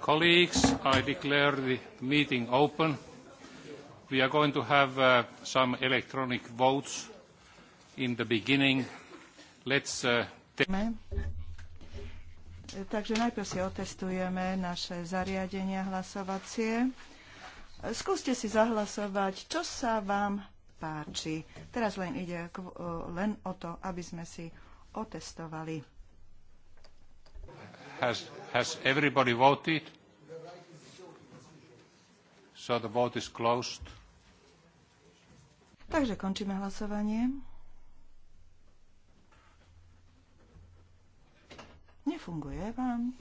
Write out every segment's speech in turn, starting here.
Colleagues, I declare the meeting open. We are going to have uh, some electronic votes in the beginning. Let's uh, Takže najprv si otestujeme naše zariadenia hlasovacie. Skúste si zahlasovať, čo sa vám páči. Teraz len ide len o to, aby sme si otestovali Has, everybody voted? So the vote is closed. Takže končíme hlasovanie. Nefunguje vám.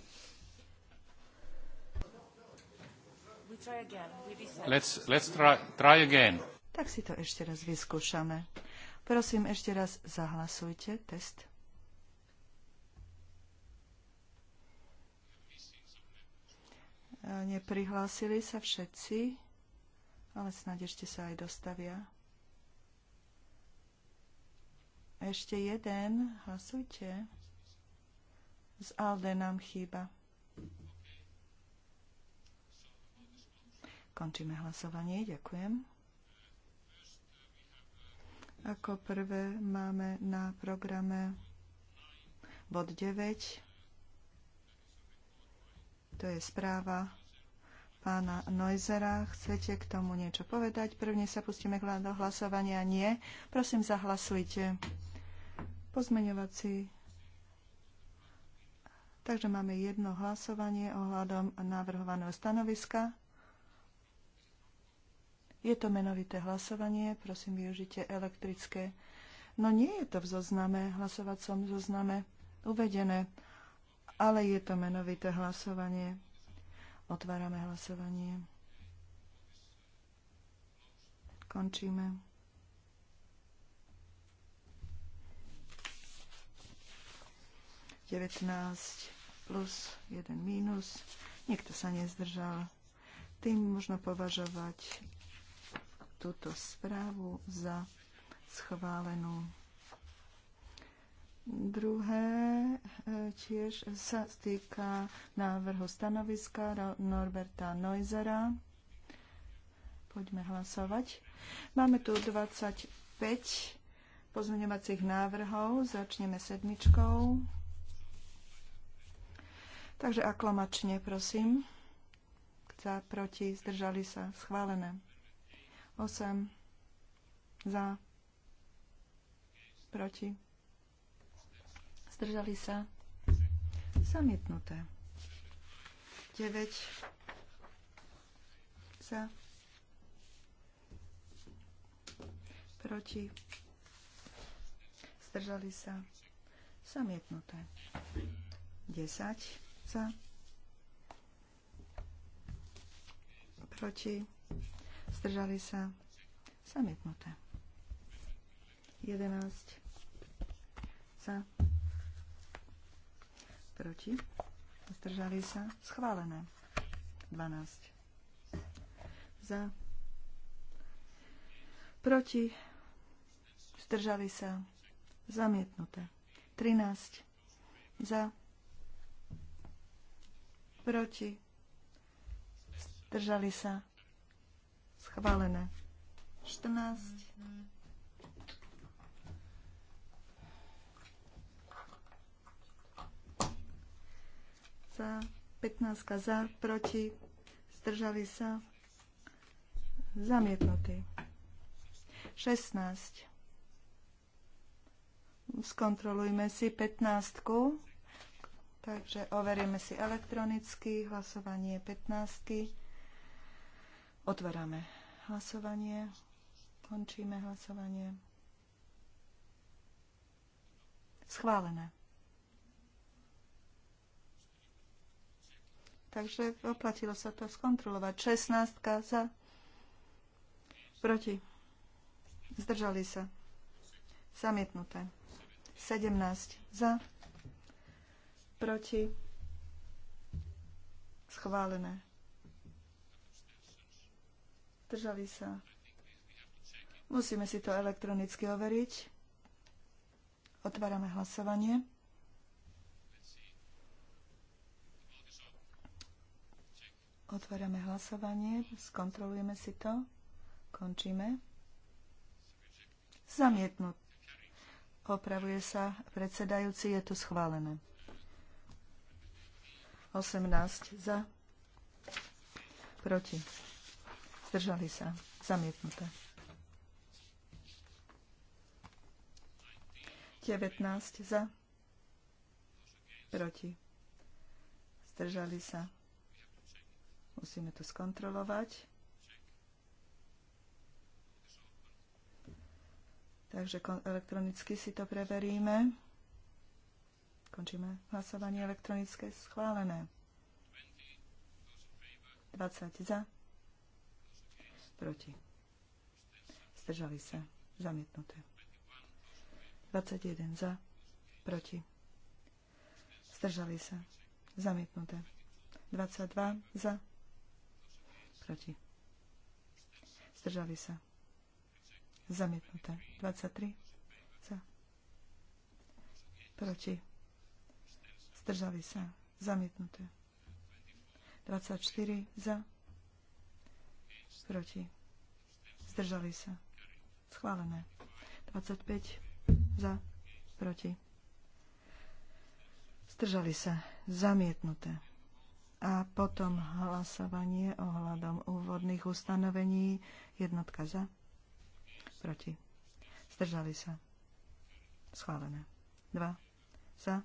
Let's, let's try, try again. Tak si to ešte raz vyskúšame. Prosím, ešte raz zahlasujte test. Neprihlásili sa všetci, ale snad ešte sa aj dostavia. Ešte jeden, hlasujte. Z Alde nám chýba. Končíme hlasovanie, ďakujem. Ako prvé máme na programe bod 9 to je správa pána Neuzera. Chcete k tomu niečo povedať? Prvne sa pustíme do hlasovania. Nie. Prosím, zahlasujte. Pozmeňovací. Takže máme jedno hlasovanie ohľadom navrhovaného stanoviska. Je to menovité hlasovanie, prosím využite elektrické. No nie je to v zozname, hlasovacom zozname uvedené ale je to menovité hlasovanie. Otvárame hlasovanie. Končíme. Devätnásť plus jeden mínus. Niekto sa nezdržal. Tým možno považovať túto správu za schválenú. Druhé e, tiež sa týka návrhu stanoviska Norberta Neusera. Poďme hlasovať. Máme tu 25 pozmeňovacích návrhov. Začneme sedmičkou. Takže aklamačne, prosím. Za, proti, zdržali sa. Schválené. 8. Za. Proti zdržali sa, zamietnuté. 9 za, proti, zdržali sa, zamietnuté. 10 za, proti, zdržali sa, zamietnuté. 11 za, proti, zdržali sa, schválené. 12 za, proti, zdržali sa, zamietnuté. 13 za, proti, zdržali sa, schválené. 14 sa, 15 za, proti, zdržali sa, zamietnutý. 16. Skontrolujme si 15. Takže overíme si elektronicky hlasovanie 15. Otvárame hlasovanie. Končíme hlasovanie. Schválené. Takže oplatilo sa to skontrolovať. 16 za, proti. Zdržali sa. Zamietnuté. 17 za, proti. Schválené. Zdržali sa. Musíme si to elektronicky overiť. Otvárame hlasovanie. Otvárame hlasovanie, skontrolujeme si to, končíme. Zamietnúť. Opravuje sa predsedajúci, je to schválené. 18 za, proti. Zdržali sa. Zamietnuté. 19 za, proti. Zdržali sa. Musíme to skontrolovať. Takže elektronicky si to preveríme. Končíme hlasovanie elektronické schválené. 20 za. Proti. Zdržali sa. Zamietnuté. 21 za. Proti. Zdržali sa. Zamietnuté. 22 za proti. Zdržali sa. Zamietnuté. 23 za. Proti. Zdržali sa. Zamietnuté. 24 za. Proti. Zdržali sa. Schválené. 25 za. Proti. Zdržali sa. Zamietnuté a potom hlasovanie ohľadom úvodných ustanovení. Jednotka za. Proti. Zdržali sa. Schválené. Dva Za.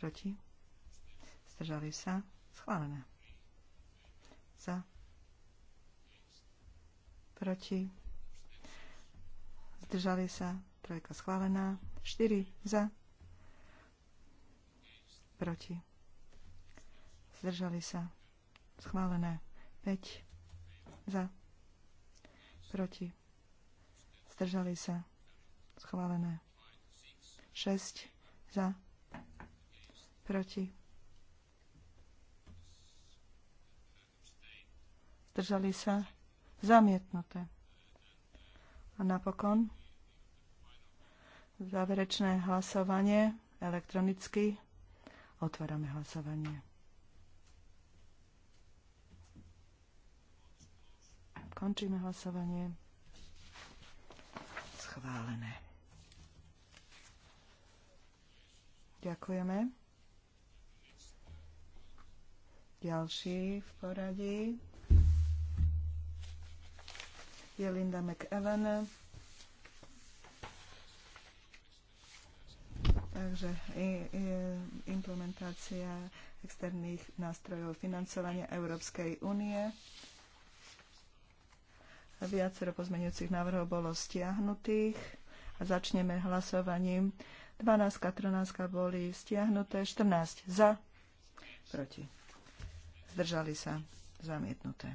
Proti. Zdržali sa. Schválené. Za. Proti. Zdržali sa. Trojka schválená. Štyri. Za. Proti zdržali sa, schválené. 5 za, proti, zdržali sa, schválené. 6 za, proti, zdržali sa, zamietnuté. A napokon záverečné hlasovanie elektronicky. Otvárame hlasovanie. Končíme hlasovanie. Schválené. Ďakujeme. Ďalší v poradí je Linda McEwen. Takže implementácia externých nástrojov financovania Európskej únie. Viacero pozmeňujúcich návrhov bolo stiahnutých a začneme hlasovaním. 12, 13 boli stiahnuté, 14 za, proti. Zdržali sa, zamietnuté.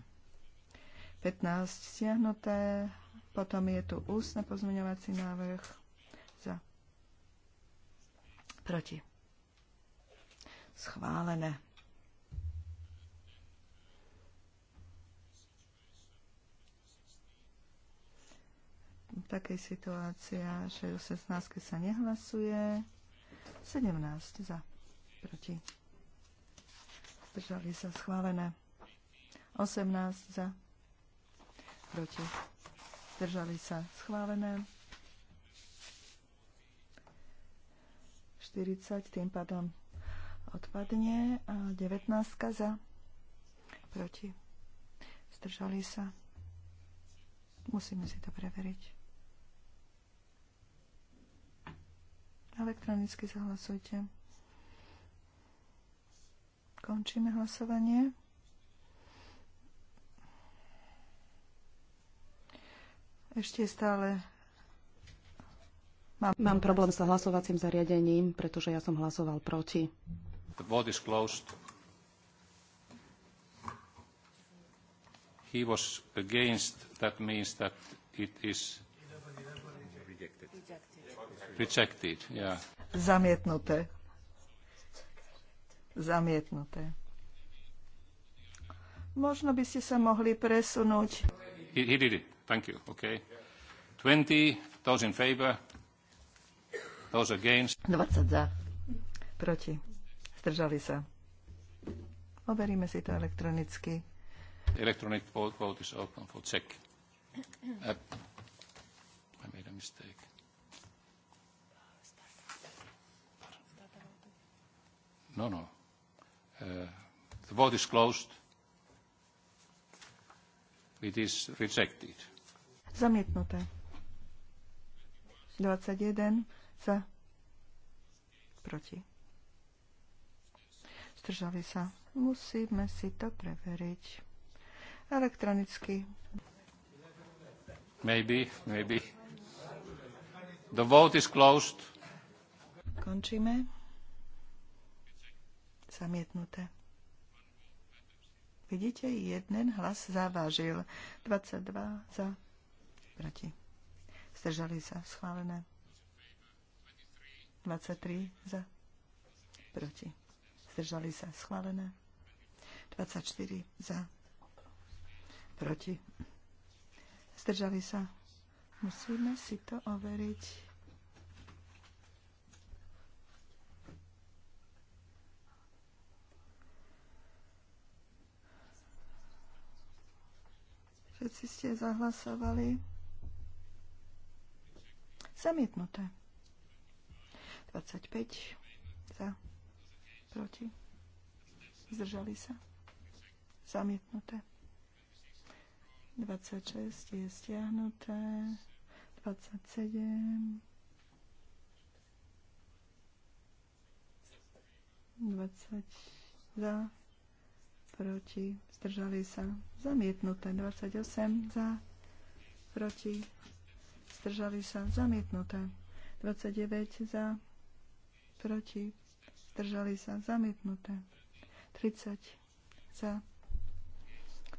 15 stiahnuté, potom je tu ústne pozmeňovací návrh za, proti. Schválené. takej situácia, že o 16 sa nehlasuje. 17 za, proti. Zdržali sa schválené. 18 za, proti. Zdržali sa schválené. 40 tým pádom odpadne a 19 za, proti. Zdržali sa. Musíme si to preveriť. Elektronicky zahlasujte. Končíme hlasovanie. Ešte stále mám, mám problém s hlasovacím zariadením, pretože ja som hlasoval proti. The vote is closed. He was against, that means that it is Rejected, yeah. Zamietnuté. Zamietnuté. Možno by ste sa mohli presunúť. He, he did it. Thank you. Okay. 20, those in favor, those against. 20 za. Proti. Zdržali sa. Overíme si to elektronicky. Electronic vote, vote is open for check. Uh, I made a mistake. No, no. Uh, the vote is closed. It is rejected. Zamietnuté. 21 za. Proti. Zdržali sa. Musíme si to preveriť. Elektronicky. Maybe, maybe. The vote is closed. Končíme. Zamietnuté. Vidíte, jeden hlas zavážil. 22 za, proti. Zdržali sa, schválené. 23 za, proti. Zdržali sa, schválené. 24 za, proti. Zdržali sa. Musíme si to overiť. Všetci ste zahlasovali. Zamietnuté. 25 za, proti. Zdržali sa. Zamietnuté. 26 je stiahnuté. 27. 20 za, proti, zdržali sa, zamietnuté 28 za, proti, zdržali sa, zamietnuté 29 za, proti, zdržali sa, zamietnuté 30 za,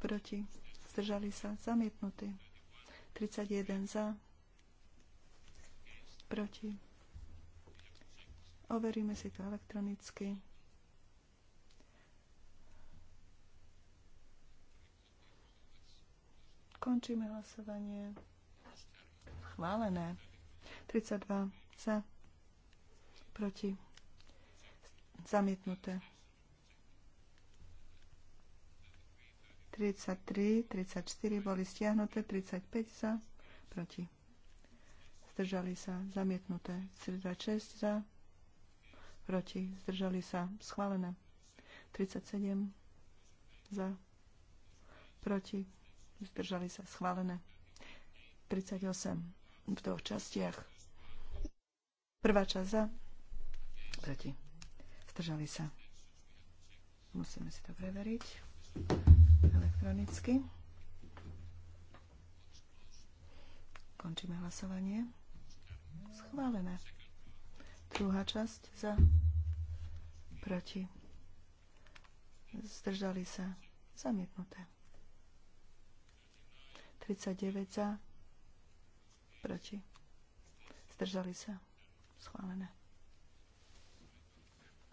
proti, zdržali sa, zamietnuté, 31 za, proti. Overíme si to elektronicky. Končíme hlasovanie. Schválené. 32 za. Proti. Zamietnuté. 33, 34 boli stiahnuté, 35 za. Proti. Zdržali sa. Zamietnuté. 36 za. Proti. Zdržali sa. Schválené. 37 za. Proti zdržali sa schválené. 38 v dvoch častiach. Prvá časť za, proti, zdržali sa. Musíme si to preveriť elektronicky. Končíme hlasovanie. Schválené. Druhá časť za, proti, zdržali sa, zamietnuté. 39 za, proti, zdržali sa, schválené.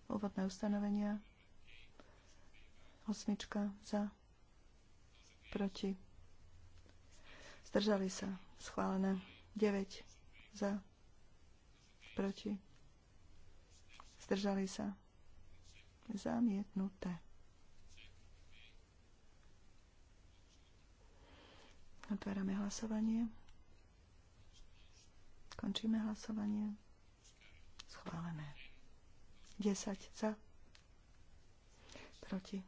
Úvodné ustanovenia, osmička za, proti, zdržali sa, schválené. 9 za, proti, zdržali sa, zamietnuté. Otvárame hlasovanie. Končíme hlasovanie. Schválené. 10 za. Proti.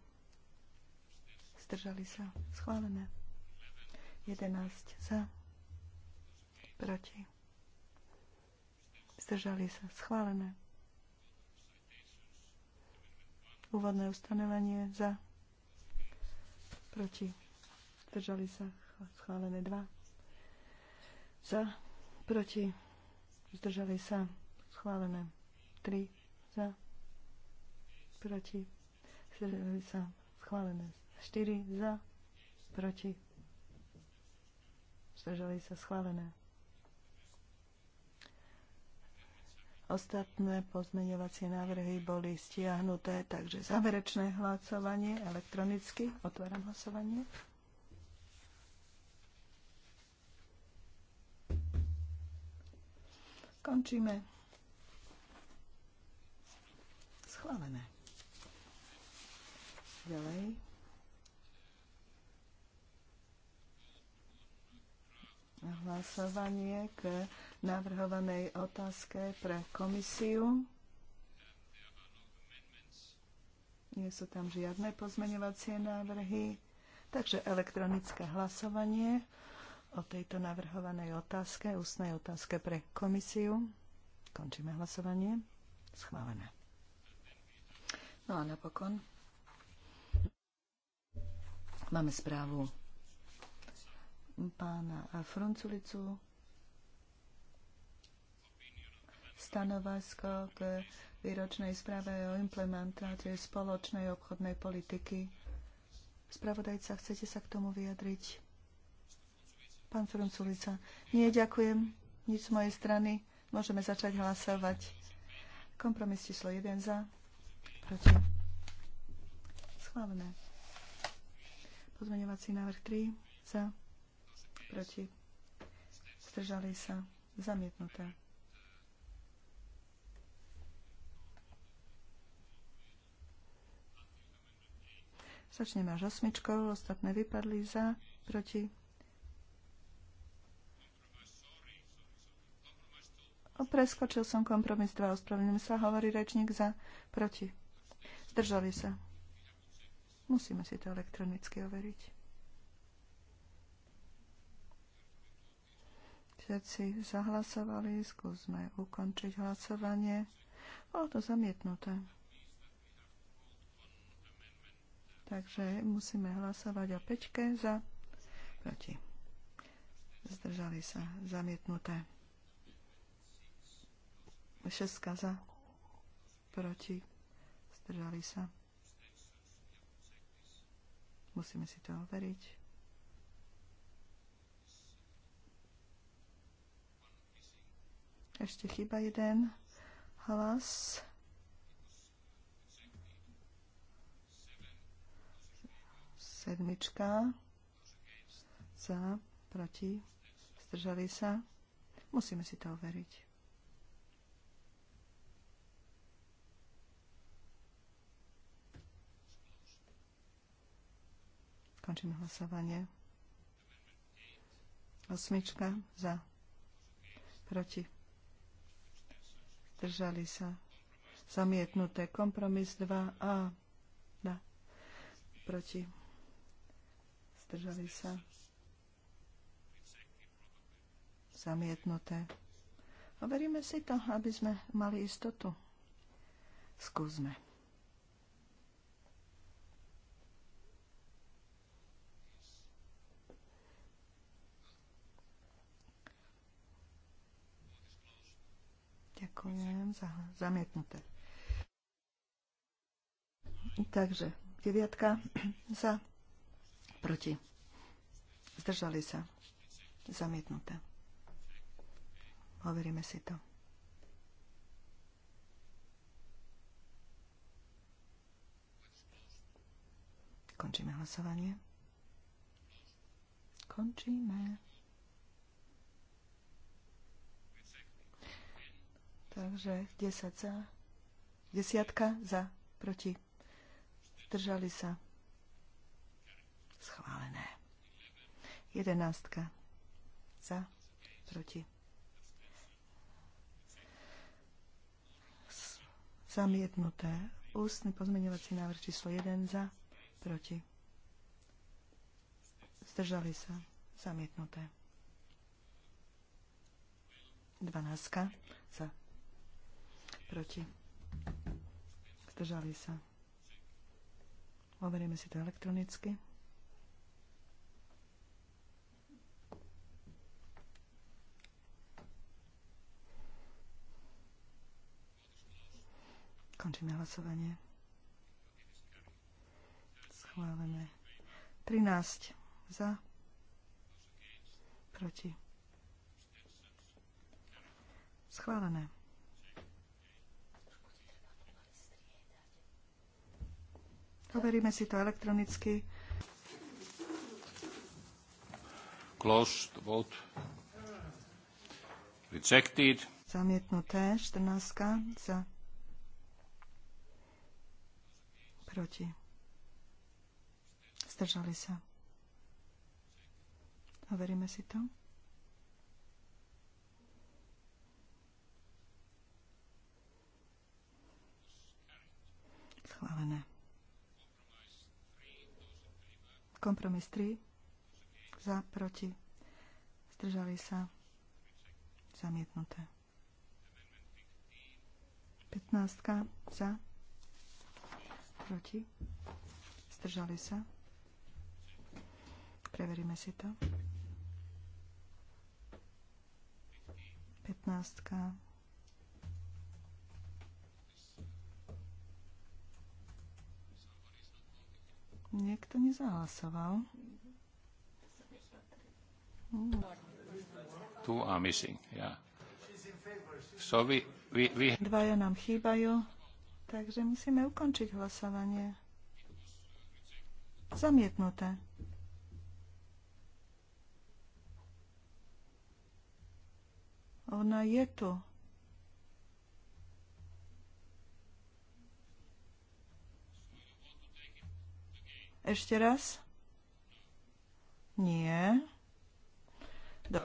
Zdržali sa. Schválené. 11 za. Proti. Zdržali sa. Schválené. Úvodné ustanovenie za. Proti. Zdržali sa schválené dva. Za, proti, zdržali sa, schválené Tri Za, proti, zdržali sa, schválené štyri. Za, proti, zdržali sa, schválené. Ostatné pozmeňovacie návrhy boli stiahnuté, takže záverečné hlasovanie elektronicky. Otváram hlasovanie. Končíme. Schválené. Ďalej. Hlasovanie k navrhovanej otázke pre komisiu. Nie sú tam žiadne pozmeňovacie návrhy, takže elektronické hlasovanie o tejto navrhovanej otázke, ústnej otázke pre komisiu. Končíme hlasovanie. Schválené. No a napokon máme správu pána Frunculicu. Stanovisko k výročnej správe o implementácii spoločnej obchodnej politiky. Spravodajca, chcete sa k tomu vyjadriť? Pán Sulica. Nie, ďakujem. Nič z mojej strany. Môžeme začať hlasovať. Kompromis číslo 1 za. Proti. Schválené. Pozmeňovací návrh 3 za. Proti. Zdržali sa. Zamietnuté. Začneme až osmičkou, ostatné vypadli za, proti, Preskočil som kompromis 2, ospravedlňujem sa, hovorí rečník za, proti. Zdržali sa. Musíme si to elektronicky overiť. Všetci zahlasovali, skúsme ukončiť hlasovanie. Bolo to zamietnuté. Takže musíme hlasovať o pečke za, proti. Zdržali sa, zamietnuté. Šestka za, proti, zdržali sa. Musíme si to overiť. Ešte chyba jeden hlas. Sedmička. Za, proti, zdržali sa. Musíme si to overiť. Končím hlasovanie. Osmička za. Proti. Držali sa. Zamietnuté. Kompromis 2A. Da. Proti. Zdržali sa. Zamietnuté. Overíme si to, aby sme mali istotu. Skúsme. za Zamietnuté. Takže deviatka za, proti. Zdržali sa. Zamietnuté. Overíme si to. Končíme hlasovanie. Končíme. Takže 10 za. Desiatka za. Proti. Držali sa. Schválené. Jedenástka. Za. Proti. Zamietnuté. Ústny pozmeňovací návrh číslo 1 za. Proti. Zdržali sa. Zamietnuté. Dvanáctka. Za Proti. Zdržali sa. Overíme si to elektronicky. Končíme hlasovanie. Schválené. 13 za. Proti. Schválené. Overíme si to elektronicky. Close vote. Rejected. Zamietnuté. 14. Za. Proti. Zdržali sa. Overíme si to. Schválené. Kompromis 3. Za, proti. Zdržali sa. Zamietnuté. 15. Za. Proti. Zdržali sa. Preveríme si to. 15. Niekto nezahlasoval. Mm. Two missing, yeah. So we, we, we... Dvaja nám chýbajú, takže musíme ukončiť hlasovanie. Zamietnuté. Ona je tu. Ešte raz? Nie. Do...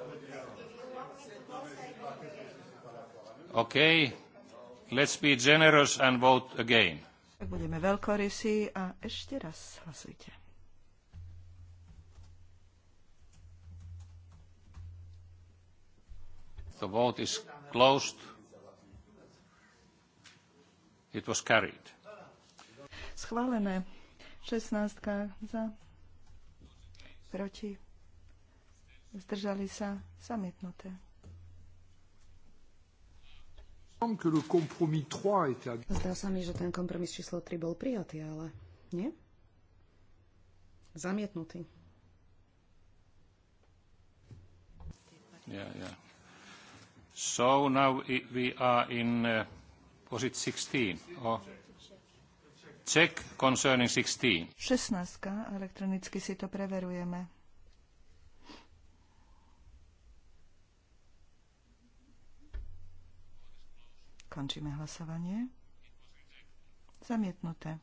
OK. Let's be generous and vote again. Tak budeme veľkorysí a ešte raz hlasujte. The vote is closed. It was carried. Schválené. 16 za. Proti. Zdržali sa zamietnuté. Zdá sa mi, že ten kompromis číslo 3 bol prijatý, ale nie? Zamietnutý. Yeah, yeah. So now we are in, uh, was 16? Oh. Check concerning 16. 16. Elektronicky si to preverujeme. Končíme hlasovanie. Zamietnuté.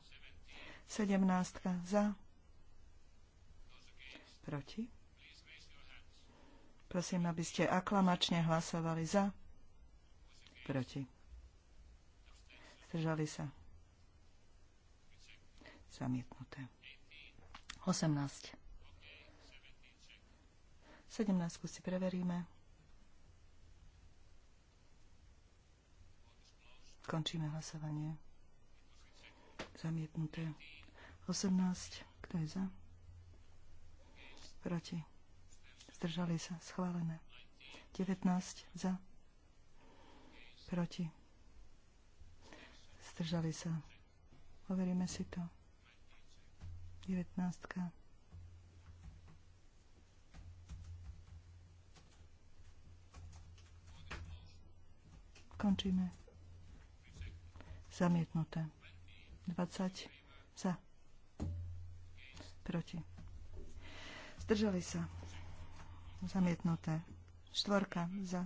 17. Za. Proti. Prosím, aby ste aklamačne hlasovali za. Proti. Zdržali sa. Zamietnuté. 18. 17 si preveríme. Končíme hlasovanie. Zamietnuté. 18. Kto je za? Proti. Zdržali sa. Schválené. 19. Za. Proti. Zdržali sa. Overíme si to. 19. Končíme. Zamietnuté. 20 za. Proti. Zdržali sa. Zamietnuté. Štvorka za.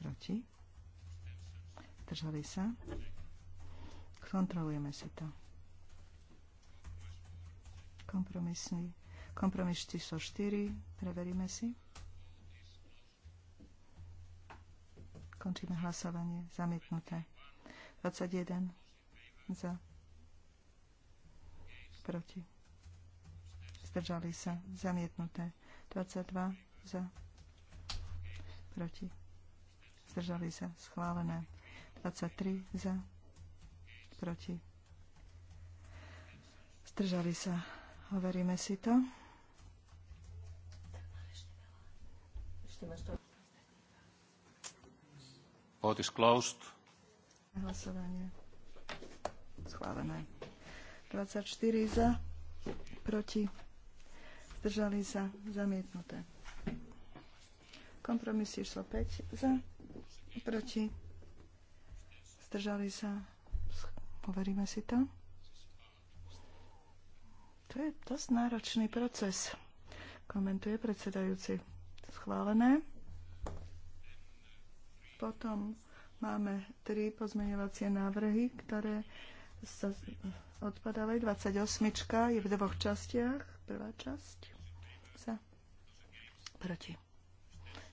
Proti. Zdržali sa. Kontrolujeme si to kompromisný. Kompromis číslo 4. Preveríme si. Končíme hlasovanie. Zamietnuté. 21 za. Proti. Zdržali sa. Zamietnuté. 22 za. Proti. Zdržali sa. Schválené. 23 za. Proti. Zdržali sa Overíme si to. Vote is closed. Hlasovanie. Schválené. 24 za, proti, zdržali sa, zamietnuté. Kompromis išlo 5 za, proti, zdržali sa, poveríme si to. To je dosť náročný proces, komentuje predsedajúci. Schválené. Potom máme tri pozmeňovacie návrhy, ktoré sa odpadávajú. 28 je v dvoch častiach. Prvá časť za proti.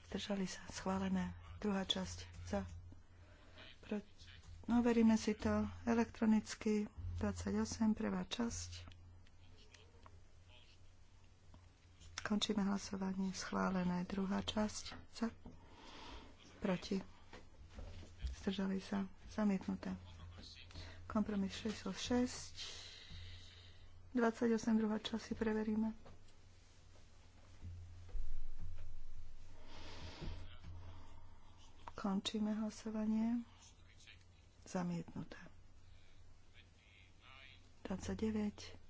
Zdržali sa. Schválené. Druhá časť za proti. No, veríme si to elektronicky. 28, prvá časť. Končíme hlasovanie. Schválené. Druhá časť. Za. Proti. Zdržali sa. Zamietnuté. Kompromis 6-6. 28. Druhá časť si preveríme. Končíme hlasovanie. Zamietnuté. 29.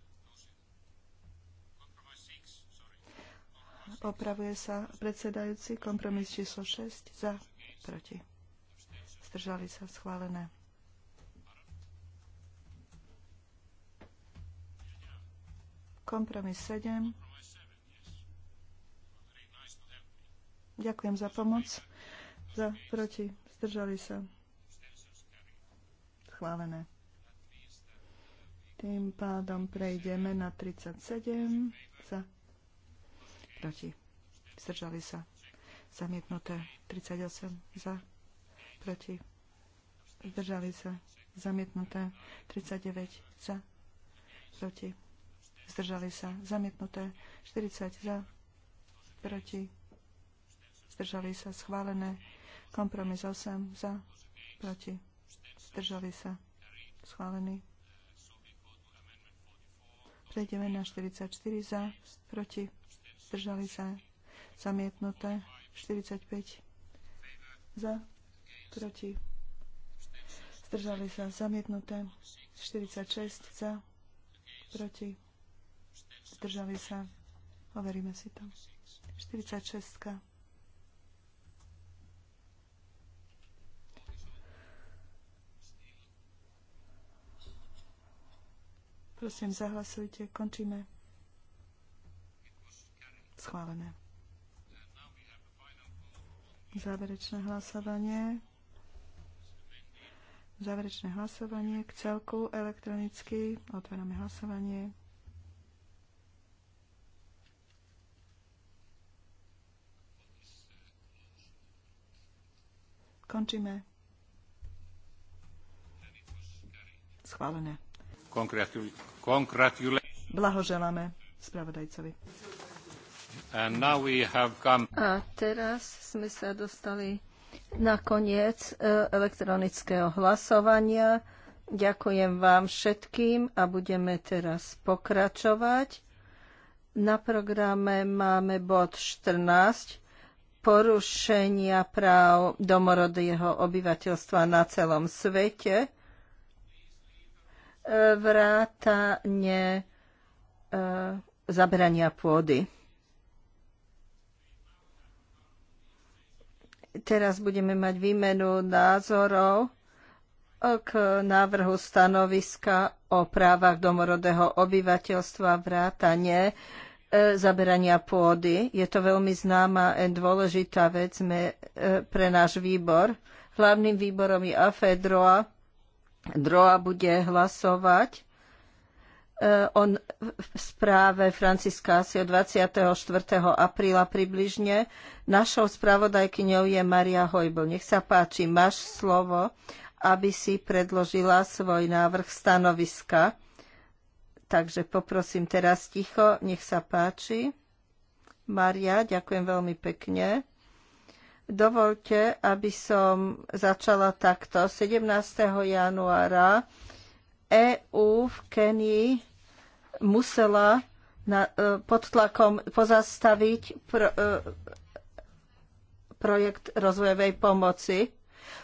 opravuje sa predsedajúci, kompromis číslo 6, za, proti. Zdržali sa schválené. Kompromis 7. Ďakujem za pomoc. Za, proti, zdržali sa. Schválené. Tým pádom prejdeme na 37. Za, proti, zdržali sa, zamietnuté 38 za, proti, zdržali sa, zamietnuté 39 za, proti, zdržali sa, zamietnuté 40 za, proti, zdržali sa, schválené, kompromis 8 za, proti, zdržali sa, schválený. Prejdeme na 44 za, proti, zdržali sa zamietnuté 45 za, proti, zdržali sa zamietnuté 46 za, proti, zdržali sa, overíme si to, 46. Prosím, zahlasujte, končíme. Schválené. Záverečné hlasovanie. Záverečné hlasovanie k celku elektronicky. Otvárame hlasovanie. Končíme. Schválené. Blahoželáme spravodajcovi. Come... A teraz sme sa dostali na koniec e, elektronického hlasovania. Ďakujem vám všetkým a budeme teraz pokračovať. Na programe máme bod 14 porušenia práv domorodého obyvateľstva na celom svete e, vrátane e, zabrania pôdy. Teraz budeme mať výmenu názorov e, k návrhu stanoviska o právach domorodého obyvateľstva vrátane e, zaberania pôdy. Je to veľmi známa a dôležitá vec e, pre náš výbor. Hlavným výborom je DROA. DROA bude hlasovať E, on v správe Franciska asi 24. apríla približne. Našou spravodajkyňou je Maria Hojbl. Nech sa páči, máš slovo, aby si predložila svoj návrh stanoviska. Takže poprosím teraz ticho, nech sa páči. Maria, ďakujem veľmi pekne. Dovolte, aby som začala takto. 17. januára EÚ v Kenii musela na, e, pod tlakom pozastaviť pro, e, projekt rozvojovej pomoci,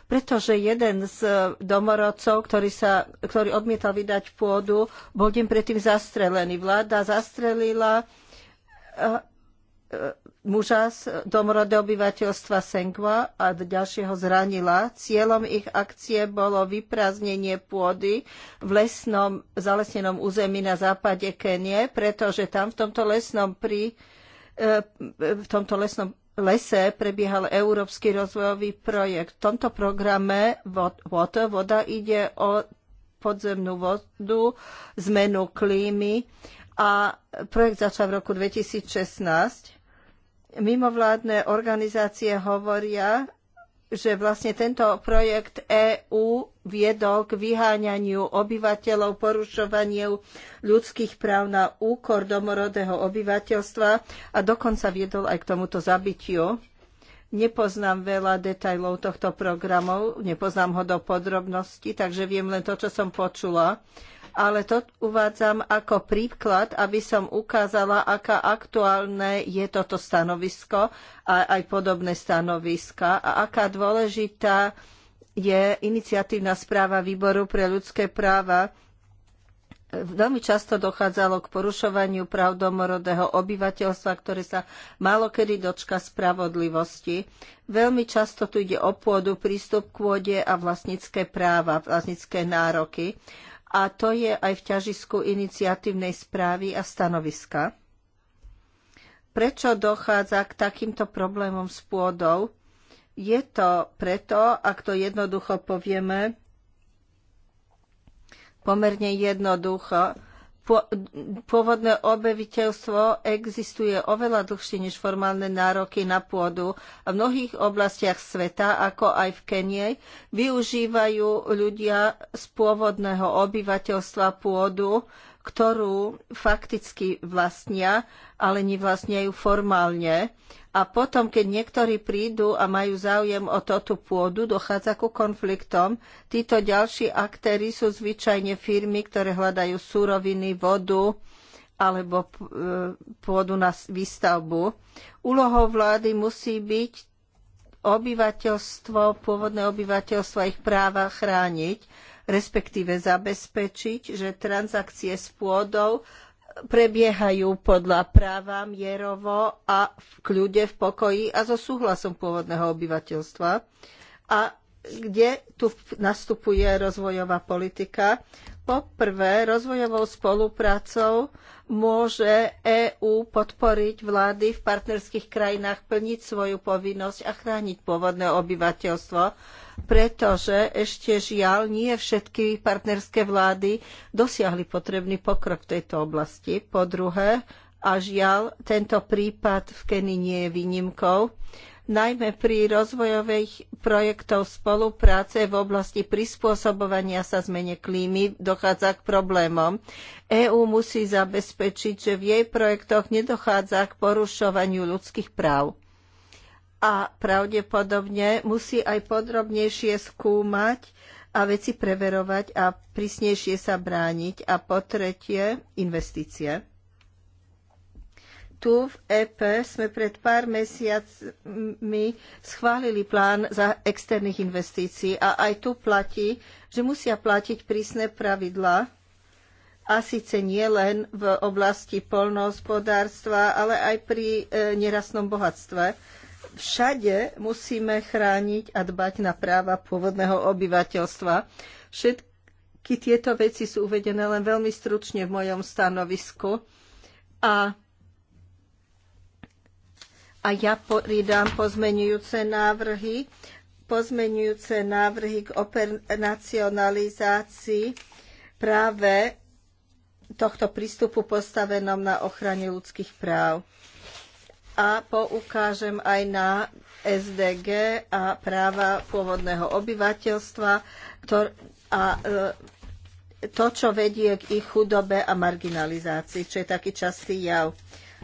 pretože jeden z e, domorodcov, ktorý, sa, ktorý odmietal vydať pôdu, bol deň predtým zastrelený. Vláda zastrelila muža z domorodého obyvateľstva Sengwa a ďalšieho zranila. Cieľom ich akcie bolo vyprázdnenie pôdy v lesnom zalesnenom území na západe Kenie, pretože tam v tomto lesnom, pri, e, v tomto lesnom lese prebiehal Európsky rozvojový projekt. V tomto programe Water, voda ide o podzemnú vodu, zmenu klímy a projekt začal v roku 2016 mimovládne organizácie hovoria, že vlastne tento projekt EÚ viedol k vyháňaniu obyvateľov, porušovaniu ľudských práv na úkor domorodého obyvateľstva a dokonca viedol aj k tomuto zabitiu. Nepoznám veľa detajlov tohto programu, nepoznám ho do podrobností, takže viem len to, čo som počula ale to uvádzam ako príklad, aby som ukázala, aká aktuálne je toto stanovisko a aj podobné stanoviska a aká dôležitá je iniciatívna správa Výboru pre ľudské práva. Veľmi často dochádzalo k porušovaniu práv domorodého obyvateľstva, ktoré sa málokedy dočka spravodlivosti. Veľmi často tu ide o pôdu, prístup k pôde a vlastnícke práva, vlastnícke nároky a to je aj v ťažisku iniciatívnej správy a stanoviska. Prečo dochádza k takýmto problémom s pôdou? Je to preto, ak to jednoducho povieme, pomerne jednoducho, pôvodné obyviteľstvo existuje oveľa dlhšie než formálne nároky na pôdu. A v mnohých oblastiach sveta, ako aj v Kenie, využívajú ľudia z pôvodného obyvateľstva pôdu ktorú fakticky vlastnia, ale nevlastnia ju formálne. A potom, keď niektorí prídu a majú záujem o toto pôdu, dochádza ku konfliktom. Títo ďalší aktéry sú zvyčajne firmy, ktoré hľadajú súroviny, vodu alebo e, pôdu na výstavbu. Úlohou vlády musí byť obyvateľstvo, pôvodné obyvateľstvo a ich práva chrániť respektíve zabezpečiť, že transakcie s pôdou prebiehajú podľa práva mierovo a v kľude, v pokoji a so súhlasom pôvodného obyvateľstva. A kde tu nastupuje rozvojová politika? Poprvé, rozvojovou spoluprácou môže EÚ podporiť vlády v partnerských krajinách plniť svoju povinnosť a chrániť pôvodné obyvateľstvo pretože ešte žiaľ nie všetky partnerské vlády dosiahli potrebný pokrok v tejto oblasti. Po druhé, a žiaľ, tento prípad v Keni nie je výnimkou, najmä pri rozvojových projektov spolupráce v oblasti prispôsobovania sa zmene klímy dochádza k problémom. EÚ musí zabezpečiť, že v jej projektoch nedochádza k porušovaniu ľudských práv a pravdepodobne musí aj podrobnejšie skúmať a veci preverovať a prísnejšie sa brániť. A po tretie, investície. Tu v EP sme pred pár mesiacmi schválili plán za externých investícií a aj tu platí, že musia platiť prísne pravidlá a síce nie len v oblasti poľnohospodárstva, ale aj pri e, nerastnom bohatstve všade musíme chrániť a dbať na práva pôvodného obyvateľstva. Všetky tieto veci sú uvedené len veľmi stručne v mojom stanovisku. A a ja pridám pozmenujúce návrhy, pozmenujúce návrhy k operacionalizácii práve tohto prístupu postavenom na ochrane ľudských práv a poukážem aj na SDG a práva pôvodného obyvateľstva a e, to, čo vedie k ich chudobe a marginalizácii, čo je taký častý jav.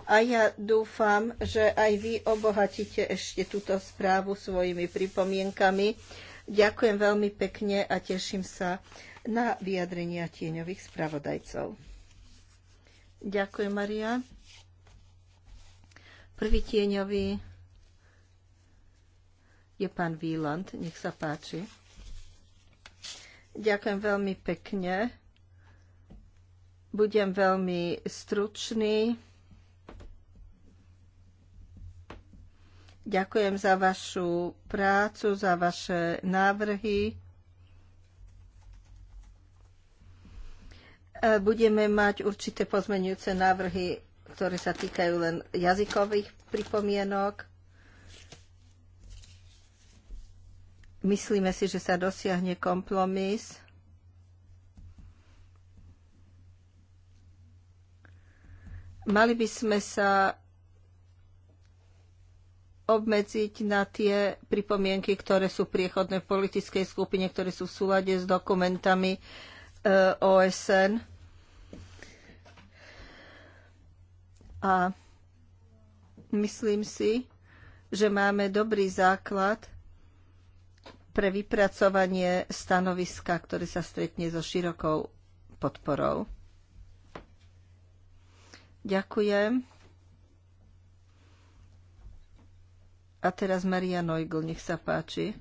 A ja dúfam, že aj vy obohatíte ešte túto správu svojimi pripomienkami. Ďakujem veľmi pekne a teším sa na vyjadrenia tieňových spravodajcov. Ďakujem, Maria. Prvý tieňový je pán Výland. Nech sa páči. Ďakujem veľmi pekne. Budem veľmi stručný. Ďakujem za vašu prácu, za vaše návrhy. Budeme mať určité pozmenujúce návrhy ktoré sa týkajú len jazykových pripomienok. Myslíme si, že sa dosiahne kompromis. Mali by sme sa obmedziť na tie pripomienky, ktoré sú priechodné v politickej skupine, ktoré sú v súlade s dokumentami eh, OSN A myslím si, že máme dobrý základ pre vypracovanie stanoviska, ktoré sa stretne so širokou podporou. Ďakujem. A teraz Maria Neugl, nech sa páči.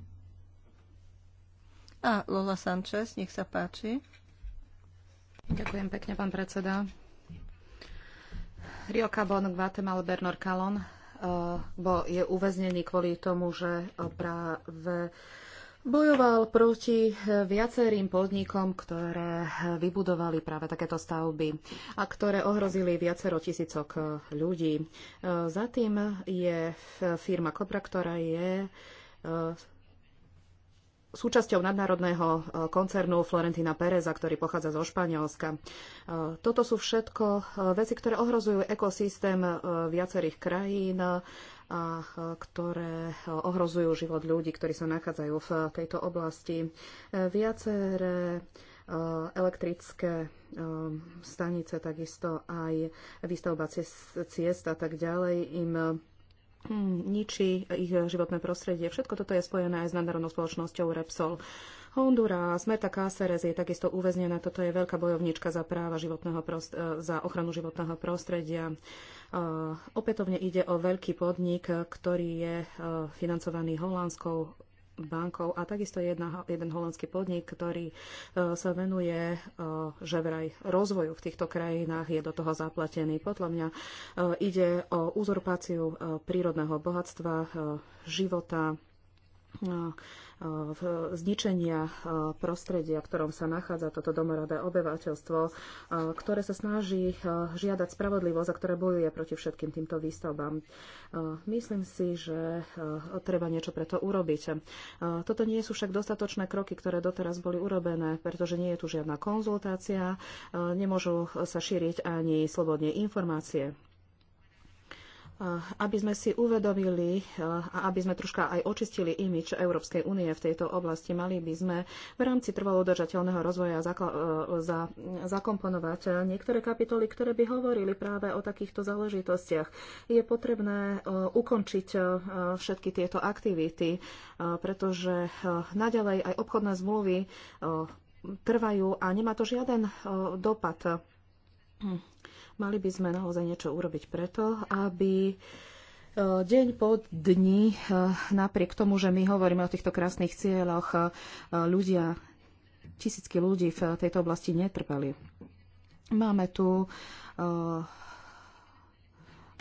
A Lola Sanchez, nech sa páči. Ďakujem pekne, pán predseda. Rio Cabón, Guatemala, Bernard Calon eh, bo je uväznený kvôli tomu, že eh, práve bojoval proti eh, viacerým podnikom, ktoré vybudovali práve takéto stavby a ktoré ohrozili viacero tisícok ľudí. Za tým je firma Cobra, ktorá je súčasťou nadnárodného e, koncernu Florentina Pereza, ktorý pochádza zo Španielska. E, toto sú všetko e, veci, ktoré ohrozujú ekosystém viacerých krajín a ktoré ohrozujú život ľudí, ktorí sa nachádzajú v tejto oblasti. Viaceré elektrické stanice, takisto aj výstavba ciest a tak ďalej im Hm, ničí ich životné prostredie. Všetko toto je spojené aj s nadnárodnou spoločnosťou Repsol. Honduras, Merta Cáceres je takisto uväznená. Toto je veľká bojovnička za práva životného e, za ochranu životného prostredia. Uh, opätovne ide o veľký podnik, ktorý je uh, financovaný holandskou bankou a takisto jedna, jeden holandský podnik, ktorý uh, sa venuje uh, že vraj rozvoju v týchto krajinách, je do toho zaplatený. Podľa mňa uh, ide o uzurpáciu prírodného bohatstva, života, zničenia eh, prostredia, v ktorom sa nachádza toto domorodé obyvateľstvo, eh, ktoré sa snaží eh, žiadať spravodlivosť a ktoré bojuje proti všetkým týmto výstavbám. Myslím si, že treba niečo pre to urobiť. Toto nie sú však dostatočné kroky, ktoré doteraz boli urobené, pretože nie je tu žiadna konzultácia, nemôžu sa šíriť ani slobodne informácie aby sme si uvedomili a aby sme troška aj očistili imič Európskej únie v tejto oblasti, mali by sme v rámci trvalo udržateľného rozvoja e, zakomponovať niektoré kapitoly, ktoré by hovorili práve o takýchto záležitostiach. Je potrebné e, ukončiť e, všetky tieto aktivity, pretože naďalej aj obchodné zmluvy trvajú a nemá to žiaden dopad hm. Mali by sme naozaj niečo urobiť preto, aby e, Deň po dni, e, napriek tomu, že my hovoríme o týchto krásnych cieľoch, e, ľudia, tisícky ľudí v tejto oblasti netrpeli. Máme tu E,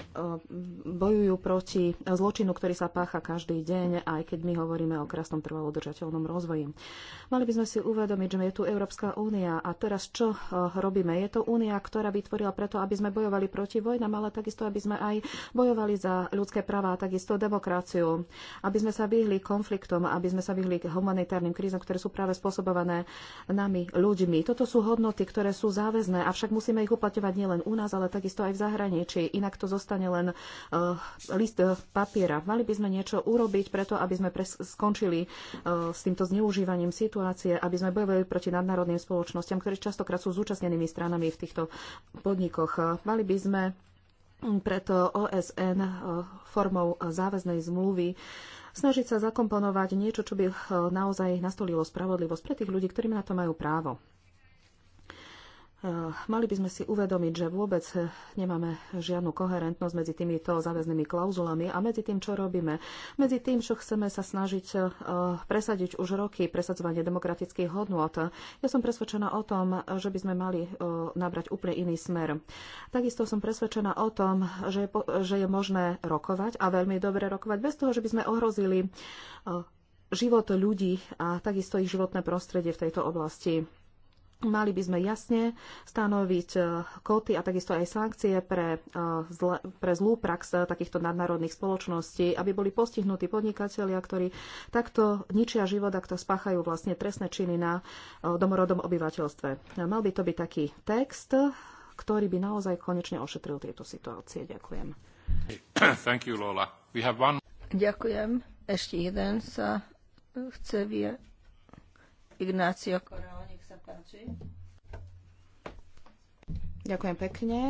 bojujú proti zločinu, ktorý sa pácha každý deň, aj keď my hovoríme o krásnom trvalodržateľnom rozvoji. Mali by sme si uvedomiť, že je tu Európska únia a teraz čo e, robíme? Je to únia, ktorá vytvorila preto, aby sme bojovali proti vojnám, ale takisto, aby sme aj bojovali za ľudské práva a takisto demokraciu, aby sme sa vyhli konfliktom, aby sme sa vyhli k humanitárnym krízom, ktoré sú práve spôsobované nami, ľuďmi. Toto sú hodnoty, ktoré sú záväzné, avšak musíme ich uplatňovať nielen u nás, ale takisto aj v zahraničí. Inak to zostáva zostane len eh, list papiera. Mali by sme niečo urobiť preto, aby sme skončili eh, s týmto zneužívaním situácie, aby sme bojovali proti nadnárodným spoločnosťam, ktoré častokrát sú zúčastnenými stranami v týchto podnikoch. Mali by sme preto OSN eh, formou záväznej zmluvy snažiť sa zakomponovať niečo, čo by naozaj nastolilo spravodlivosť pre tých ľudí, ktorí na to majú právo. Eh, mali by sme si uvedomiť, že vôbec eh, nemáme žiadnu koherentnosť medzi týmito záväznými klauzulami a medzi tým, čo robíme. Medzi tým, čo chceme sa snažiť eh, presadiť už roky, presadzovanie demokratických hodnôt. Ja som presvedčená o tom, že by sme mali nabrať úplne iný smer. Takisto som presvedčená o tom, že je, že je možné rokovať a veľmi dobre rokovať bez toho, že by sme ohrozili život ľudí a takisto ich životné prostredie v tejto oblasti. Mali by sme jasne stanoviť e, koty a takisto aj sankcie pre, e, zle, pre zlú prax e, takýchto nadnárodných spoločností, aby boli postihnutí podnikatelia, ktorí takto ničia život a kto spáchajú vlastne trestné činy na domorodom obyvateľstve. Mal by to byť taký text, ktorý by naozaj konečne ošetril tieto situácie. Ďakujem. Thank you, Lola. We have one... Ďakujem. Ešte jeden sa chce vie. Ignácio Koroni páči. Ďakujem pekne.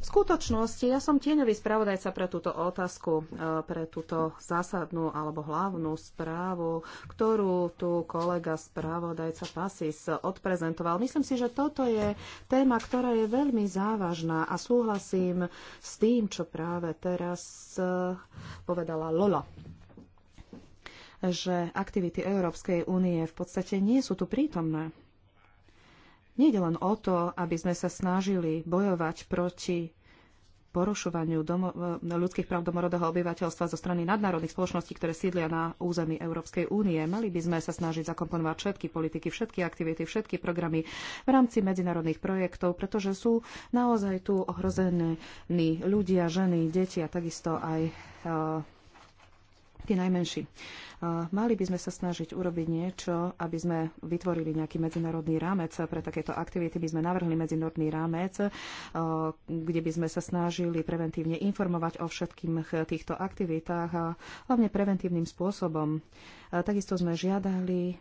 V skutočnosti ja som tieňový spravodajca pre túto otázku, e, pre túto zásadnú alebo hlavnú správu, ktorú tu kolega spravodajca Pasis odprezentoval. Myslím si, že toto je téma, ktorá je veľmi závažná a súhlasím s tým, čo práve teraz e, povedala Lola že aktivity Európskej únie v podstate nie sú tu prítomné. Nejde len o to, aby sme sa snažili bojovať proti porušovaniu domo- e, ľudských práv domorodého obyvateľstva zo strany nadnárodných spoločností, ktoré sídlia na území Európskej únie. Mali by sme sa snažiť zakomponovať všetky politiky, všetky aktivity, všetky programy v rámci medzinárodných projektov, pretože sú naozaj tu ohrození ľudia, ženy, deti a takisto aj e, tí najmenší. Mali by sme sa snažiť urobiť niečo, aby sme vytvorili nejaký medzinárodný rámec pre takéto aktivity. By sme navrhli medzinárodný rámec, kde by sme sa snažili preventívne informovať o všetkých týchto aktivitách a hlavne preventívnym spôsobom. Takisto sme žiadali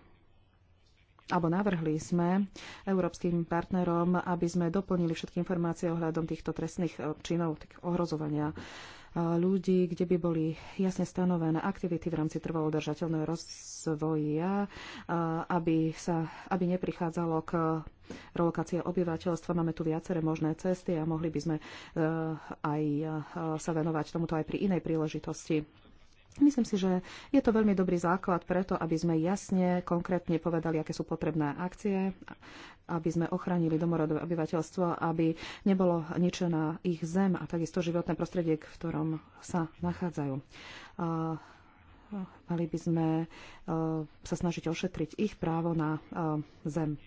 alebo navrhli sme európskym partnerom, aby sme doplnili všetky informácie ohľadom týchto trestných e, činov, tých ohrozovania ľudí, kde by boli jasne stanovené aktivity v rámci trvalo rozvoja, aby, sa, aby neprichádzalo k relokácie obyvateľstva. Máme tu viaceré možné cesty a mohli by sme e, aj e, sa venovať tomuto aj pri inej príležitosti. Myslím si, že je to veľmi dobrý základ preto, aby sme jasne, konkrétne povedali, aké sú potrebné akcie, aby sme ochránili domorodové obyvateľstvo, aby nebolo ničená ich zem a takisto životné prostredie, v ktorom sa nachádzajú. A mali by sme sa snažiť ošetriť ich právo na zem.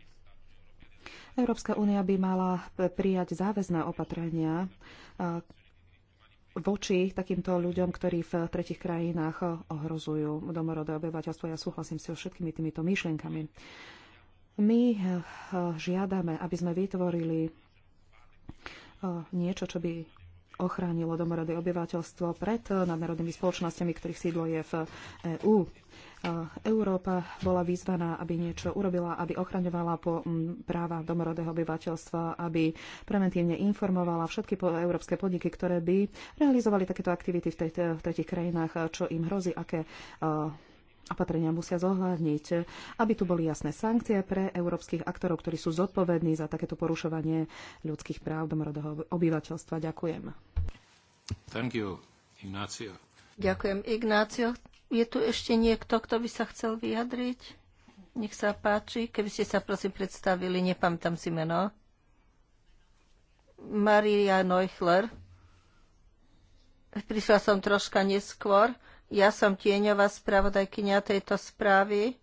Európska únia by mala prijať záväzné opatrenia, voči takýmto ľuďom, ktorí v tretich krajinách ohrozujú domorodé obyvateľstvo. Ja súhlasím si so všetkými týmito myšlienkami. My eh, žiadame, aby sme vytvorili eh, niečo, čo by ochránilo domorodé obyvateľstvo pred eh, nadnárodnými spoločnosťami, ktorých sídlo je v EÚ. E Európa bola vyzvaná, aby niečo urobila, aby ochraňovala po práva domorodého obyvateľstva, aby preventívne informovala všetky po európske podniky, ktoré by realizovali takéto aktivity v, tej, v tretich krajinách, čo im hrozí, aké opatrenia musia zohľadniť, aby tu boli jasné sankcie pre európskych aktorov, ktorí sú zodpovední za takéto porušovanie ľudských práv domorodého obyvateľstva. Ďakujem. Thank you, Ďakujem, Ignácio. Je tu ešte niekto, kto by sa chcel vyjadriť? Nech sa páči, keby ste sa prosím predstavili, nepamätám si meno. Maria Neuchler. Prišla som troška neskôr. Ja som tieňová spravodajkynia tejto správy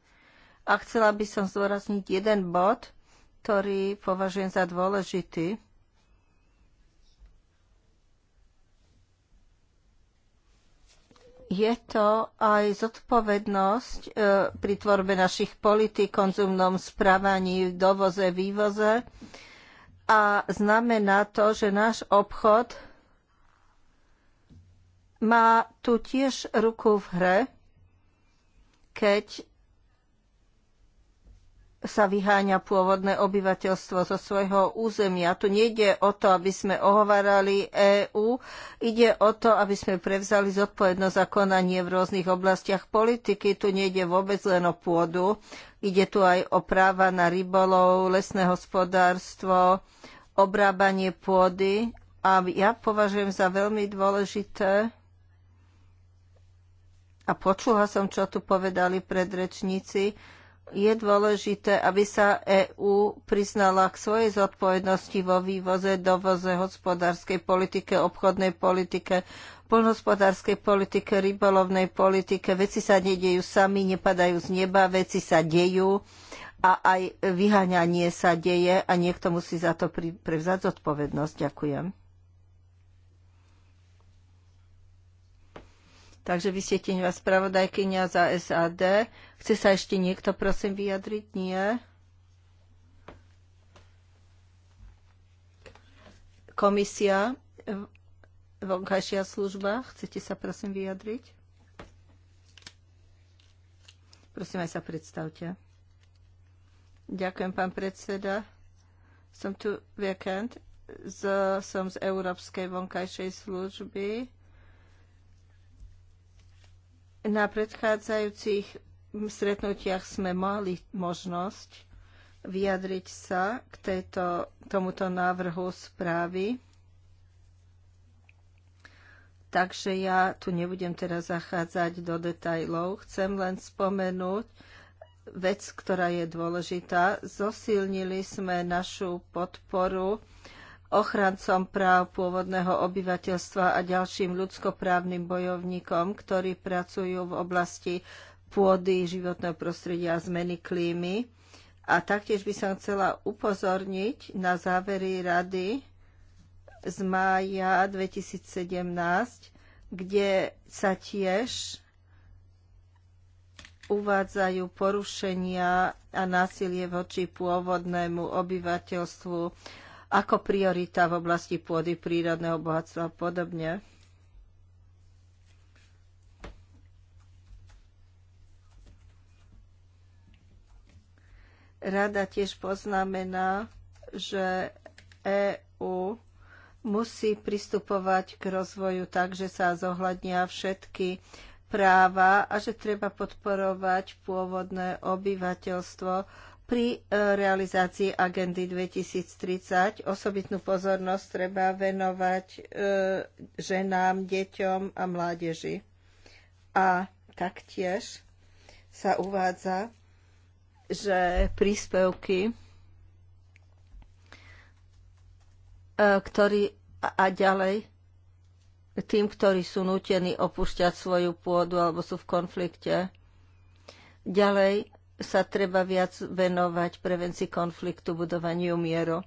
a chcela by som zdôrazniť jeden bod, ktorý považujem za dôležitý. Je to aj zodpovednosť e, pri tvorbe našich politik, konzumnom správaní, dovoze, vývoze a znamená to, že náš obchod má tu tiež ruku v hre, keď sa vyháňa pôvodné obyvateľstvo zo svojho územia. Tu nejde o to, aby sme ohovarali EÚ, ide o to, aby sme prevzali zodpovednosť za konanie v rôznych oblastiach politiky. Tu nejde vôbec len o pôdu, ide tu aj o práva na rybolov, lesné hospodárstvo, obrábanie pôdy. A ja považujem za veľmi dôležité, a počula som, čo tu povedali predrečníci, je dôležité, aby sa EÚ priznala k svojej zodpovednosti vo vývoze, dovoze, hospodárskej politike, obchodnej politike, poľnohospodárskej politike, rybolovnej politike. Veci sa nedejú sami, nepadajú z neba, veci sa dejú a aj vyháňanie sa deje a niekto musí za to prevzať zodpovednosť. Ďakujem. Takže vy ste tieňová spravodajkynia za SAD. Chce sa ešte niekto, prosím, vyjadriť? Nie. Komisia, vonkajšia služba, chcete sa, prosím, vyjadriť? Prosím, aj sa predstavte. Ďakujem, pán predseda. Som tu víkend. Z, som z Európskej vonkajšej služby na predchádzajúcich stretnutiach sme mali možnosť vyjadriť sa k tejto, tomuto návrhu správy. Takže ja tu nebudem teraz zachádzať do detajlov. Chcem len spomenúť vec, ktorá je dôležitá. Zosilnili sme našu podporu ochrancom práv pôvodného obyvateľstva a ďalším ľudskoprávnym bojovníkom, ktorí pracujú v oblasti pôdy, životného prostredia a zmeny klímy. A taktiež by som chcela upozorniť na závery rady z mája 2017, kde sa tiež uvádzajú porušenia a násilie voči pôvodnému obyvateľstvu ako priorita v oblasti pôdy, prírodného bohatstva a podobne. Rada tiež poznamená, že EÚ musí pristupovať k rozvoju tak, že sa zohľadnia všetky práva a že treba podporovať pôvodné obyvateľstvo, pri e, realizácii agendy 2030 osobitnú pozornosť treba venovať e, ženám, deťom a mládeži. A taktiež sa uvádza, že príspevky, e, ktorý, a ďalej tým, ktorí sú nútení opúšťať svoju pôdu alebo sú v konflikte. Ďalej sa treba viac venovať prevencii konfliktu, budovaniu mieru.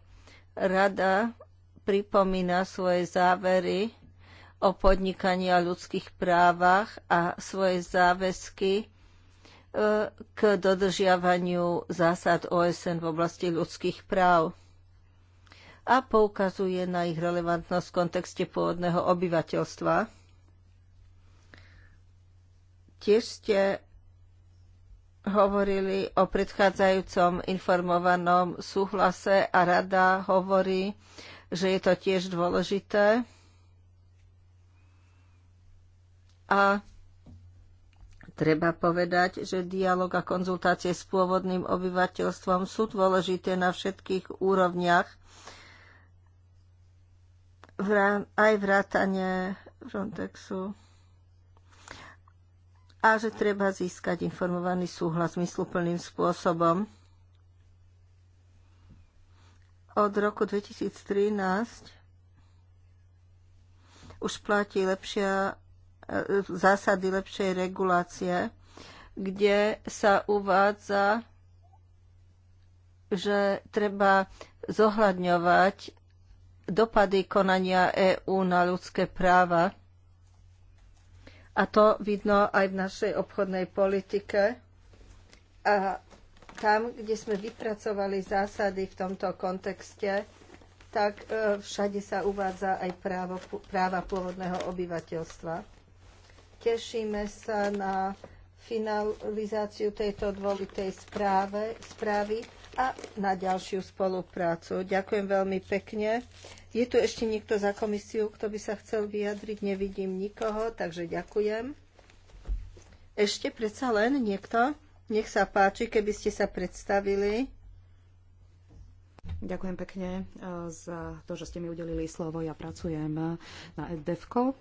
Rada pripomína svoje závery o podnikaní a ľudských právach a svoje záväzky e, k dodržiavaniu zásad OSN v oblasti ľudských práv a poukazuje na ich relevantnosť v kontexte pôvodného obyvateľstva. Tiež ste hovorili o predchádzajúcom informovanom súhlase a rada hovorí, že je to tiež dôležité. A treba povedať, že dialog a konzultácie s pôvodným obyvateľstvom sú dôležité na všetkých úrovniach, aj vrátanie Frontexu a že treba získať informovaný súhlas mysluplným spôsobom. Od roku 2013 už platí lepšia, e, zásady lepšej regulácie, kde sa uvádza, že treba zohľadňovať dopady konania EÚ na ľudské práva a to vidno aj v našej obchodnej politike. A tam, kde sme vypracovali zásady v tomto kontexte, tak e, všade sa uvádza aj právo, práva pôvodného obyvateľstva. Tešíme sa na finalizáciu tejto dvolitej správe, správy a na ďalšiu spoluprácu. Ďakujem veľmi pekne. Je tu ešte niekto za komisiu, kto by sa chcel vyjadriť? Nevidím nikoho, takže ďakujem. Ešte predsa len niekto? Nech sa páči, keby ste sa predstavili. Ďakujem pekne eh, za to, že ste mi udelili slovo. Ja pracujem eh, na EDEFCO.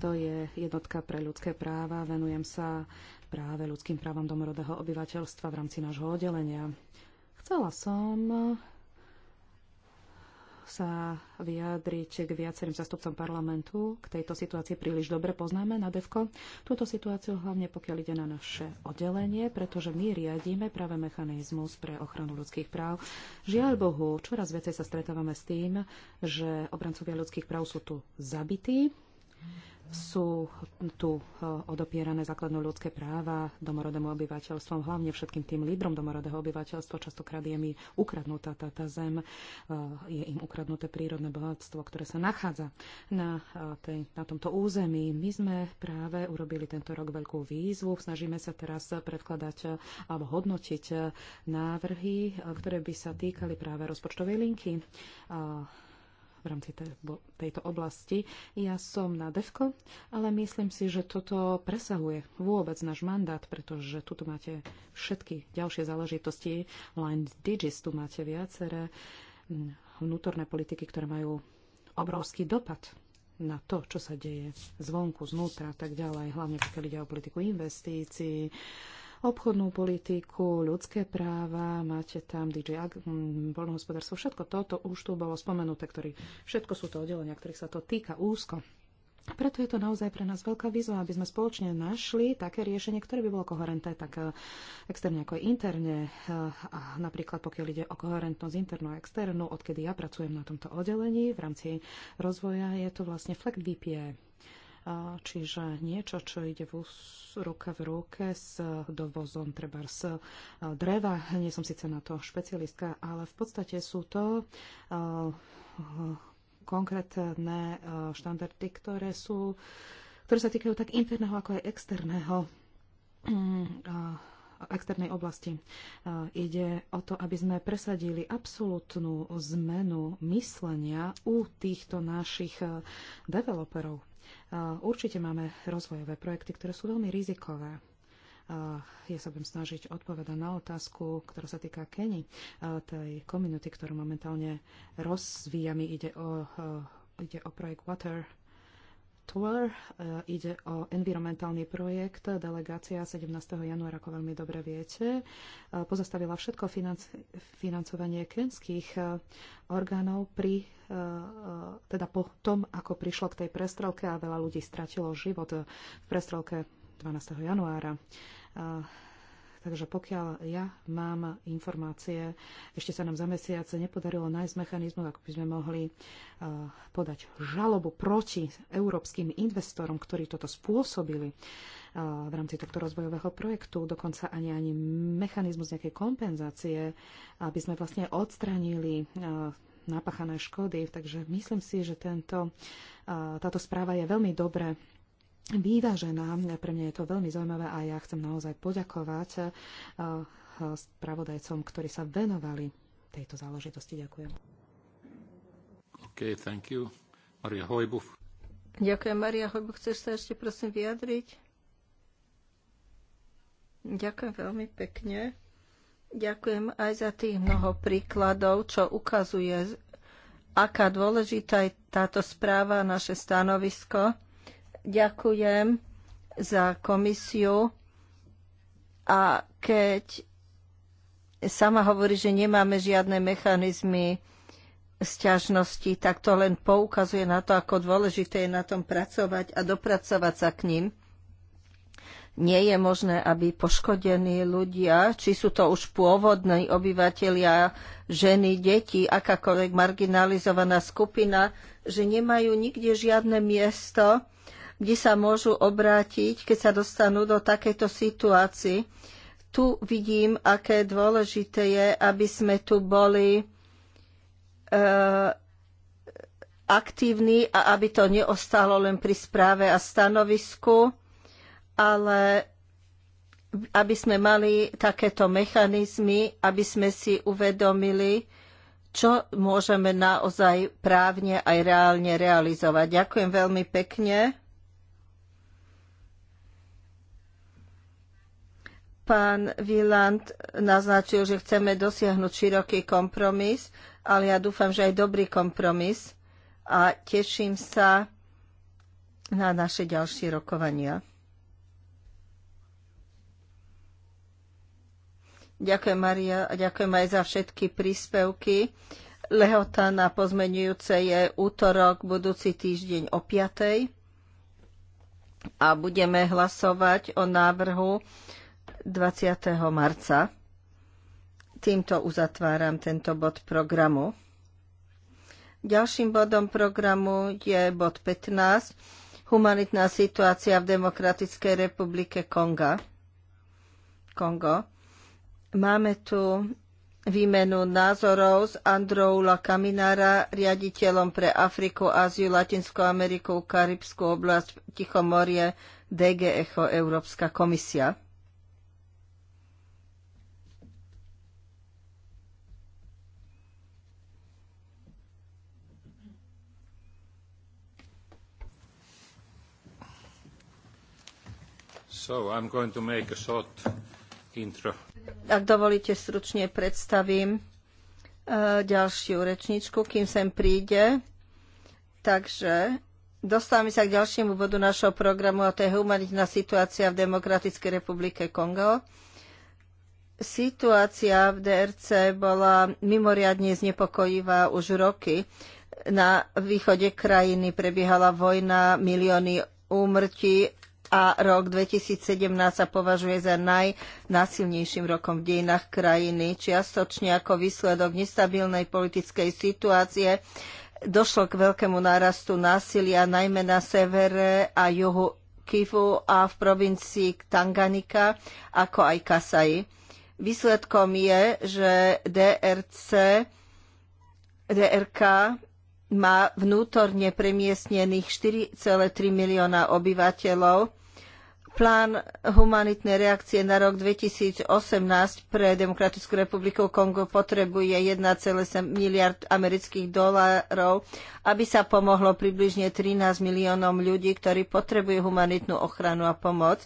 To je jednotka pre ľudské práva. Venujem sa práve ľudským právam domorodého obyvateľstva v rámci nášho oddelenia. Chcela som eh, sa vyjadriť k viacerým zastupcom parlamentu. K tejto situácii príliš dobre poznáme na DEVKO. Túto situáciu hlavne pokiaľ ide na naše oddelenie, pretože my riadíme práve mechanizmus pre ochranu ľudských práv. Žiaľ Bohu, čoraz viacej sa stretávame s tým, že obrancovia ľudských práv sú tu zabití, sú tu eh, odopierané základné ľudské práva domorodému obyvateľstvom, hlavne všetkým tým lídrom domorodého obyvateľstva. Častokrát je mi ukradnutá tá, tá zem, eh, je im ukradnuté prírodné bohatstvo, ktoré sa nachádza na, eh, tej, na tomto území. My sme práve urobili tento rok veľkú výzvu. Snažíme sa teraz predkladať alebo hodnotiť návrhy, ktoré by sa týkali práve rozpočtovej linky v rámci tejto oblasti. Ja som na DEVKO, ale myslím si, že toto presahuje vôbec náš mandát, pretože tu máte všetky ďalšie záležitosti. Line Digis tu máte viaceré mm, vnútorné politiky, ktoré majú obrovský dopad na to, čo sa deje zvonku, znútra a tak ďalej, hlavne pokiaľ ide o politiku investícií, obchodnú politiku, ľudské práva, máte tam DJ poľnohospodárstvo, všetko toto už tu bolo spomenuté, ktorý, všetko sú to oddelenia, ktorých sa to týka úzko. Preto je to naozaj pre nás veľká výzva, aby sme spoločne našli také riešenie, ktoré by bolo koherentné tak e, externe ako aj interne. E, a napríklad pokiaľ ide o koherentnosť internú a externú, odkedy ja pracujem na tomto oddelení v rámci rozvoja, je to vlastne FLEC VPA. E čiže niečo, čo ide v ruka v ruke s dovozom treba z e, dreva. Nie som síce na to špecialistka, ale v podstate sú to e, konkrétne e, štandardy, ktoré, sú, ktoré sa týkajú tak interného, ako aj externého mm, externej oblasti. Ide o to, aby sme presadili absolútnu zmenu myslenia u týchto našich developerov. Eh, určite máme rozvojové projekty, ktoré sú veľmi rizikové. Eh, ja sa budem snažiť odpovedať na otázku, ktorá sa týka Keni, eh, tej komunity, ktorú momentálne rozvíjame. Ide o, ide o projekt Water Tour. E, ide o environmentálny projekt. Delegácia 17. januára, ako veľmi dobre viete, e, pozastavila všetko financi- financovanie kenských e, orgánov pri teda po tom, ako prišlo k tej prestrelke a veľa ľudí stratilo život v prestrelke 12. januára. Takže pokiaľ ja mám informácie, ešte sa nám za mesiace nepodarilo nájsť mechanizmus, ako by sme mohli eh, podať žalobu proti európskym investorom, ktorí toto spôsobili eh, v rámci tohto rozvojového projektu, dokonca ani, ani mechanizmus nejakej kompenzácie, aby sme vlastne odstranili uh, eh, napachané škody. Takže myslím si, že tento, táto správa je veľmi dobre vyvážená. Pre mňa je to veľmi zaujímavé a ja chcem naozaj poďakovať eh, spravodajcom, ktorí sa venovali tejto záležitosti. Ďakujem. OK, thank you. Maria Ďakujem. Maria Hojbuch, chceš sa ešte prosím vyjadriť? Ďakujem veľmi pekne. Ďakujem aj za tých mnoho príkladov, čo ukazuje, aká dôležitá je táto správa, naše stanovisko Ďakujem za komisiu a keď sama hovorí, že nemáme žiadne mechanizmy sťažnosti, tak to len poukazuje na to, ako dôležité je na tom pracovať a dopracovať sa k ním. Nie je možné, aby poškodení ľudia, či sú to už pôvodní obyvateľia, ženy, deti, akákoľvek marginalizovaná skupina, že nemajú nikde žiadne miesto, kde sa môžu obrátiť, keď sa dostanú do takejto situácii. Tu vidím, aké dôležité je, aby sme tu boli e, aktívni a aby to neostalo len pri správe a stanovisku, ale aby sme mali takéto mechanizmy, aby sme si uvedomili, čo môžeme naozaj právne aj reálne realizovať. Ďakujem veľmi pekne. Pán Wieland naznačil, že chceme dosiahnuť široký kompromis, ale ja dúfam, že aj dobrý kompromis a teším sa na naše ďalšie rokovania. Ďakujem, Maria, a ďakujem aj za všetky príspevky. Lehota na pozmenujúce je útorok, budúci týždeň o 5. A budeme hlasovať o návrhu 20. marca. Týmto uzatváram tento bod programu. Ďalším bodom programu je bod 15. Humanitná situácia v Demokratickej republike Konga. Kongo. Máme tu výmenu názorov s Androu Lakaminara, riaditeľom pre Afriku, Áziu, Latinskú Ameriku, Karibskú oblasť, Tichomorie, DG Echo, Európska komisia. Ak dovolíte, stručne predstavím e, ďalšiu rečničku, kým sem príde. Takže dostávame sa k ďalšiemu bodu našho programu a to je humanitná situácia v Demokratickej republike Kongo. Situácia v DRC bola mimoriadne znepokojivá už roky. Na východe krajiny prebiehala vojna, milióny úmrtí, a rok 2017 sa považuje za najnásilnejším rokom v dejinách krajiny. Čiastočne ako výsledok nestabilnej politickej situácie došlo k veľkému nárastu násilia najmä na severe a juhu Kivu a v provincii Tanganika, ako aj Kasaji. Výsledkom je, že DRC, DRK má vnútorne premiestnených 4,3 milióna obyvateľov. Plán humanitnej reakcie na rok 2018 pre Demokratickú republiku Kongo potrebuje 1,7 miliard amerických dolárov, aby sa pomohlo približne 13 miliónom ľudí, ktorí potrebujú humanitnú ochranu a pomoc.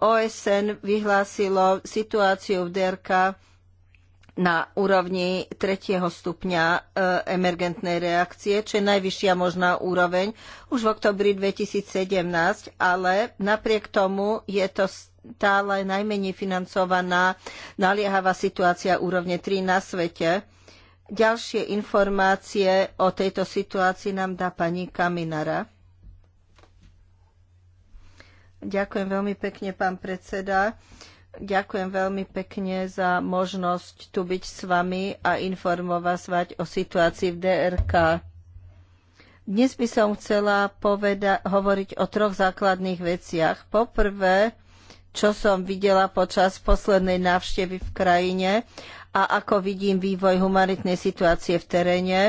OSN vyhlásilo situáciu v DRK na úrovni tretieho stupňa e, emergentnej reakcie, čo je najvyššia možná úroveň už v oktobri 2017, ale napriek tomu je to stále najmenej financovaná naliehavá situácia úrovne 3 na svete. Ďalšie informácie o tejto situácii nám dá pani Kaminara. Ďakujem veľmi pekne, pán predseda. Uh, Ďakujem veľmi pekne za možnosť tu byť s vami a informovať o situácii v DRK. Dnes by som chcela poveda- hovoriť o troch základných veciach. Poprvé, čo som videla počas poslednej návštevy v krajine a ako vidím vývoj humanitnej situácie v teréne.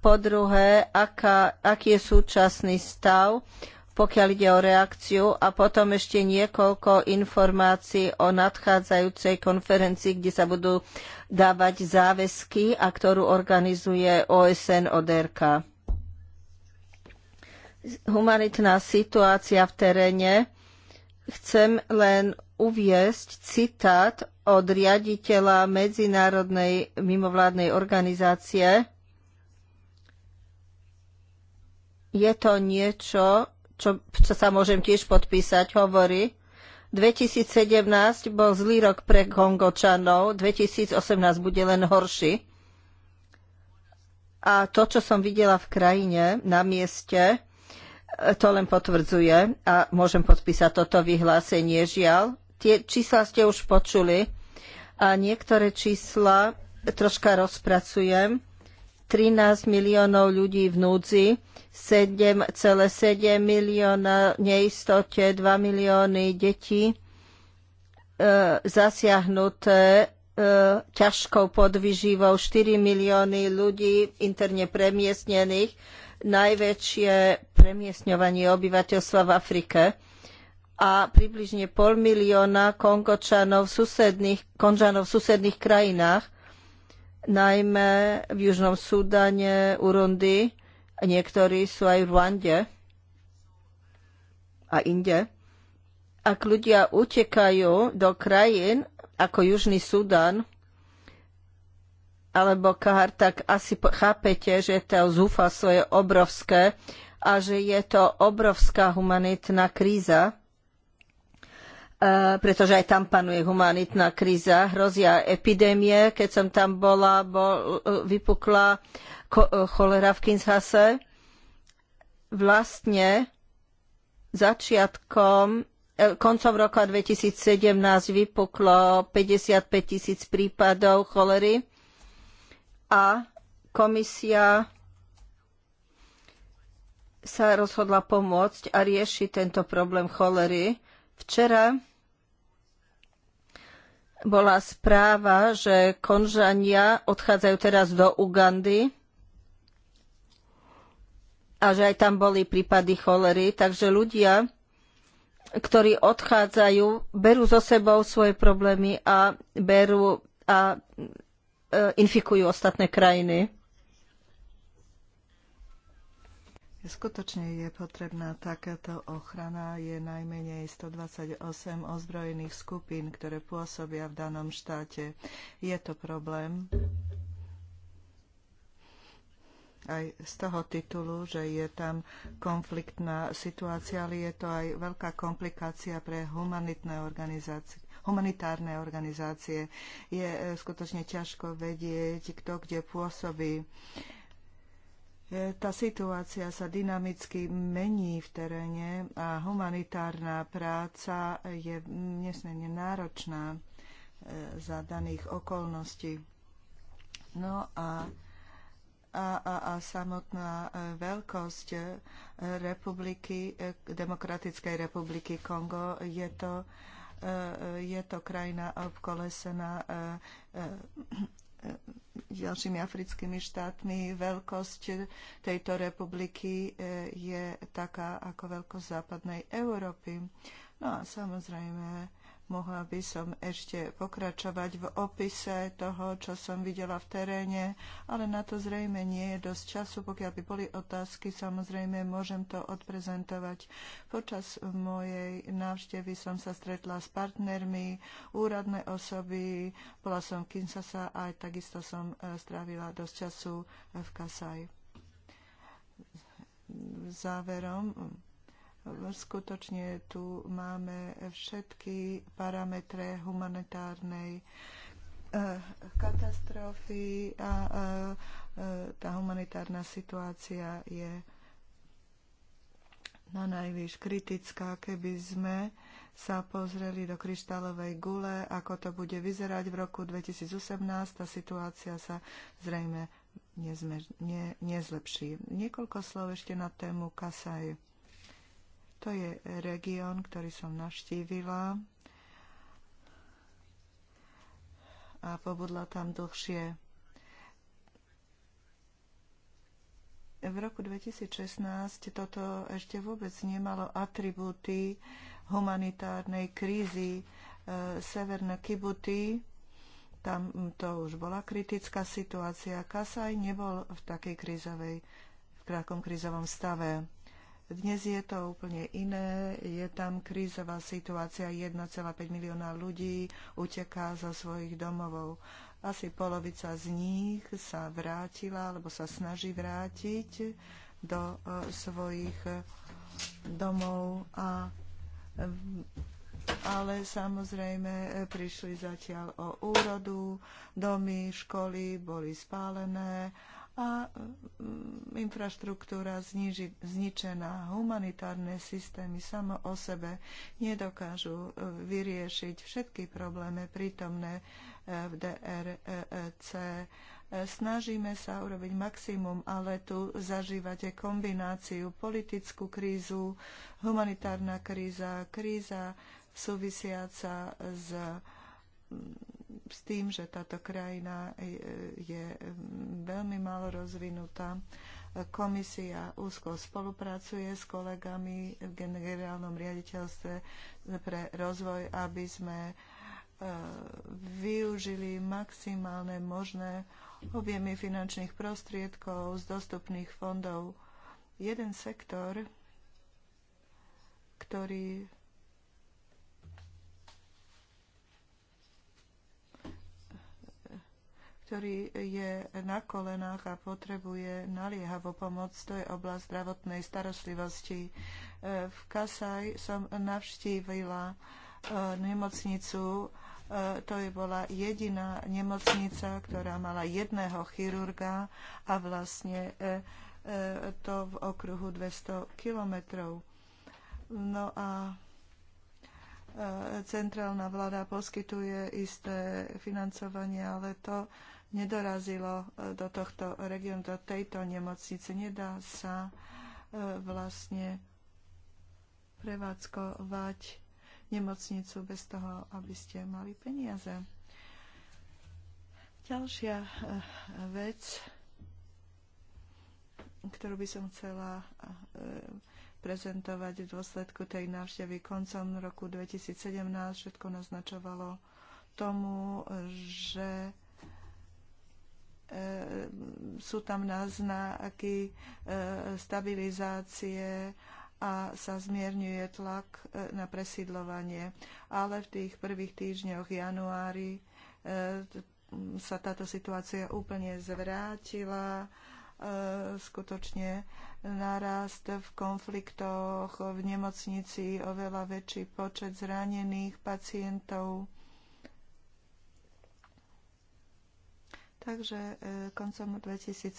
Po druhé, aká, aký je súčasný stav pokiaľ ide o reakciu a potom ešte niekoľko informácií o nadchádzajúcej konferencii, kde sa budú dávať záväzky a ktorú organizuje OSN ODRK. Humanitná situácia v teréne. Chcem len uviesť citát od riaditeľa medzinárodnej mimovládnej organizácie. Je to niečo, čo, čo sa môžem tiež podpísať, hovorí, 2017 bol zlý rok pre Kongočanov, 2018 bude len horší. A to, čo som videla v krajine, na mieste, to len potvrdzuje a môžem podpísať toto vyhlásenie. Žiaľ, tie čísla ste už počuli a niektoré čísla troška rozpracujem. 13 miliónov ľudí v núdzi, 7,7 milióna neistote, 2 milióny detí e, zasiahnuté e, ťažkou podvyživou 4 milióny ľudí interne premiestnených, najväčšie premiestňovanie obyvateľstva v Afrike a približne pol milióna kongočanov v susedných, konžanov v susedných krajinách, najmä v Južnom Súdane, Urundi, Niektorí sú aj v Rwande a inde. Ak ľudia utekajú do krajín ako Južný Sudan alebo Kahar, tak asi chápete, že to zúfalstvo je obrovské a že je to obrovská humanitná kríza E, pretože aj tam panuje humanitná kríza, hrozia epidémie. Keď som tam bola, bol, e, vypukla e, cholera v Kinshase. Vlastne začiatkom, koncom roka 2017 vypuklo 55 tisíc prípadov cholery a komisia sa rozhodla pomôcť a riešiť tento problém cholery Včera bola správa, že konžania odchádzajú teraz do Ugandy a že aj tam boli prípady cholery. Takže ľudia, ktorí odchádzajú, berú so sebou svoje problémy a berú a e, infikujú ostatné krajiny. Skutočne je potrebná takáto ochrana. Je najmenej 128 ozbrojených skupín, ktoré pôsobia v danom štáte. Je to problém aj z toho titulu, že je tam konfliktná situácia, ale je to aj veľká komplikácia pre humanitné organizácie humanitárne organizácie. Je eh, skutočne ťažko vedieť, kto kde pôsobí. E, tá situácia sa dynamicky mení v teréne a humanitárna práca je nesmierne náročná e, za daných okolností. No a, a, a, a samotná e, veľkosť republiky, Demokratickej republiky Kongo je to, je to krajina obkolesená ďalšími africkými štátmi. Veľkosť tejto republiky e, je taká ako veľkosť západnej Európy. No a samozrejme, mohla by som ešte pokračovať v opise toho, čo som videla v teréne, ale na to zrejme nie je dosť času. Pokiaľ by boli otázky, samozrejme môžem to odprezentovať. Počas mojej návštevy som sa stretla s partnermi, úradné osoby, bola som v Kinsasa a aj takisto som e, strávila dosť času e, v Kasaj. Záverom Skutočne tu máme všetky parametre humanitárnej eh, katastrofy a eh, eh, tá humanitárna situácia je na najvyš kritická, keby sme sa pozreli do kryštálovej gule, ako to bude vyzerať v roku 2018, tá situácia sa zrejme nezme, ne, nezlepší. Niekoľko slov ešte na tému Kasaj. To je región, ktorý som navštívila a pobudla tam dlhšie. V roku 2016 toto ešte vôbec nemalo atribúty humanitárnej krízy. E, severné Kibuty, tam to už bola kritická situácia. Kasaj nebol v takej krízovej, v krátkom krízovom stave. Dnes je to úplne iné, je tam krízová situácia, 1,5 milióna ľudí uteká zo svojich domovov. Asi polovica z nich sa vrátila alebo sa snaží vrátiť do e, svojich e, domov a e, ale samozrejme prišli zatiaľ o úrodu, domy, školy boli spálené a mm, infraštruktúra zniži, zničená. Humanitárne systémy samo o sebe nedokážu e, vyriešiť všetky problémy prítomné e, v DRC. E snažíme sa urobiť maximum, ale tu zažívate kombináciu politickú krízu, humanitárna kríza, kríza súvisiaca s mm, s tým, že táto krajina e, je veľmi málo rozvinutá. Komisia úzko spolupracuje s kolegami v generálnom riaditeľstve pre rozvoj, aby sme e, využili maximálne možné objemy finančných prostriedkov z dostupných fondov. Jeden sektor, ktorý ktorý je na kolenách a potrebuje naliehavo pomoc, to je oblasť zdravotnej starostlivosti. E, v Kasaj som navštívila e, nemocnicu, e, to je bola jediná nemocnica, ktorá mala jedného chirurga a vlastne to v okruhu 200 kilometrov. No a centrálna vláda poskytuje isté financovanie, ale to nedorazilo e, do tohto regionu, do tejto nemocnice. Nedá sa e, vlastne prevádzkovať nemocnicu bez toho, aby ste mali peniaze. Ďalšia e, vec, ktorú by som chcela prezentovať v dôsledku tej návštevy koncom roku 2017, všetko naznačovalo tomu, že E, sú tam náznaky e, stabilizácie a sa zmierňuje tlak e, na presídlovanie. Ale v tých prvých týždňoch januári sa táto situácia úplne zvrátila. Skutočne narast v konfliktoch v nemocnici, oveľa väčší počet zranených pacientov Takže e, koncom 2017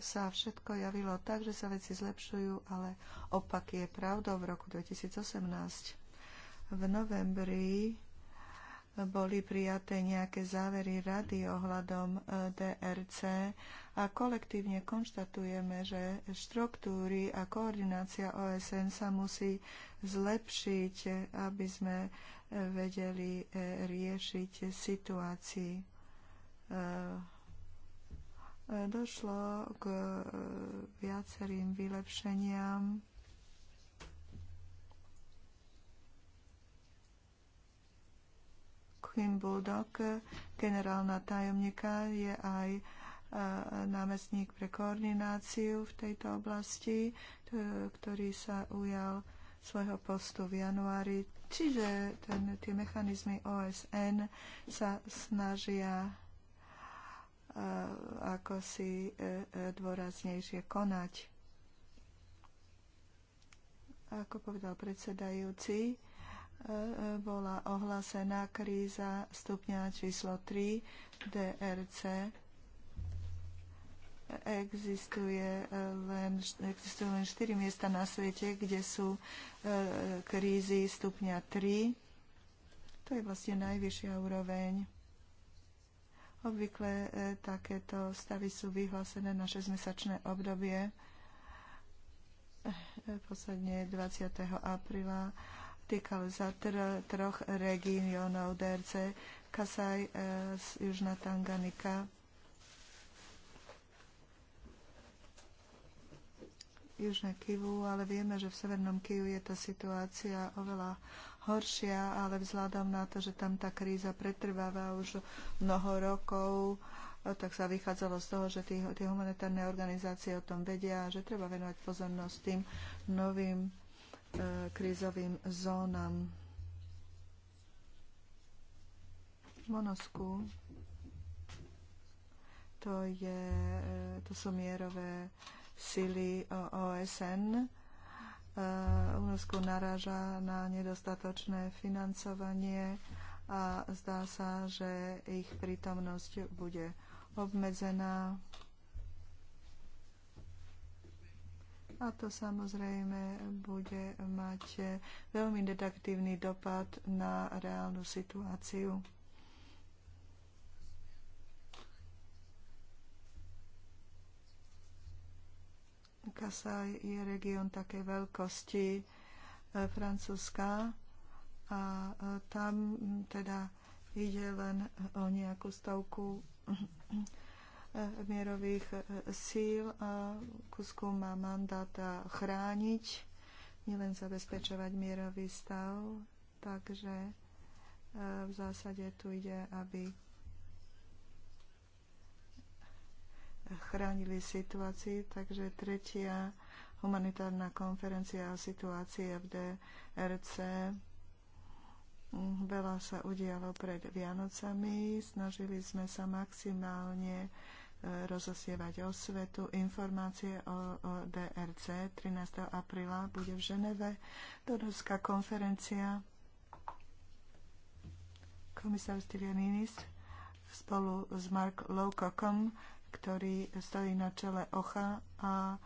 sa všetko javilo tak, že sa veci zlepšujú, ale opak je pravdou v roku 2018. V novembri boli prijaté nejaké závery rady ohľadom e, DRC a kolektívne konštatujeme, že štruktúry a koordinácia OSN sa musí zlepšiť, aby sme e, vedeli riešiť situácii Eh, eh, došlo k eh, viacerým vylepšeniam. Kim Budok, generálna tajomníka, je aj námestník pre koordináciu v tejto oblasti, ktorý sa ujal svojho postu v januári. Čiže ten, tie mechanizmy OSN sa snažia ako si e, e, dôraznejšie konať. Ako povedal predsedajúci, e, bola ohlásená kríza stupňa číslo 3 DRC. Existuje len, existujú len 4 miesta na svete, kde sú krízy stupňa 3. To je vlastne najvyššia úroveň. Obvykle e, takéto stavy sú vyhlásené na 6-mesačné obdobie, e, posledne 20. apríla. Týkal sa tr- troch regiónov DRC, Kasaj, e, z Južná Tanganika, Južné Kivu, ale vieme, že v Severnom Kivu je tá situácia oveľa horšia, ale vzhľadom na to, že tam tá kríza pretrváva už mnoho rokov, tak sa vychádzalo z toho, že tie humanitárne organizácie o tom vedia, že treba venovať pozornosť tým novým e, krízovým zónam. Monosku to, je, e, to sú mierové sily OSN UNESCO naráža na nedostatočné financovanie a zdá sa, že ich prítomnosť bude obmedzená. A to samozrejme bude mať veľmi detaktívny dopad na reálnu situáciu. Kasaj je region také veľkosti e, Francúzska a e, tam teda ide len o nejakú stovku e, mierových síl a Kusku má mandát chrániť, nielen zabezpečovať mierový stav, takže v zásade tu ide, aby chránili situácii, takže tretia humanitárna konferencia o situácii DRC, mm, Veľa sa udialo pred Vianocami, snažili sme sa maximálne e, rozosievať osvetu, informácie o, o DRC. 13. apríla bude v Ženeve Donorská konferencia. Komisár Stylianinis spolu s Mark Lowcockom ktorý stojí na čele OCHA a e,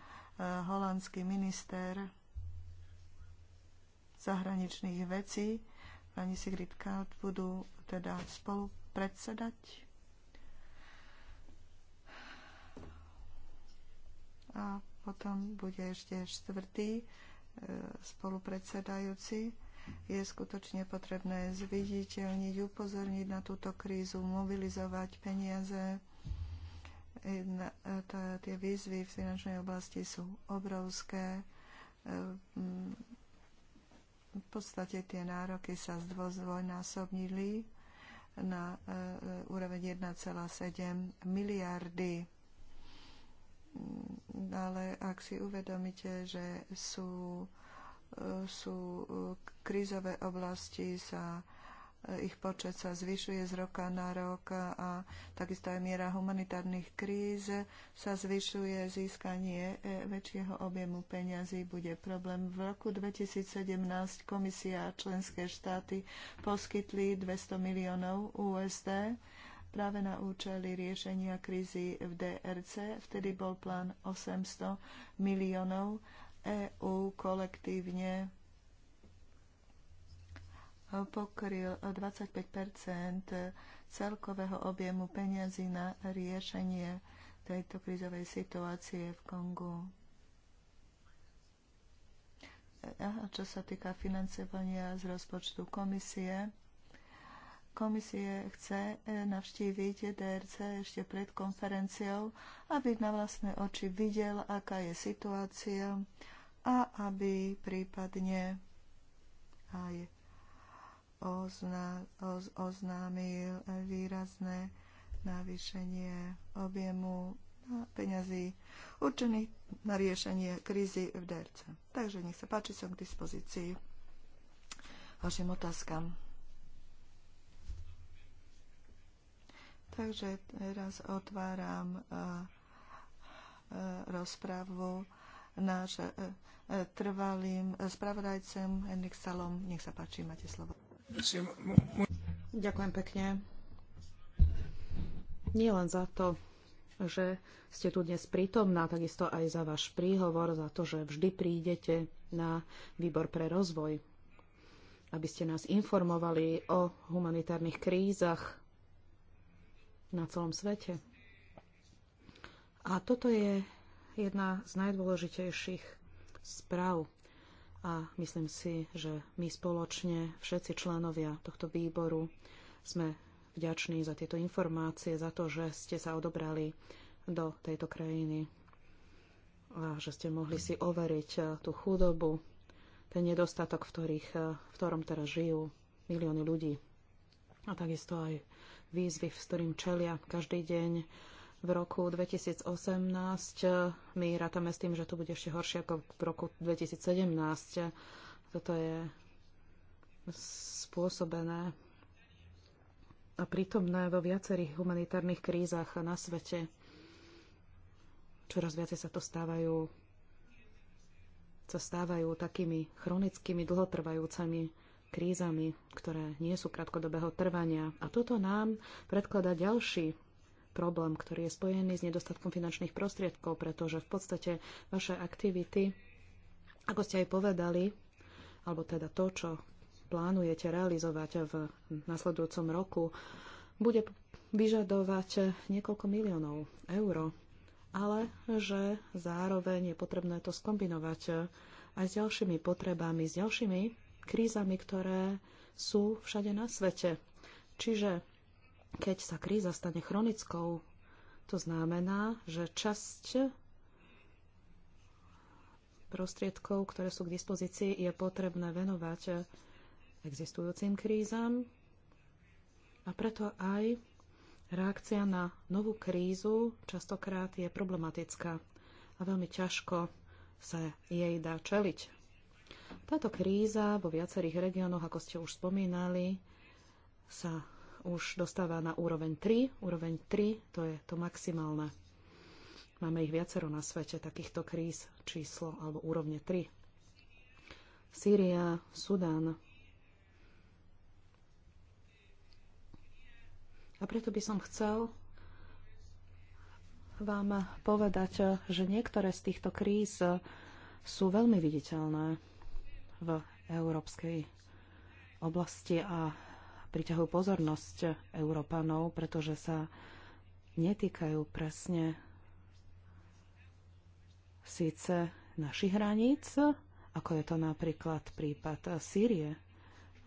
holandský minister zahraničných vecí, pani Sigrid Kaut, budú teda spolu predsedať. A potom bude ešte štvrtý e, spolupredsedajúci. Je skutočne potrebné zviditeľniť, upozorniť na túto krízu, mobilizovať peniaze Jedna, e, tá, tie výzvy v finančnej oblasti sú obrovské. E, mm, v podstate tie nároky sa zdvojnásobnili na e, úroveň 1,7 miliardy mm, ale ak si uvedomíte, že sú, sú krízové oblasti, sa E, ich počet sa zvyšuje z roka na rok a takisto aj miera humanitárnych kríz sa zvyšuje. Získanie e, väčšieho objemu peňazí bude problém. V roku 2017 komisia a členské štáty poskytli 200 miliónov USD práve na účely riešenia krízy v DRC. Vtedy bol plán 800 miliónov EÚ kolektívne pokryl 25 celkového objemu peňazí na riešenie tejto krizovej situácie v Kongu. A čo sa týka financovania z rozpočtu komisie, komisie chce e, navštíviť DRC ešte pred konferenciou, aby na vlastné oči videl, aká je situácia a aby prípadne aj ozná, oz, oznámil výrazné navýšenie objemu peňazí určených na riešenie krízy v DRC. Takže nech sa páči, som k dispozícii vašim otázkam. Takže teraz otváram e, e, rozpravu náš e, trvalým spravodajcem Henrik Salom. Nech sa páči, máte slovo. Ďakujem pekne. Nie len za to, že ste tu dnes prítomná, takisto aj za váš príhovor, za to, že vždy prídete na výbor pre rozvoj, aby ste nás informovali o humanitárnych krízach na celom svete. A toto je jedna z najdôležitejších správ a myslím si, že my spoločne, všetci členovia tohto výboru, sme vďační za tieto informácie, za to, že ste sa odobrali do tejto krajiny a že ste mohli si overiť eh, tú chudobu, ten nedostatok, v, ktorých, eh, v ktorom teraz žijú milióny ľudí. A takisto aj výzvy, s ktorým čelia každý deň v roku 2018. Eh, my rátame s tým, že to bude ešte horšie ako v roku 2017. Toto je spôsobené a prítomné vo viacerých humanitárnych krízach na svete. Čoraz viacej sa to stávajú sa stávajú takými chronickými, dlhotrvajúcami krízami, ktoré nie sú krátkodobého trvania. A toto nám predklada ďalší problém, ktorý je spojený s nedostatkom finančných prostriedkov, pretože v podstate vaše aktivity, ako ste aj povedali, alebo teda to, čo plánujete realizovať v nasledujúcom roku, bude vyžadovať niekoľko miliónov eur, ale že zároveň je potrebné to skombinovať aj s ďalšími potrebami, s ďalšími krízami, ktoré sú všade na svete. Čiže keď sa kríza stane chronickou, to znamená, že časť prostriedkov, ktoré sú k dispozícii, je potrebné venovať existujúcim krízam a preto aj reakcia na novú krízu častokrát je problematická a veľmi ťažko sa jej dá čeliť. Táto kríza vo viacerých regiónoch, ako ste už spomínali, sa už dostáva na úroveň 3. Úroveň 3 to je to maximálne. Máme ich viacero na svete, takýchto kríz, číslo alebo úrovne 3. Sýria, Sudán. A preto by som chcel vám povedať, že niektoré z týchto kríz sú veľmi viditeľné v európskej oblasti a priťahujú pozornosť Európanov, pretože sa netýkajú presne síce našich hraníc, ako je to napríklad prípad Sýrie,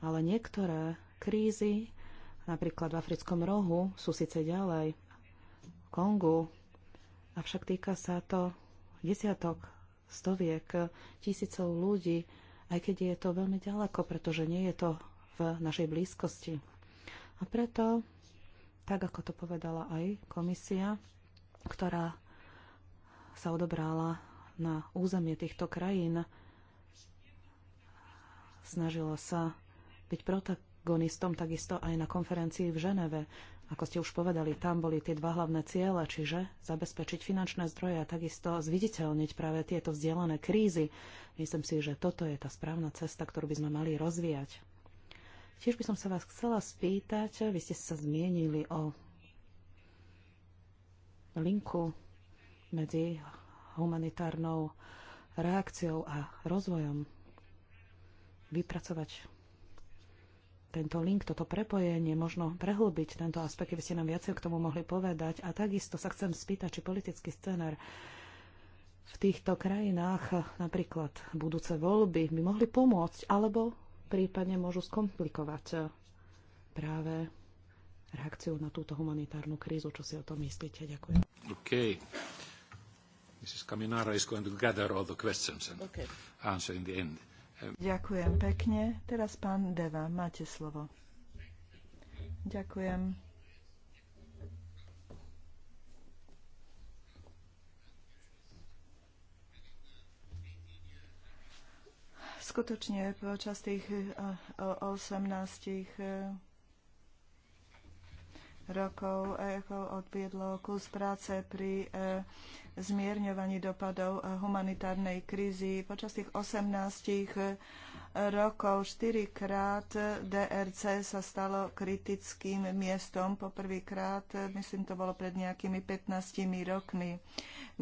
ale niektoré krízy, napríklad v Africkom rohu, sú síce ďalej, v Kongu, avšak týka sa to desiatok, stoviek, tisícov ľudí, aj keď je to veľmi ďaleko, pretože nie je to v našej blízkosti. A preto, tak ako to povedala aj komisia, ktorá sa odobrala na územie týchto krajín, snažila sa byť protagonistom takisto aj na konferencii v Ženeve. Ako ste už povedali, tam boli tie dva hlavné ciele, čiže zabezpečiť finančné zdroje a takisto zviditeľniť práve tieto vzdielané krízy. Myslím si, že toto je tá správna cesta, ktorú by sme mali rozvíjať. Tiež by som sa vás chcela spýtať, vy ste sa zmienili o linku medzi humanitárnou reakciou a rozvojom. Vypracovať tento link, toto prepojenie, možno prehlbiť tento aspekt, keby ste nám viacej k tomu mohli povedať. A takisto sa chcem spýtať, či politický scenár v týchto krajinách, napríklad budúce voľby, by mohli pomôcť, alebo prípadne môžu skomplikovať eh, práve reakciu na túto humanitárnu krízu. Čo si o tom myslíte? Ďakujem. OK. Mrs. Kaminara is going to gather all the questions and okay. answer in the end. Um, Ďakujem pekne. Teraz pán Deva, máte slovo. Ďakujem. skutočne počas tých 18 eh, eh, rokov ECHO odviedlo kus práce pri eh, zmierňovaní dopadov humanitárnej krízy. Počas tých 18 rokov štyrikrát DRC sa stalo kritickým miestom. Poprvýkrát, myslím, to bolo pred nejakými 15 rokmi.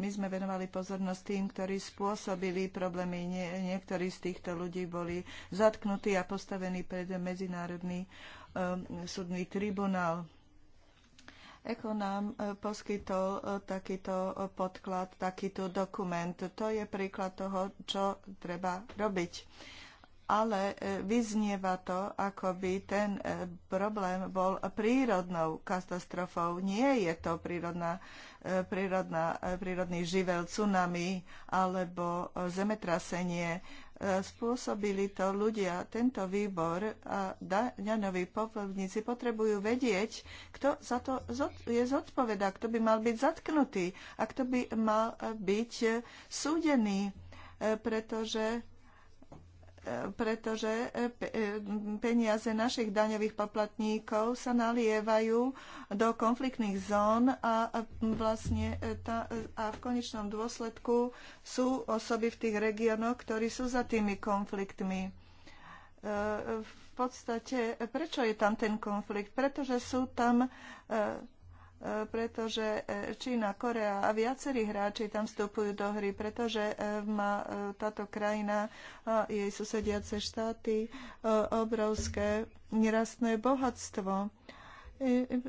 My sme venovali pozornosť tým, ktorí spôsobili problémy. Nie, niektorí z týchto ľudí boli zatknutí a postavení pred medzinárodný um, súdny tribunál. Eko nám eh, poskytol eh, takýto podklad, takýto dokument. To je príklad toho, čo treba robiť ale e, vyznieva to, ako by ten e, problém bol prírodnou katastrofou. Nie je to prírodná, e, prírodná, prírodný živel, tsunami alebo zemetrasenie. Spôsobili to ľudia. Tento výbor a daňoví poplatníci potrebujú vedieť, kto za to je zodpovedá, kto by mal byť zatknutý a kto by mal byť súdený, pretože pretože eh, eh, peniaze našich daňových poplatníkov sa nalievajú do konfliktných zón a, vlastne eh, tá, a v konečnom dôsledku sú osoby v tých regiónoch, ktorí sú za tými konfliktmi. V podstate, prečo je tam ten konflikt? Pretože sú tam pretože e, Čína, Korea a viacerí hráči tam vstupujú do hry, pretože e, má e, táto krajina a jej susediace štáty obrovské nerastné bohatstvo.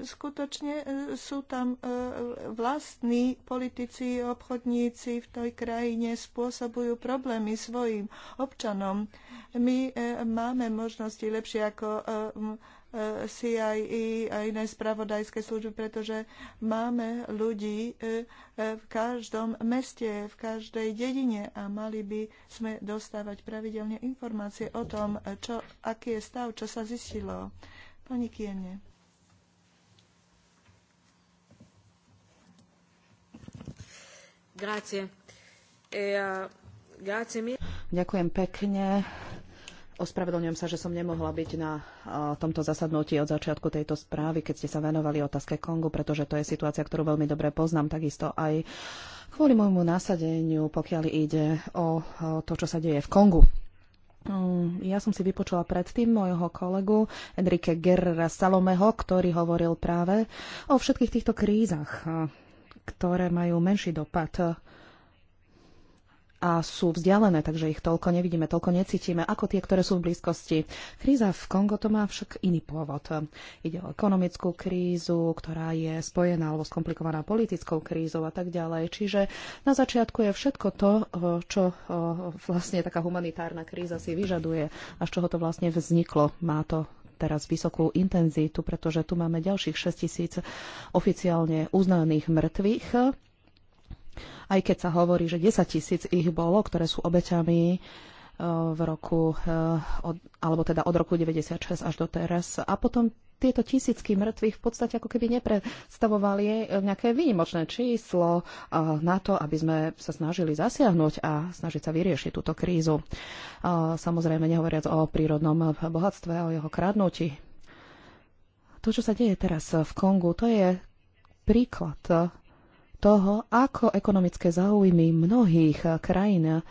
Skutočne sú tam vlastní politici, obchodníci v tej krajine, spôsobujú problémy svojim občanom. My máme možnosti lepšie ako CIE a iné spravodajské služby, pretože máme ľudí e, e, v každom meste, v každej dedine a mali by sme dostávať pravidelne informácie o tom, čo, aký je stav, čo sa zistilo. Pani Kiene. Grazie. E, uh, grazie mi... Ďakujem pekne. Ospravedlňujem sa, že som nemohla byť na tomto zasadnutí od začiatku tejto správy, keď ste sa venovali otázke Kongu, pretože to je situácia, ktorú veľmi dobre poznám, takisto aj kvôli môjmu nasadeniu, pokiaľ ide o to, čo sa deje v Kongu. Mm, ja som si vypočula predtým môjho kolegu Enrique Guerrera Salomeho, ktorý hovoril práve o všetkých týchto krízach, ktoré majú menší dopad a sú vzdialené, takže ich toľko nevidíme, toľko necítime, ako tie, ktoré sú v blízkosti. Kríza v Kongo to má však iný pôvod. Ide o ekonomickú krízu, ktorá je spojená alebo skomplikovaná politickou krízou a tak ďalej. Čiže na začiatku je všetko to, čo vlastne taká humanitárna kríza si vyžaduje a z čoho to vlastne vzniklo. Má to teraz vysokú intenzitu, pretože tu máme ďalších 6 tisíc oficiálne uznaných mŕtvych aj keď sa hovorí, že 10 tisíc ich bolo, ktoré sú obeťami e, v roku, e, alebo teda od roku 96 až do teraz. A potom tieto tisícky mŕtvych v podstate ako keby nepredstavovali e, nejaké výnimočné číslo na to, aby sme sa snažili zasiahnuť a snažiť sa vyriešiť túto krízu. Samozrejme, nehovoriac o prírodnom bohatstve, o jeho kradnutí. To, čo sa deje teraz v Kongu, to je príklad toho, ako ekonomické záujmy mnohých eh, krajín,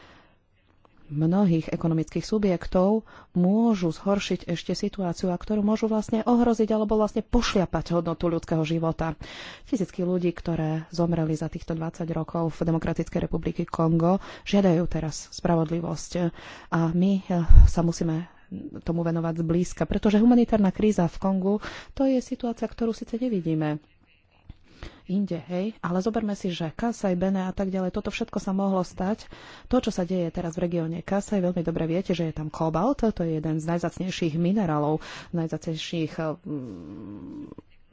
mnohých ekonomických subjektov môžu zhoršiť ešte situáciu, a ktorú môžu vlastne ohroziť alebo vlastne pošliapať hodnotu ľudského života. Tisícky ľudí, ktoré zomreli za týchto 20 rokov v Demokratickej republiky Kongo, žiadajú teraz spravodlivosť. A my eh, sa musíme tomu venovať zblízka, pretože humanitárna kríza v Kongu to je situácia, ktorú síce nevidíme inde, hej. Ale zoberme si, že Kasaj, Bene a tak ďalej, toto všetko sa mohlo stať. To, čo sa deje teraz v regióne Kasaj, veľmi dobre viete, že je tam kobalt, to je jeden z najzacnejších minerálov, najzacnejších eh,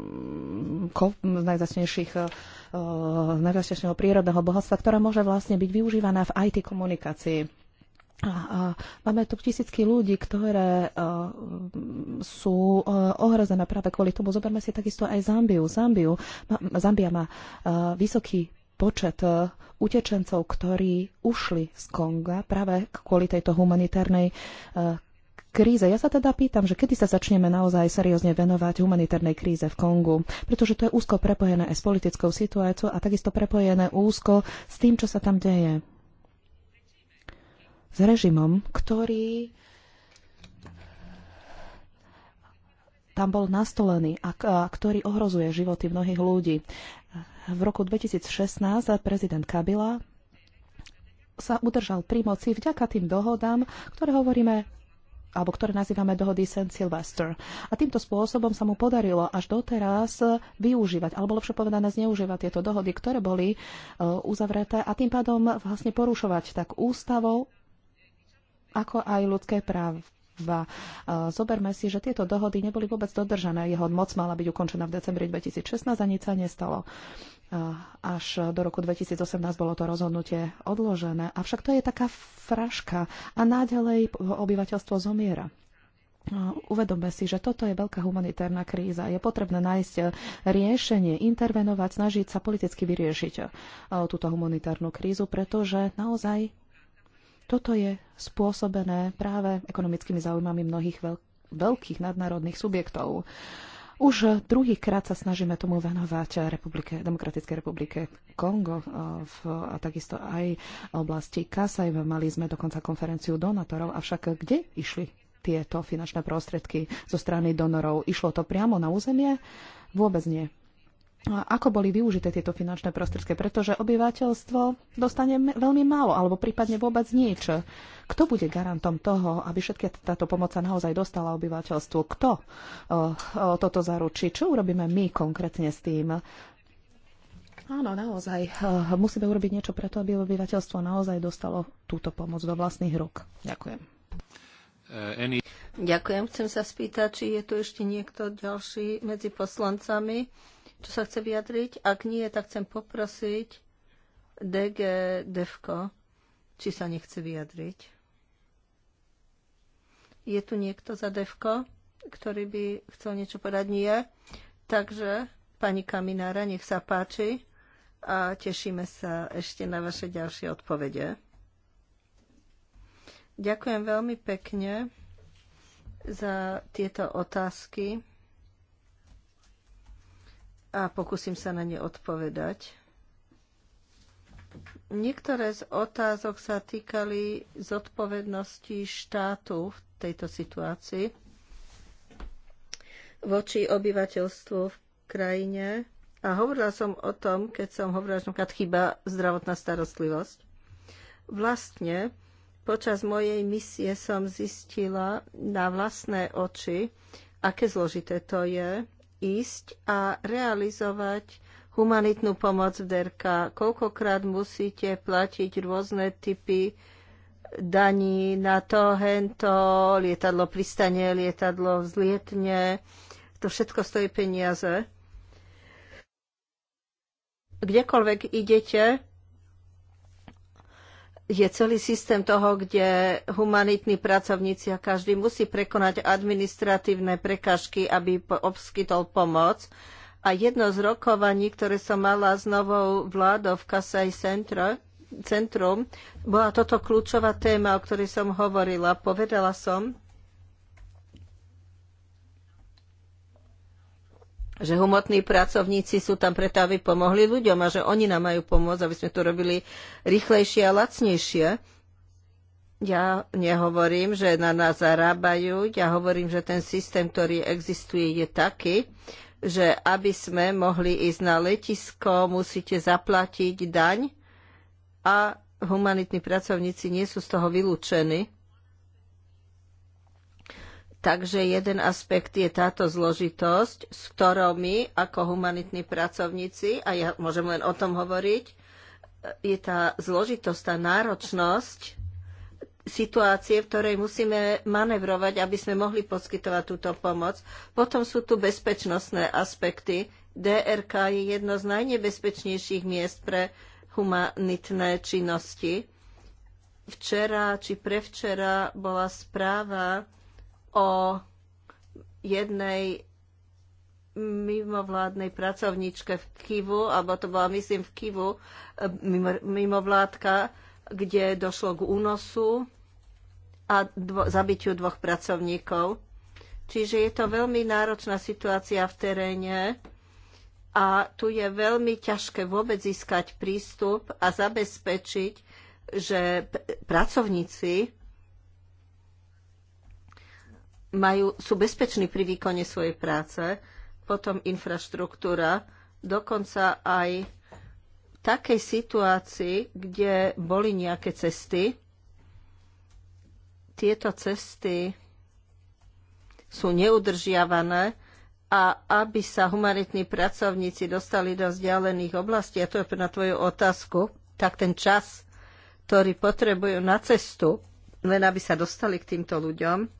mm, najzacnejších eh, eh, najzasnejšieho prírodného bohatstva, ktoré môže vlastne byť využívaná v IT komunikácii. A, a máme tu tisícky ľudí, ktoré a, e, sú a, e, ohrozené práve kvôli tomu. Zoberme si takisto aj Zambiu. Zambiu ma, Zambia má a, e, vysoký počet a, utečencov, ktorí ušli z Konga práve kvôli tejto humanitárnej a, kríze. Ja sa teda pýtam, že kedy sa začneme naozaj seriózne venovať humanitárnej kríze v Kongu, pretože to je úzko prepojené aj s politickou situáciou a takisto prepojené úzko s tým, čo sa tam deje s režimom, ktorý tam bol nastolený a, ktorý ohrozuje životy mnohých ľudí. V roku 2016 prezident Kabila sa udržal pri moci vďaka tým dohodám, ktoré hovoríme alebo ktoré nazývame dohody St. Sylvester. A týmto spôsobom sa mu podarilo až doteraz využívať, alebo lepšie povedané zneužívať tieto dohody, ktoré boli e, uzavreté a tým pádom vlastne porušovať tak ústavou, ako aj ľudské práva. Zoberme si, že tieto dohody neboli vôbec dodržané. Jeho moc mala byť ukončená v decembri 2016 a nič sa nestalo. Až do roku 2018 bolo to rozhodnutie odložené. Avšak to je taká fraška a nádalej obyvateľstvo zomiera. Uvedomme si, že toto je veľká humanitárna kríza. Je potrebné nájsť riešenie, intervenovať, snažiť sa politicky vyriešiť túto humanitárnu krízu, pretože naozaj toto je spôsobené práve ekonomickými záujmami mnohých veľ- veľkých nadnárodných subjektov. Už druhýkrát sa snažíme tomu venovať republike, Demokratickej republike Kongo eh, v, a takisto aj oblasti Kasaj. Mali sme dokonca konferenciu donátorov, avšak kde išli tieto finančné prostriedky zo strany donorov? Išlo to priamo na územie? Vôbec nie ako boli využité tieto finančné prostriedky, pretože obyvateľstvo dostane veľmi málo alebo prípadne vôbec nič. Kto bude garantom toho, aby všetky táto pomoc sa naozaj dostala obyvateľstvu? Kto o, eh, o, toto zaručí? Čo urobíme my konkrétne s tým? Áno, naozaj. Eh, musíme urobiť niečo preto, aby obyvateľstvo naozaj dostalo túto pomoc do vlastných rúk. Ďakujem. Eh, any... Ďakujem. Chcem sa spýtať, či je tu ešte niekto ďalší medzi poslancami čo sa chce vyjadriť? Ak nie, tak chcem poprosiť DG Devko, či sa nechce vyjadriť. Je tu niekto za Devko, ktorý by chcel niečo povedať? Nie. Takže, pani Kaminára, nech sa páči a tešíme sa ešte na vaše ďalšie odpovede. Ďakujem veľmi pekne za tieto otázky a pokúsim sa na ne odpovedať. Niektoré z otázok sa týkali zodpovednosti štátu v tejto situácii voči obyvateľstvu v krajine. A hovorila som o tom, keď som hovorila, že chyba zdravotná starostlivosť. Vlastne počas mojej misie som zistila na vlastné oči, aké zložité to je ísť a realizovať humanitnú pomoc v DRK. Koľkokrát musíte platiť rôzne typy daní na to, hento, lietadlo pristane, lietadlo vzlietne. To všetko stojí peniaze. Kdekoľvek idete, je celý systém toho, kde humanitní pracovníci a každý musí prekonať administratívne prekažky, aby obskytol pomoc. A jedno z rokovaní, ktoré som mala s novou vládou v Kasaj Centre, centrum, bola toto kľúčová téma, o ktorej som hovorila. Povedala som, že humotní pracovníci sú tam preto, aby pomohli ľuďom a že oni nám majú pomôcť, aby sme to robili rýchlejšie a lacnejšie. Ja nehovorím, že na nás zarábajú, ja hovorím, že ten systém, ktorý existuje, je taký, že aby sme mohli ísť na letisko, musíte zaplatiť daň a humanitní pracovníci nie sú z toho vylúčení. Takže jeden aspekt je táto zložitosť, s ktorou my ako humanitní pracovníci, a ja môžem len o tom hovoriť, je tá zložitosť, tá náročnosť situácie, v ktorej musíme manevrovať, aby sme mohli poskytovať túto pomoc. Potom sú tu bezpečnostné aspekty. DRK je jedno z najnebezpečnejších miest pre humanitné činnosti. Včera či prevčera bola správa, o jednej mimovládnej pracovníčke v Kivu, alebo to bola, myslím, v Kivu, e, mimovládka, kde došlo k únosu a dvo- zabitiu dvoch pracovníkov. Čiže je to veľmi náročná situácia v teréne a tu je veľmi ťažké vôbec získať prístup a zabezpečiť, že pracovníci majú, sú bezpeční pri výkone svojej práce, potom infraštruktúra, dokonca aj v takej situácii, kde boli nejaké cesty. Tieto cesty sú neudržiavané a aby sa humanitní pracovníci dostali do vzdialených oblastí, a to je na tvoju otázku, tak ten čas, ktorý potrebujú na cestu, len aby sa dostali k týmto ľuďom,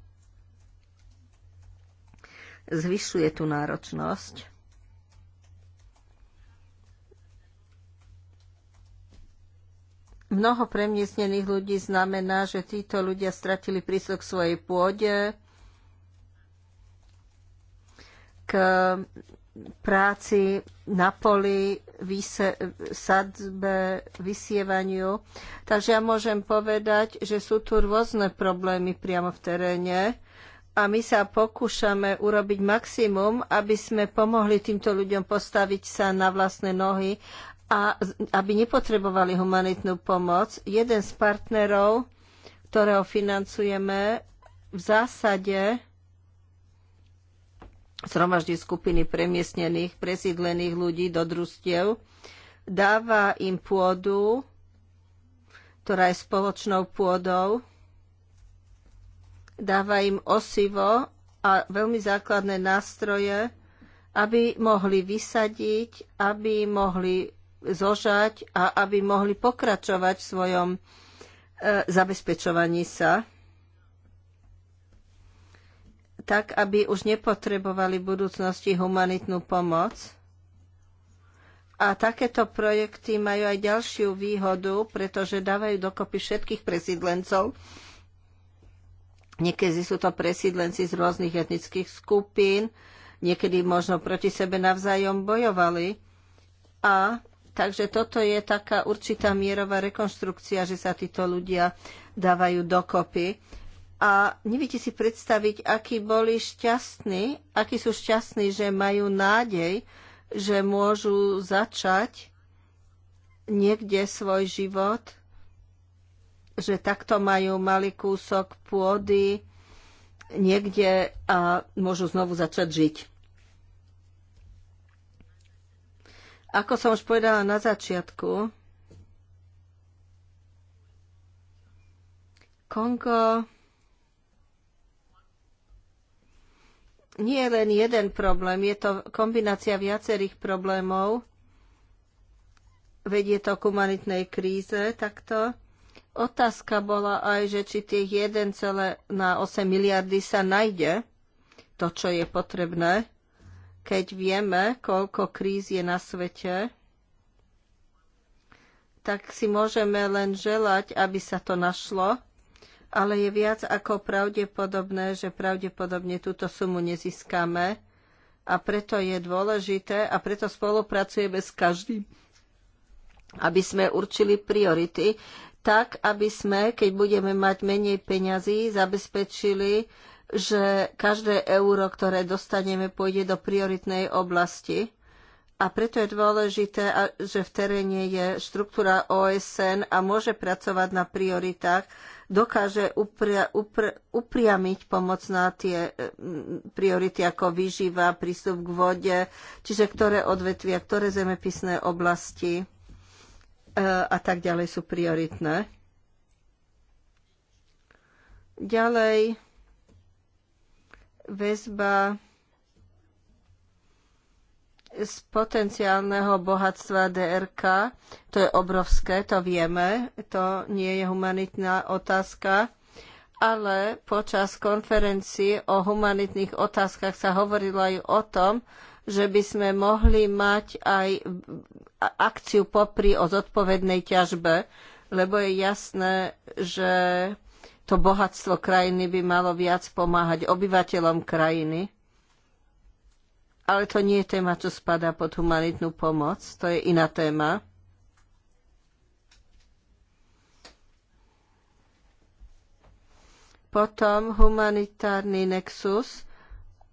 zvyšuje tú náročnosť. Mnoho premiestnených ľudí znamená, že títo ľudia stratili prísok k svojej pôde, k práci na poli, vyse, sadzbe, vysievaniu. Takže ja môžem povedať, že sú tu rôzne problémy priamo v teréne a my sa pokúšame urobiť maximum, aby sme pomohli týmto ľuďom postaviť sa na vlastné nohy a aby nepotrebovali humanitnú pomoc. Jeden z partnerov, ktorého financujeme, v zásade zhromaždí skupiny premiestnených, presídlených ľudí do družstiev, dáva im pôdu, ktorá je spoločnou pôdou dáva im osivo a veľmi základné nástroje, aby mohli vysadiť, aby mohli zožať a aby mohli pokračovať v svojom e, zabezpečovaní sa, tak aby už nepotrebovali v budúcnosti humanitnú pomoc. A takéto projekty majú aj ďalšiu výhodu, pretože dávajú dokopy všetkých presídlencov, Niekedy sú to presídlenci z rôznych etnických skupín, niekedy možno proti sebe navzájom bojovali. A takže toto je taká určitá mierová rekonštrukcia, že sa títo ľudia dávajú dokopy. A neviete si predstaviť, akí boli šťastní, akí sú šťastní, že majú nádej, že môžu začať niekde svoj život – že takto majú malý kúsok pôdy niekde a môžu znovu začať žiť. Ako som už povedala na začiatku, Kongo nie je len jeden problém, je to kombinácia viacerých problémov. Vedie to k humanitnej kríze takto. Otázka bola aj, že či tých 1,8 miliardy sa nájde, to, čo je potrebné, keď vieme, koľko kríz je na svete, tak si môžeme len želať, aby sa to našlo, ale je viac ako pravdepodobné, že pravdepodobne túto sumu nezískame a preto je dôležité a preto spolupracujeme s každým, aby sme určili priority tak aby sme, keď budeme mať menej peňazí, zabezpečili, že každé euro, ktoré dostaneme, pôjde do prioritnej oblasti. A preto je dôležité, že v teréne je štruktúra OSN a môže pracovať na prioritách, dokáže upria, upriamiť pomoc na tie e, priority ako výživa, prístup k vode, čiže ktoré odvetvia, ktoré zemepisné oblasti E, a tak ďalej sú prioritné. Ďalej väzba z potenciálneho bohatstva DRK, to je obrovské, to vieme, to nie je humanitná otázka, ale počas konferencie o humanitných otázkach sa hovorilo aj o tom, že by sme mohli mať aj akciu popri o zodpovednej ťažbe, lebo je jasné, že to bohatstvo krajiny by malo viac pomáhať obyvateľom krajiny. Ale to nie je téma, čo spadá pod humanitnú pomoc, to je iná téma. Potom humanitárny nexus –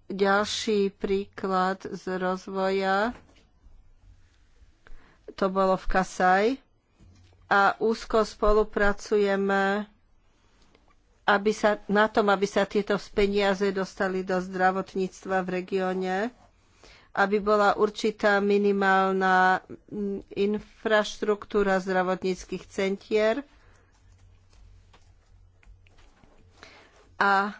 ďalší príklad z rozvoja, to bolo v Kasaj, a úzko spolupracujeme aby sa, na tom, aby sa tieto peniaze dostali do zdravotníctva v regióne, aby bola určitá minimálna infraštruktúra zdravotníckých centier a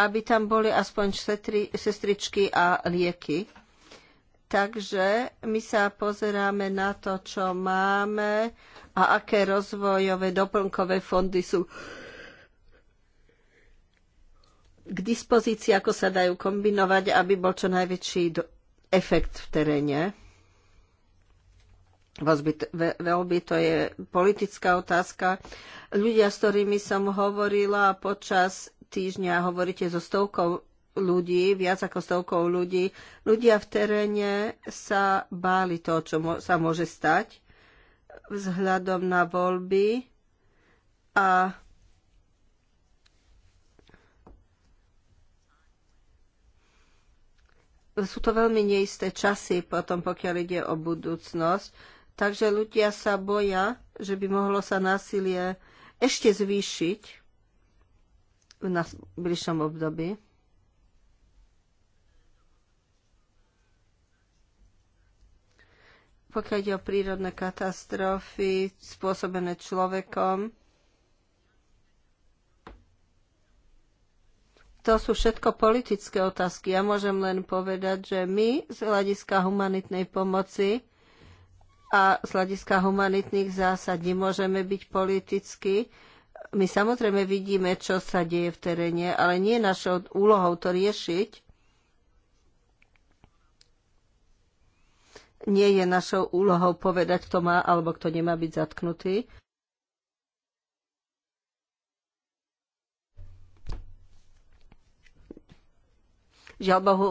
aby tam boli aspoň setri, sestričky a lieky. Takže my sa pozeráme na to, čo máme a aké rozvojové doplnkové fondy sú k dispozícii, ako sa dajú kombinovať, aby bol čo najväčší efekt v teréne. Veľmi to je politická otázka. Ľudia, s ktorými som hovorila počas týždňa hovoríte so stovkou ľudí, viac ako stovkou ľudí. Ľudia v teréne sa báli toho, čo sa môže stať vzhľadom na voľby a sú to veľmi neisté časy potom, pokiaľ ide o budúcnosť. Takže ľudia sa boja, že by mohlo sa násilie ešte zvýšiť v najbližšom bližšom období. Pokiaľ ide o prírodné katastrofy spôsobené človekom, to sú všetko politické otázky. Ja môžem len povedať, že my z hľadiska humanitnej pomoci a z hľadiska humanitných zásad nemôžeme byť politicky my samozrejme vidíme, čo sa deje v teréne, ale nie je našou úlohou to riešiť. Nie je našou úlohou povedať, kto má alebo kto nemá byť zatknutý. Žiaľ Bohu,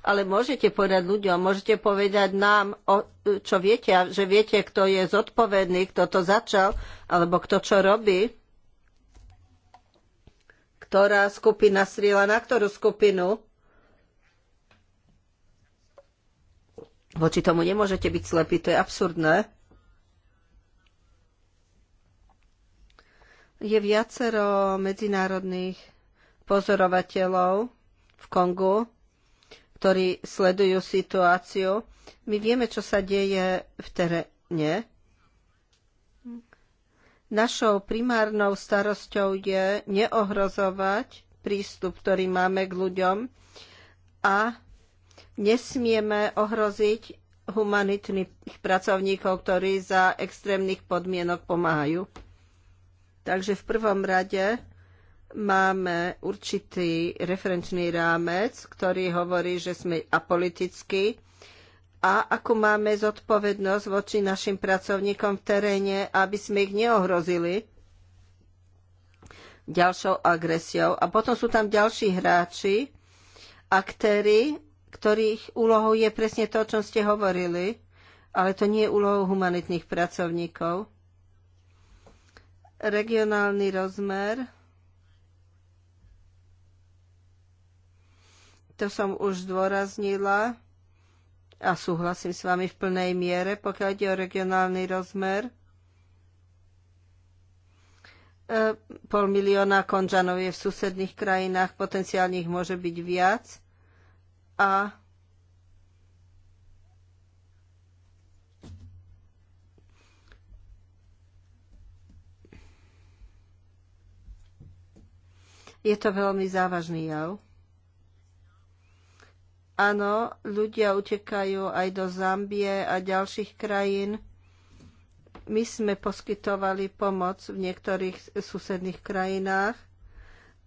ale môžete povedať ľuďom, môžete povedať nám, o, čo viete, že viete, kto je zodpovedný, kto to začal, alebo kto čo robí ktorá skupina strieľa na ktorú skupinu. Voči tomu nemôžete byť slepí, to je absurdné. Je viacero medzinárodných pozorovateľov v Kongu, ktorí sledujú situáciu. My vieme, čo sa deje v teréne. Našou primárnou starosťou je neohrozovať prístup, ktorý máme k ľuďom a nesmieme ohroziť humanitných pracovníkov, ktorí za extrémnych podmienok pomáhajú. Takže v prvom rade máme určitý referenčný rámec, ktorý hovorí, že sme apolitickí, a ako máme zodpovednosť voči našim pracovníkom v teréne, aby sme ich neohrozili ďalšou agresiou. A potom sú tam ďalší hráči, aktéry, ktorých úlohou je presne to, o čom ste hovorili, ale to nie je úlohou humanitných pracovníkov. Regionálny rozmer. To som už zdôraznila a súhlasím s vami v plnej miere, pokiaľ ide o regionálny rozmer. E, pol milióna konžanov je v susedných krajinách, potenciálnych môže byť viac. A je to veľmi závažný jav. Áno, ľudia utekajú aj do Zambie a ďalších krajín. My sme poskytovali pomoc v niektorých susedných krajinách,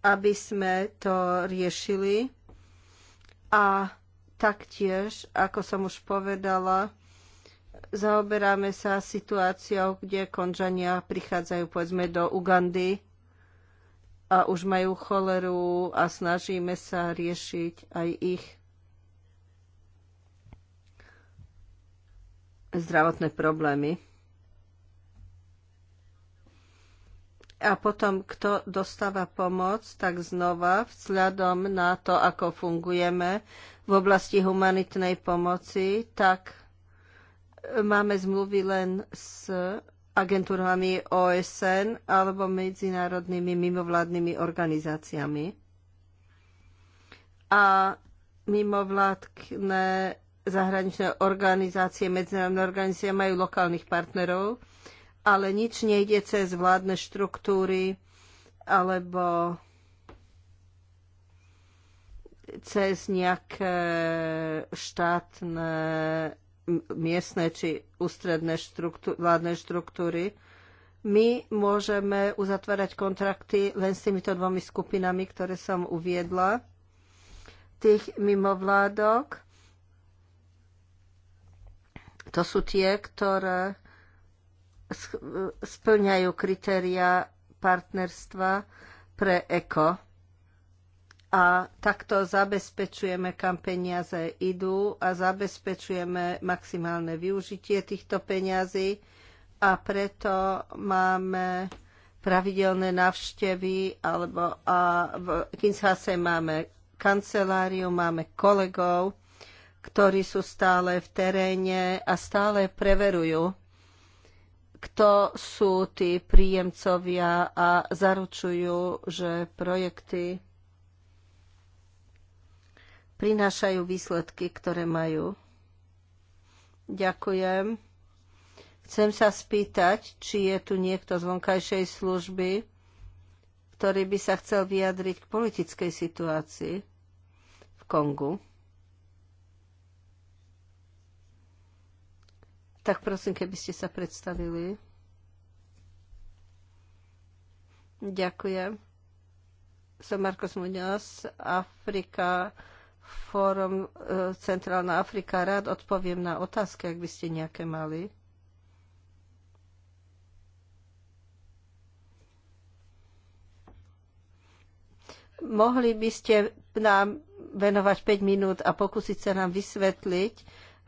aby sme to riešili. A taktiež, ako som už povedala, zaoberáme sa situáciou, kde konžania prichádzajú povedzme do Ugandy a už majú choleru a snažíme sa riešiť aj ich zdravotné problémy. A potom, kto dostáva pomoc, tak znova vzhľadom na to, ako fungujeme v oblasti humanitnej pomoci, tak máme zmluvy len s agentúrami OSN alebo medzinárodnými mimovládnymi organizáciami. A mimovládne zahraničné organizácie, medzinárodné organizácie majú lokálnych partnerov, ale nič nejde cez vládne štruktúry alebo cez nejaké štátne, miestne či ústredné štruktú, vládne štruktúry. My môžeme uzatvárať kontrakty len s týmito dvomi skupinami, ktoré som uviedla, tých mimovládok to sú tie, ktoré splňajú kritéria partnerstva pre eko. A takto zabezpečujeme, kam peniaze idú a zabezpečujeme maximálne využitie týchto peňazí a preto máme pravidelné návštevy alebo a v Kinshase máme kanceláriu, máme kolegov, ktorí sú stále v teréne a stále preverujú, kto sú tí príjemcovia a zaručujú, že projekty prinášajú výsledky, ktoré majú. Ďakujem. Chcem sa spýtať, či je tu niekto z vonkajšej služby, ktorý by sa chcel vyjadriť k politickej situácii v Kongu. tak prosím, keby ste sa predstavili. Ďakujem. Som Marcos Muñoz, Afrika, Fórum e, Centrálna Afrika. Rád odpoviem na otázky, ak by ste nejaké mali. Mohli by ste nám venovať 5 minút a pokúsiť sa nám vysvetliť,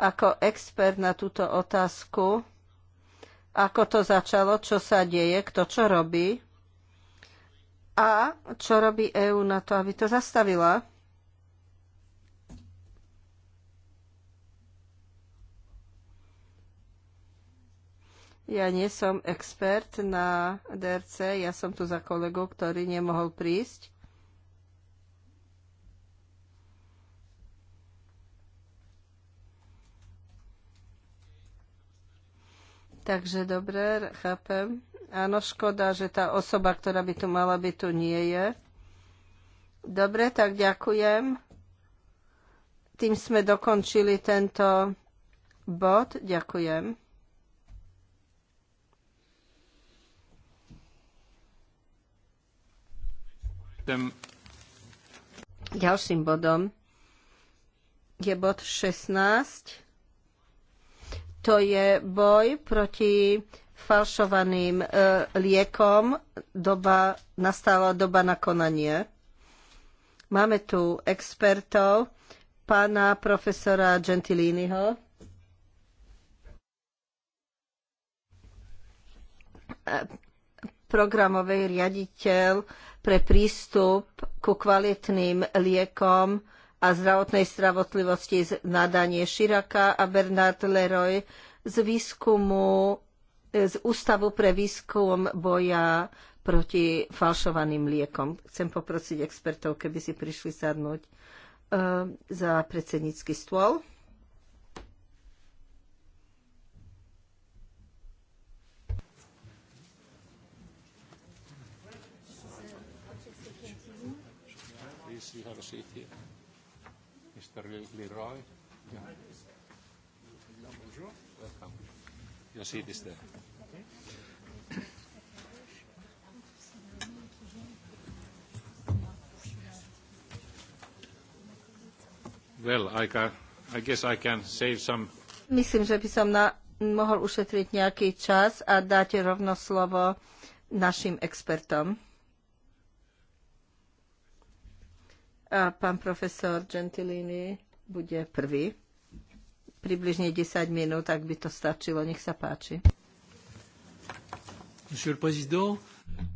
ako expert na túto otázku, ako to začalo, čo sa deje, kto čo robí a čo robí EÚ na to, aby to zastavila. Ja nie som expert na DRC, ja som tu za kolegu, ktorý nemohol prísť. Takže dobre, chápem. Áno, škoda, že tá osoba, ktorá by tu mala byť, tu nie je. Dobre, tak ďakujem. Tým sme dokončili tento bod. Ďakujem. Ten... Ďalším bodom je bod 16. To je boj proti falšovaným e, liekom. Doba, nastala doba na konanie. Máme tu expertov, pána profesora Gentiliniho. E, programový riaditeľ pre prístup ku kvalitným liekom a zdravotnej stravotlivosti z nadanie Širaka a Bernard Leroy z výskumu z Ústavu pre výskum boja proti falšovaným liekom. Chcem poprosiť expertov, keby si prišli sadnúť eh, za predsednícky stôl. Mr. Leroy. Yeah. Your seat is there. Well, I, can, I guess I can save some... Myslím, že by som na, mohol ušetriť nejaký čas a dáte rovno slovo našim expertom. a pán profesor Gentilini bude prvý. Približne 10 minút, ak by to stačilo. Nech sa páči. Monsieur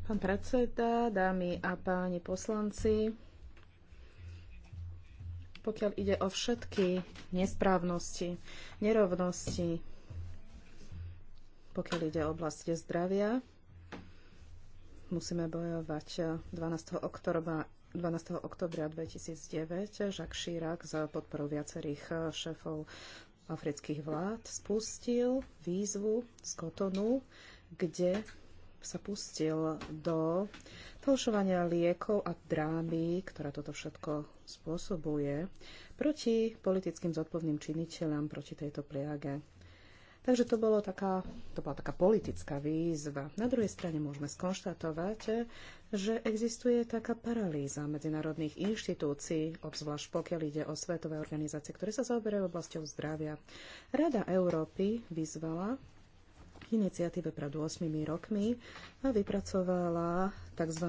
Pán predseda, dámy a páni poslanci, pokiaľ ide o všetky nesprávnosti, nerovnosti, pokiaľ ide o oblasti zdravia, musíme bojovať 12. oktobra, 12. oktobra 2009 Jacques Chirac za podporou viacerých eh, šéfov afrických vlád spustil výzvu z Kotonu, kde sa pustil do falšovania liekov a drámy, ktorá toto všetko spôsobuje, proti politickým zodpovedným činiteľom proti tejto pliage. Takže to, bolo taká, to bola taká politická výzva. Na druhej strane môžeme skonštatovať, že existuje taká paralýza medzinárodných inštitúcií, obzvlášť pokiaľ ide o svetové organizácie, ktoré sa zaoberajú oblasťou zdravia. Rada Európy vyzvala iniciatíve pred 8 rokmi vypracovala tzv.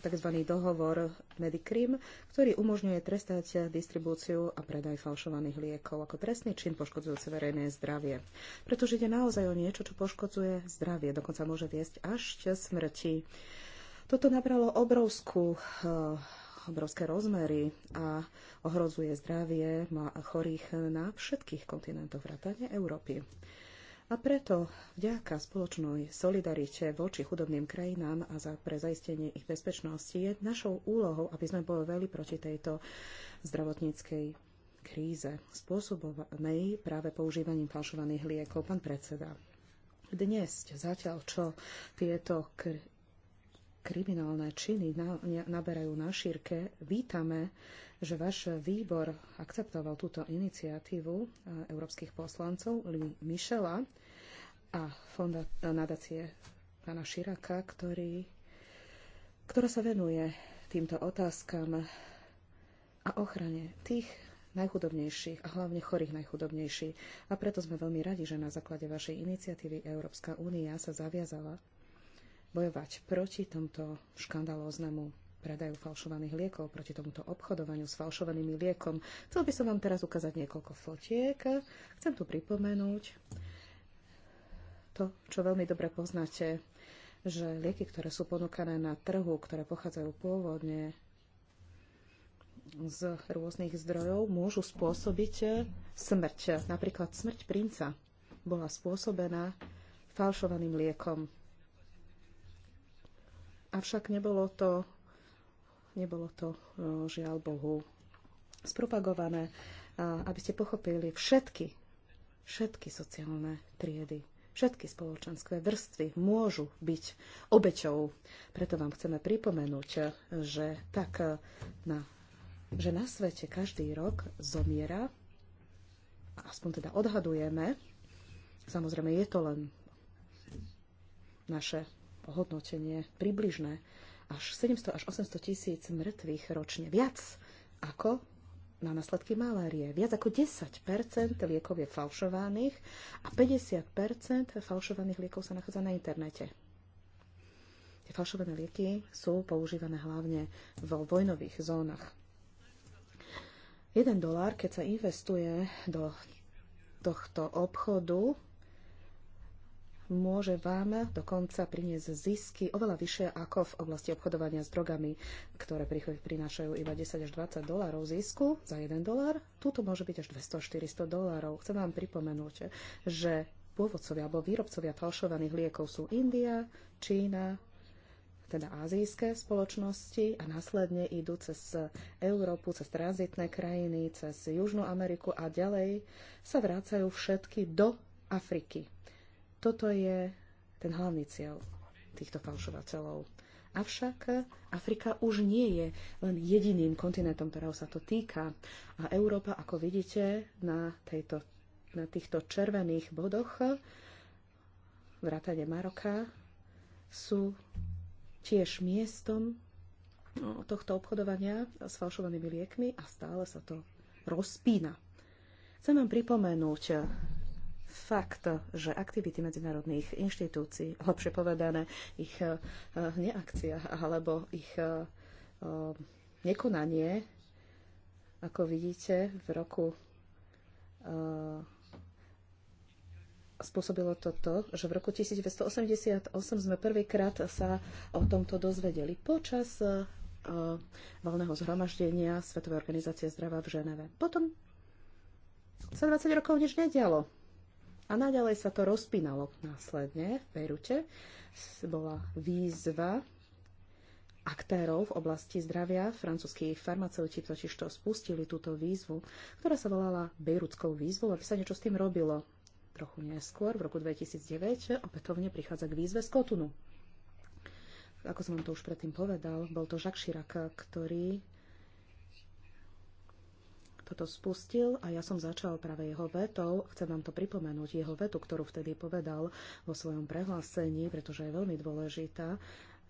tzv. dohovor Medicrim, ktorý umožňuje trestať distribúciu a predaj falšovaných liekov ako trestný čin poškodzujúce verejné zdravie. Pretože ide naozaj o niečo, čo poškodzuje zdravie, dokonca môže viesť až smrti. Toto nabralo obrovskú eh, obrovské rozmery a ohrozuje zdravie chorých na všetkých kontinentoch vrátane Európy. A preto vďaka spoločnej solidarite voči chudobným krajinám a za pre zaistenie ich bezpečnosti je našou úlohou, aby sme bojovali proti tejto zdravotníckej kríze, spôsobovanej práve používaním falšovaných liekov. Pán predseda, dnes, zatiaľ čo tieto kr- kriminálne činy na, naberajú na šírke, vítame že váš výbor akceptoval túto iniciatívu e, európskych poslancov Michela a fonda nadácie pána Širaka, ktorý, ktorá sa venuje týmto otázkam a ochrane tých najchudobnejších a hlavne chorých najchudobnejších. A preto sme veľmi radi, že na základe vašej iniciatívy Európska únia sa zaviazala bojovať proti tomto škandalóznemu predajú falšovaných liekov, proti tomuto obchodovaniu s falšovanými liekom. Chcel by som vám teraz ukázať niekoľko fotiek. Chcem tu pripomenúť to, čo veľmi dobre poznáte, že lieky, ktoré sú ponúkané na trhu, ktoré pochádzajú pôvodne z rôznych zdrojov, môžu spôsobiť smrť. Napríklad smrť princa bola spôsobená falšovaným liekom. Avšak nebolo to nebolo to e, žiaľ Bohu spropagované, aby ste pochopili všetky, všetky sociálne triedy, všetky spoločenské vrstvy môžu byť obeťou. Preto vám chceme pripomenúť, že tak e, na, že na svete každý rok zomiera, aspoň teda odhadujeme, samozrejme je to len naše hodnotenie približné, až 700 až 800 tisíc mŕtvych ročne. Viac ako na následky malárie. Viac ako 10 liekov je falšovaných a 50 falšovaných liekov sa nachádza na internete. Tie falšované lieky sú používané hlavne vo vojnových zónach. Jeden dolár, keď sa investuje do tohto obchodu, môže vám dokonca priniesť zisky oveľa vyššie ako v oblasti obchodovania s drogami, ktoré prinášajú iba 10 až 20 dolárov zisku za 1 dolár. Tuto môže byť až 200-400 dolárov. Chcem vám pripomenúť, že pôvodcovia alebo výrobcovia falšovaných liekov sú India, Čína, teda azijské spoločnosti a následne idú cez Európu, cez tranzitné krajiny, cez Južnú Ameriku a ďalej sa vrácajú všetky do Afriky toto je ten hlavný cieľ týchto falšovateľov. Avšak Afrika už nie je len jediným kontinentom, ktorého sa to týka. A Európa, ako vidíte, na, tejto, na týchto červených bodoch vrátane Maroka sú tiež miestom no, tohto obchodovania s falšovanými liekmi a stále sa to rozpína. Chcem vám pripomenúť fakt, že aktivity medzinárodných inštitúcií, lepšie povedané ich eh, neakcia alebo ich eh, eh, nekonanie, ako vidíte, v roku spôsobilo toto, že v roku 1988 sme prvýkrát sa o tomto dozvedeli počas voľného zhromaždenia Svetovej organizácie zdravá v Ženeve. Potom sa 20 rokov nič nedialo. A naďalej sa to rozpínalo následne v Perute. Bola výzva aktérov v oblasti zdravia. Francúzskí farmaceuti totiž to spustili túto výzvu, ktorá sa volala Bejrutskou výzvou, aby sa niečo s tým robilo. Trochu neskôr, v roku 2009, opätovne prichádza k výzve z Kotunu. Ako som vám to už predtým povedal, bol to Jacques Chirac, ktorý toto spustil a ja som začal práve jeho vetou. Chcem vám to pripomenúť, jeho vetu, ktorú vtedy povedal vo svojom prehlásení, pretože je veľmi dôležitá,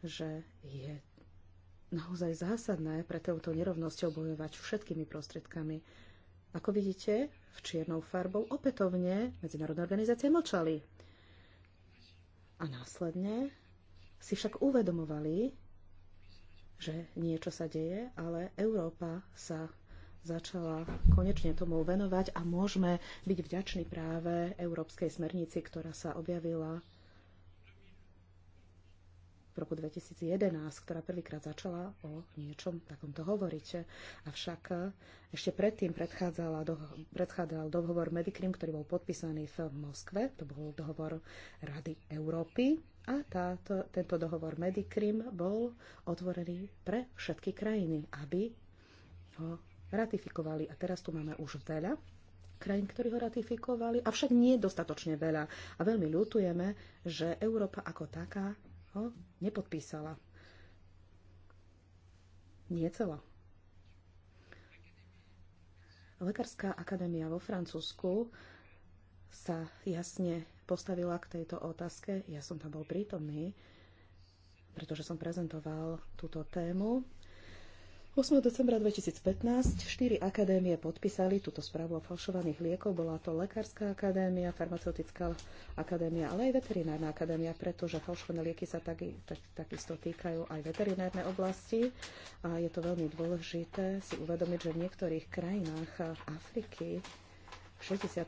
že je naozaj zásadné pre touto nerovnosťou bojovať všetkými prostriedkami. Ako vidíte, v čiernou farbou opätovne medzinárodné organizácie mlčali. A následne si však uvedomovali, že niečo sa deje, ale Európa sa začala konečne tomu venovať a môžeme byť vďační práve Európskej smernici, ktorá sa objavila v roku 2011, ktorá prvýkrát začala o niečom takomto hovoriť. Avšak ešte predtým predchádzala do, predchádzal dohovor Medikrim, ktorý bol podpísaný v Moskve. To bol dohovor Rady Európy. A táto, tento dohovor Medikrim bol otvorený pre všetky krajiny, aby ho ratifikovali. A teraz tu máme už veľa krajín, ktorí ho ratifikovali, avšak nie dostatočne veľa. A veľmi ľutujeme, že Európa ako taká ho nepodpísala. Nie celá. Lekárska akadémia vo Francúzsku sa jasne postavila k tejto otázke. Ja som tam bol prítomný, pretože som prezentoval túto tému 8. decembra 2015 štyri akadémie podpísali túto správu o falšovaných liekov. Bola to Lekárska akadémia, Farmaceutická akadémia, ale aj Veterinárna akadémia, pretože falšované lieky sa tak, tak, takisto týkajú aj veterinárnej oblasti. A je to veľmi dôležité si uvedomiť, že v niektorých krajinách Afriky 60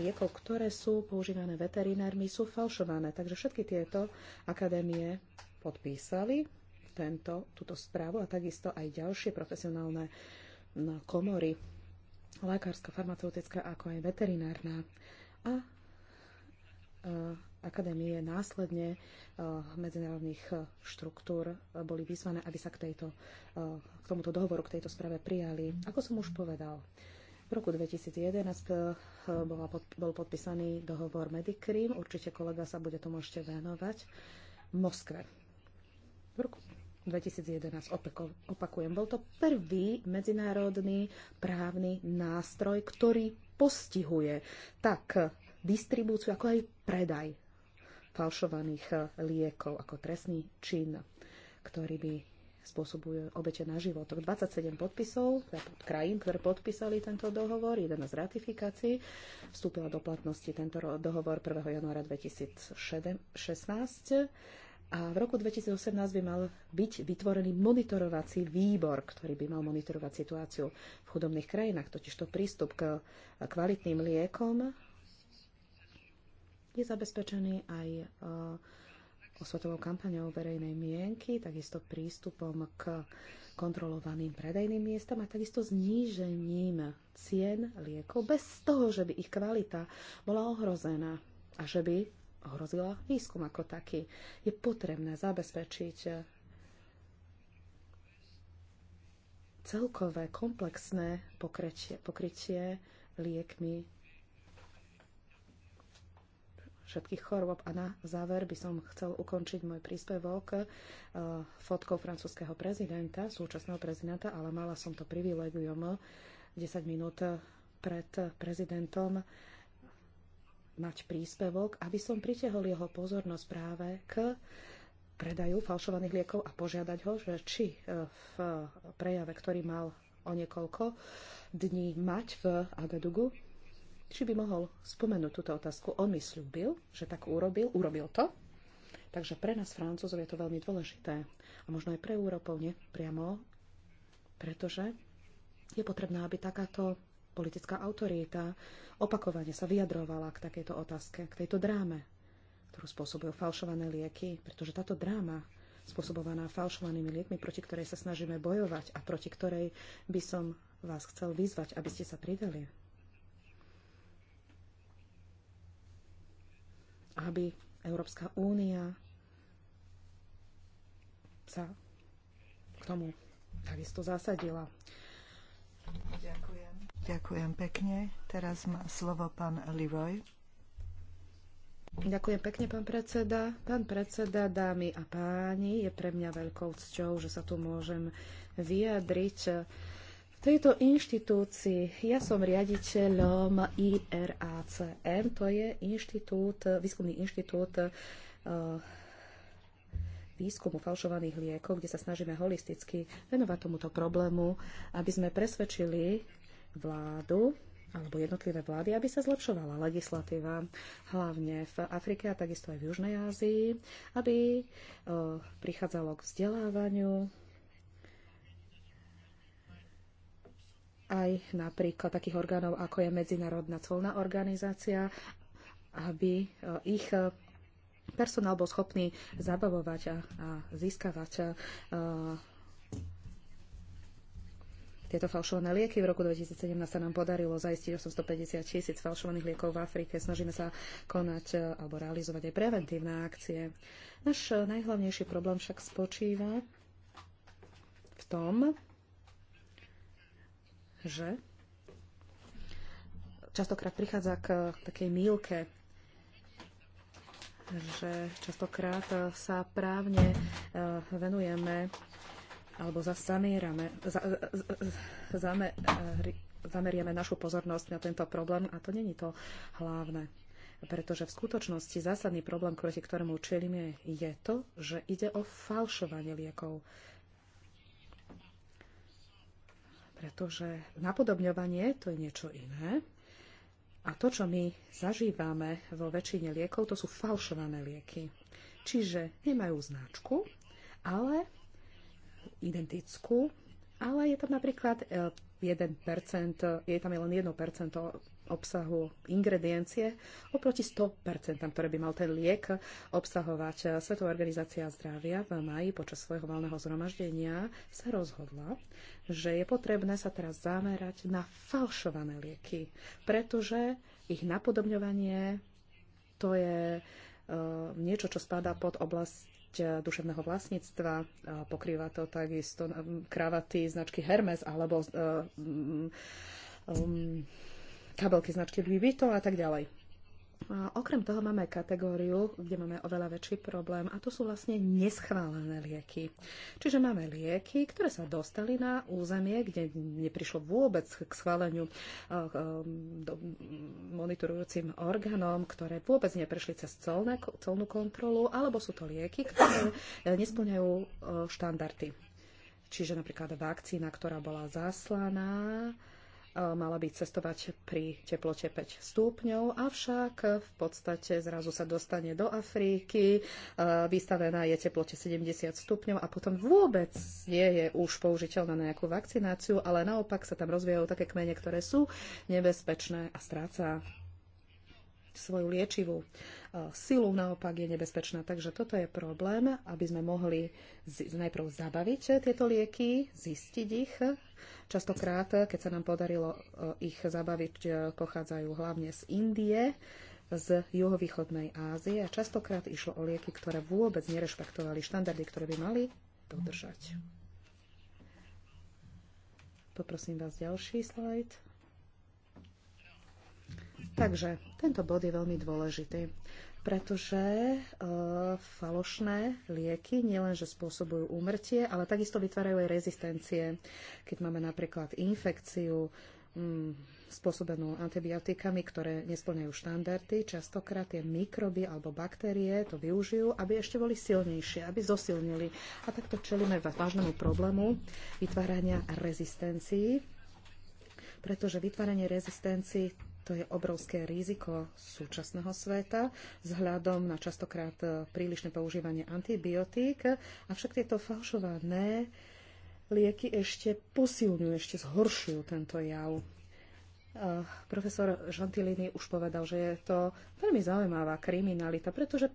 liekov, ktoré sú používané veterinármi, sú falšované. Takže všetky tieto akadémie podpísali tento, túto správu a takisto aj ďalšie profesionálne komory, lekárska, farmaceutická, ako aj veterinárna. A e, akadémie následne e, medzinárodných e, štruktúr boli vyzvané, aby sa k, tejto, k tomuto dohovoru, k tejto správe prijali. Ako som už povedal, v roku 2011 bola, bol podpísaný dohovor Medicrim, určite kolega sa bude tomu ešte venovať, v Moskve. V roku 2011 opakujem. Bol to prvý medzinárodný právny nástroj, ktorý postihuje tak distribúciu, ako aj predaj falšovaných eh, liekov ako trestný čin, ktorý by spôsobuje obete na životoch. 27 podpisov krajín, ktoré podpísali tento dohovor, 11 ratifikácií, vstúpila do platnosti tento dohovor 1. januára 2016 a v roku 2018 by mal byť vytvorený monitorovací výbor, ktorý by mal monitorovať situáciu v chudobných krajinách, Totiž to prístup k kvalitným liekom je zabezpečený aj e, osvetovou kampaňou verejnej mienky, takisto prístupom k kontrolovaným predajným miestam a takisto znížením cien liekov bez toho, že by ich kvalita bola ohrozená a že by ohrozila výskum ako taký. Je potrebné zabezpečiť eh, celkové komplexné pokrytie, pokrytie liekmi všetkých chorôb. A na záver by som chcel ukončiť môj príspevok eh, fotkou francúzského prezidenta, súčasného prezidenta, ale mala som to privilegium 10 eh, minút pred prezidentom mať príspevok, aby som pritehol jeho pozornosť práve k predaju falšovaných liekov a požiadať ho, že či e, v prejave, ktorý mal o niekoľko dní mať v Agadugu, či by mohol spomenúť túto otázku. On mi slúbil, že tak urobil, urobil to. Takže pre nás, Francúzov, je to veľmi dôležité. A možno aj pre Európov, nie? Priamo. Pretože je potrebné, aby takáto politická autorita opakovane sa vyjadrovala k takejto otázke, k tejto dráme, ktorú spôsobujú falšované lieky, pretože táto dráma spôsobovaná falšovanými liekmi, proti ktorej sa snažíme bojovať a proti ktorej by som vás chcel vyzvať, aby ste sa pridali. Aby Európska únia sa k tomu takisto zasadila. Ďakujem pekne. Teraz má slovo pán Leroy. Ďakujem pekne, pán predseda. Pán predseda, dámy a páni, je pre mňa veľkou cťou, že sa tu môžem vyjadriť v tejto inštitúcii. Ja som riaditeľom IRACM, to je inštitút, výskumný inštitút eh, výskumu falšovaných liekov, kde sa snažíme holisticky venovať tomuto problému, aby sme presvedčili vládu alebo jednotlivé vlády, aby sa zlepšovala legislatíva, hlavne v Afrike a takisto aj v Južnej Ázii, aby e, prichádzalo k vzdelávaniu aj napríklad takých orgánov, ako je Medzinárodná colná organizácia, aby e, ich personál bol schopný zabavovať a, a získavať e, tieto falšované lieky. V roku 2017 sa nám podarilo zaistiť 850 tisíc falšovaných liekov v Afrike. Snažíme sa konať e, alebo realizovať aj preventívne akcie. Náš e, najhlavnejší problém však spočíva v tom, že častokrát prichádza k e, takej mílke že častokrát sa právne venujeme alebo za zamierame, za, zameriame našu pozornosť na tento problém a to není to hlavné. Pretože v skutočnosti zásadný problém, proti ktorému čelíme, je to, že ide o falšovanie liekov. Pretože napodobňovanie to je niečo iné. A to, čo my zažívame vo väčšine liekov, to sú falšované lieky. Čiže nemajú značku, ale identickú, ale je tam napríklad 1%, e, je tam len 1% obsahu ingrediencie oproti 100%, ktoré by mal ten liek obsahovať. Svetová organizácia zdravia v maji počas svojho valného zhromaždenia sa rozhodla, že je potrebné sa teraz zamerať na falšované lieky, pretože ich napodobňovanie to je uh, niečo, čo spadá pod oblasť oblasť eh, duševného vlastníctva. Eh, pokrýva to takisto eh, kravaty značky Hermes alebo um, kabelky značky Louis Vuitton a tak ďalej. Okrem toho máme kategóriu, kde máme oveľa väčší problém a to sú vlastne neschválené lieky. Čiže máme lieky, ktoré sa dostali na územie, kde neprišlo vôbec k schváleniu monitorujúcim orgánom, ktoré vôbec neprešli cez colné, colnú kontrolu, alebo sú to lieky, ktoré nesplňajú e, štandardy. Čiže napríklad vakcína, ktorá bola zaslaná, Eh, mala by cestovať pri teplote 5 stupňov, avšak v podstate zrazu sa dostane do Afriky, eh, vystavená je teplote 70 stupňov a potom vôbec nie je už použiteľná na nejakú vakcináciu, ale naopak sa tam rozvíjajú také kmene, ktoré sú nebezpečné a stráca svoju liečivú e, silu, naopak je nebezpečná. Takže toto je problém, aby sme mohli najprv zabaviť tieto lieky, zistiť ich. Častokrát, keď sa nám podarilo e, ich zabaviť, e, pochádzajú hlavne z Indie, z juhovýchodnej Ázie a častokrát išlo o lieky, ktoré vôbec nerešpektovali štandardy, ktoré by mali dodržať. Poprosím vás ďalší slajd. Takže tento bod je veľmi dôležitý, pretože e, falošné lieky nielenže spôsobujú úmrtie, ale takisto vytvárajú aj rezistencie. Keď máme napríklad infekciu, mm, spôsobenú antibiotikami, ktoré nesplňajú štandardy. Častokrát tie mikroby alebo baktérie to využijú, aby ešte boli silnejšie, aby zosilnili. A takto čelíme vážnemu problému vytvárania rezistencií, pretože vytváranie rezistencií to je obrovské riziko súčasného sveta vzhľadom na častokrát e, prílišné používanie antibiotík, avšak tieto falšované lieky ešte posilňujú, ešte zhoršujú tento jav. E, profesor Žantilini už povedal, že je to veľmi zaujímavá kriminalita, pretože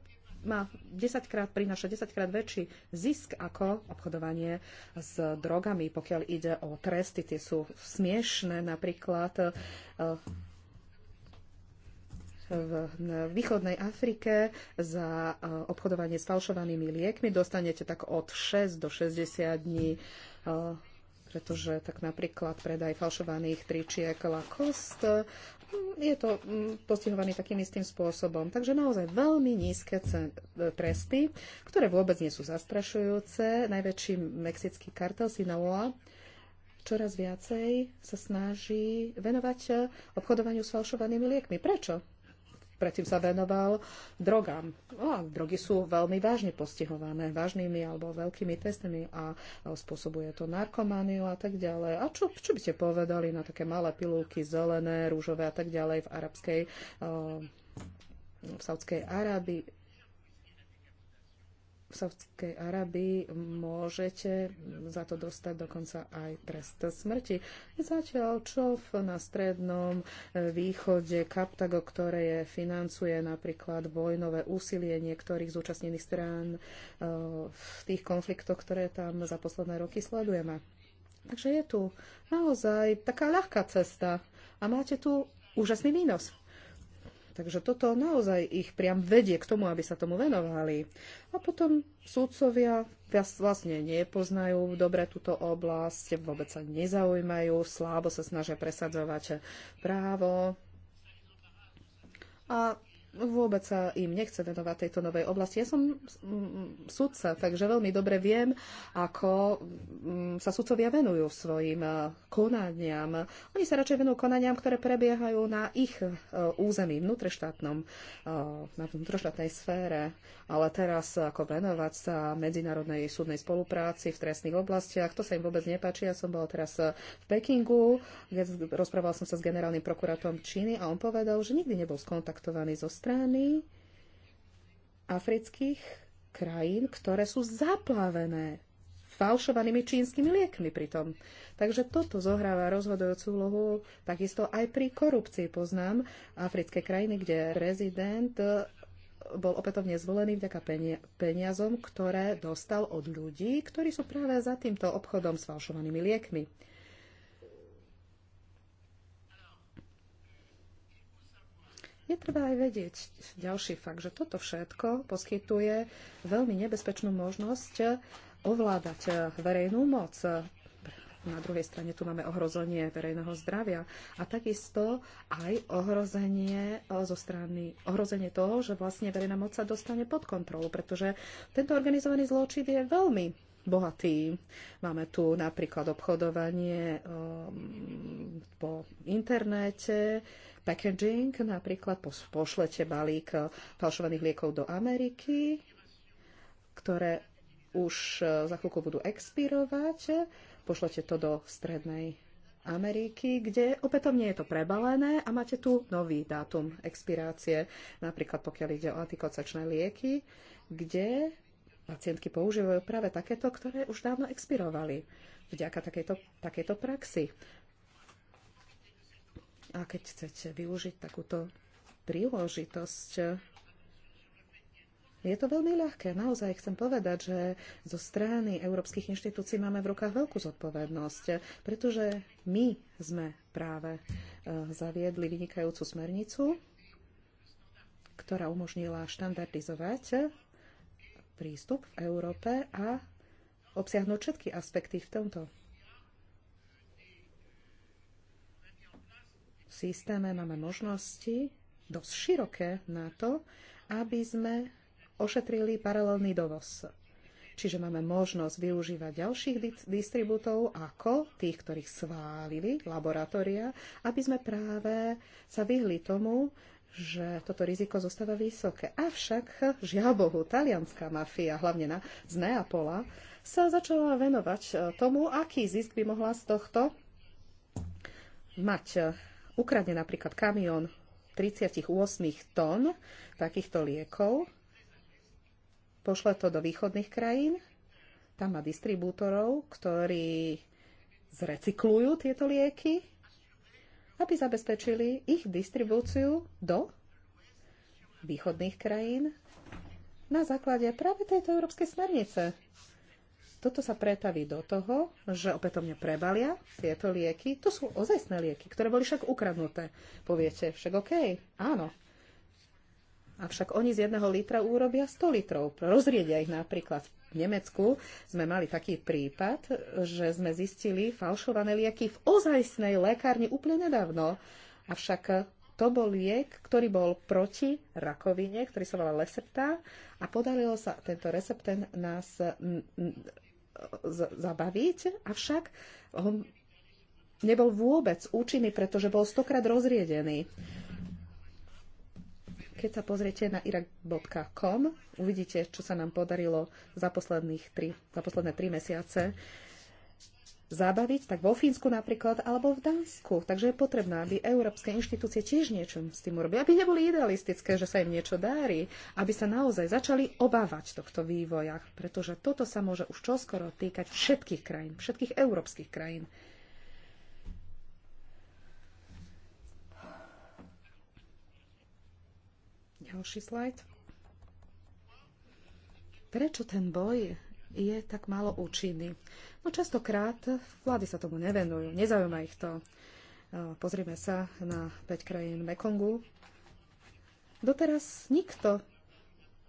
má 10 krát, prináša 10 krát väčší zisk ako obchodovanie s drogami, pokiaľ ide o tresty. Tie sú smiešné, napríklad e, v východnej Afrike za e, obchodovanie s falšovanými liekmi dostanete tak od 6 do 60 dní e, pretože tak napríklad predaj falšovaných tričiek Lacoste mm, je to mm, postihovaný takým istým spôsobom. Takže naozaj veľmi nízke e, tresty, ktoré vôbec nie sú zastrašujúce. Najväčší mexický kartel Sinaloa čoraz viacej sa snaží venovať obchodovaniu s falšovanými liekmi. Prečo? predtým sa venoval drogám. No a drogy sú veľmi vážne postihované, vážnymi alebo veľkými testami a spôsobuje to narkomániu a tak ďalej. A čo, čo by ste povedali na také malé pilulky, zelené, rúžové a tak ďalej v arabskej, v Saudskej Arábii, Saudskej Arabii môžete za to dostať dokonca aj trest smrti. Zatiaľ čo v, na strednom e, východe Kaptago, ktoré je, financuje napríklad vojnové úsilie niektorých zúčastnených strán e, v tých konfliktoch, ktoré tam za posledné roky sledujeme. Takže je tu naozaj taká ľahká cesta a máte tu úžasný výnos. Takže toto naozaj ich priam vedie k tomu, aby sa tomu venovali. A potom súdcovia vlastne nepoznajú dobre túto oblasť, vôbec sa nezaujímajú, slábo sa snažia presadzovať právo. A vôbec sa im nechce venovať tejto novej oblasti. Ja som sudca, takže veľmi dobre viem, ako mm, sa sudcovia venujú svojim e, konaniam. Oni sa radšej venujú konaniam, ktoré prebiehajú na ich e, území, vnútreštátnom, e, na vnútreštátnej sfére. Ale teraz ako venovať sa medzinárodnej súdnej spolupráci v trestných oblastiach, to sa im vôbec nepáči. Ja som bol teraz v Pekingu, rozprával som sa s generálnym prokurátorom Číny a on povedal, že nikdy nebol skontaktovaný zo so strany afrických krajín, ktoré sú zaplavené falšovanými čínskymi liekmi pritom. Takže toto zohráva rozhodujúcu úlohu takisto aj pri korupcii. Poznám africké krajiny, kde prezident e, bol opätovne zvolený vďaka peniazom, ktoré dostal od ľudí, ktorí sú práve za týmto obchodom s falšovanými liekmi. Je treba aj vedieť ďalší fakt, že toto všetko poskytuje veľmi nebezpečnú možnosť ovládať verejnú moc. Na druhej strane tu máme ohrozenie verejného zdravia a takisto aj ohrozenie zo strany, ohrozenie toho, že vlastne verejná moc sa dostane pod kontrolu, pretože tento organizovaný zločin je veľmi bohatý. Máme tu napríklad obchodovanie um, po internete, packaging, napríklad pošlete balík eh, falšovaných liekov do Ameriky, ktoré už eh, za chvíľku budú expirovať, pošlete to do Strednej Ameriky, kde opätovne je to prebalené a máte tu nový dátum expirácie, napríklad pokiaľ ide o antikocačné lieky, kde pacientky používajú práve takéto, ktoré už dávno expirovali vďaka takejto, takejto praxi. A keď chcete využiť takúto príležitosť, je to veľmi ľahké. Naozaj chcem povedať, že zo strany európskych inštitúcií máme v rukách veľkú zodpovednosť, pretože my sme práve e, zaviedli vynikajúcu smernicu, ktorá umožnila štandardizovať prístup v Európe a obsiahnuť všetky aspekty v tomto systéme máme možnosti dosť široké na to, aby sme ošetrili paralelný dovoz. Čiže máme možnosť využívať ďalších distribútov ako tých, ktorých sválili laboratória, aby sme práve sa vyhli tomu, že toto riziko zostáva vysoké. Avšak, žiaľ Bohu, talianská mafia, hlavne na, z Neapola, sa začala venovať e, tomu, aký zisk by mohla z tohto mať ukradne napríklad kamión 38 tón takýchto liekov, pošle to do východných krajín, tam má distribútorov, ktorí zrecyklujú tieto lieky, aby zabezpečili ich distribúciu do východných krajín na základe práve tejto európskej smernice toto sa pretaví do toho, že opätovne prebalia tieto lieky. To sú ozajstné lieky, ktoré boli však ukradnuté. Poviete, však OK, áno. Avšak oni z jedného litra urobia 100 litrov. Rozriedia ich napríklad v Nemecku. Sme mali taký prípad, že sme zistili falšované lieky v ozajstnej lekárni úplne nedávno. Avšak to bol liek, ktorý bol proti rakovine, ktorý sa volal Leserta a podarilo sa tento receptent nás zabaviť, avšak on nebol vôbec účinný, pretože bol stokrát rozriedený. Keď sa pozriete na irak.com, uvidíte, čo sa nám podarilo za, posledných tri, za posledné tri mesiace zabaviť, tak vo Fínsku napríklad, alebo v Dánsku. Takže je potrebné, aby európske inštitúcie tiež niečo s tým urobili, aby neboli idealistické, že sa im niečo dári, aby sa naozaj začali obávať tohto vývoja, pretože toto sa môže už čoskoro týkať všetkých krajín, všetkých európskych krajín. Ďalší slajd. Prečo ten boj je tak málo účinný. No častokrát vlády sa tomu nevenujú, nezaujíma ich to. Pozrieme sa na 5 krajín Mekongu. Doteraz nikto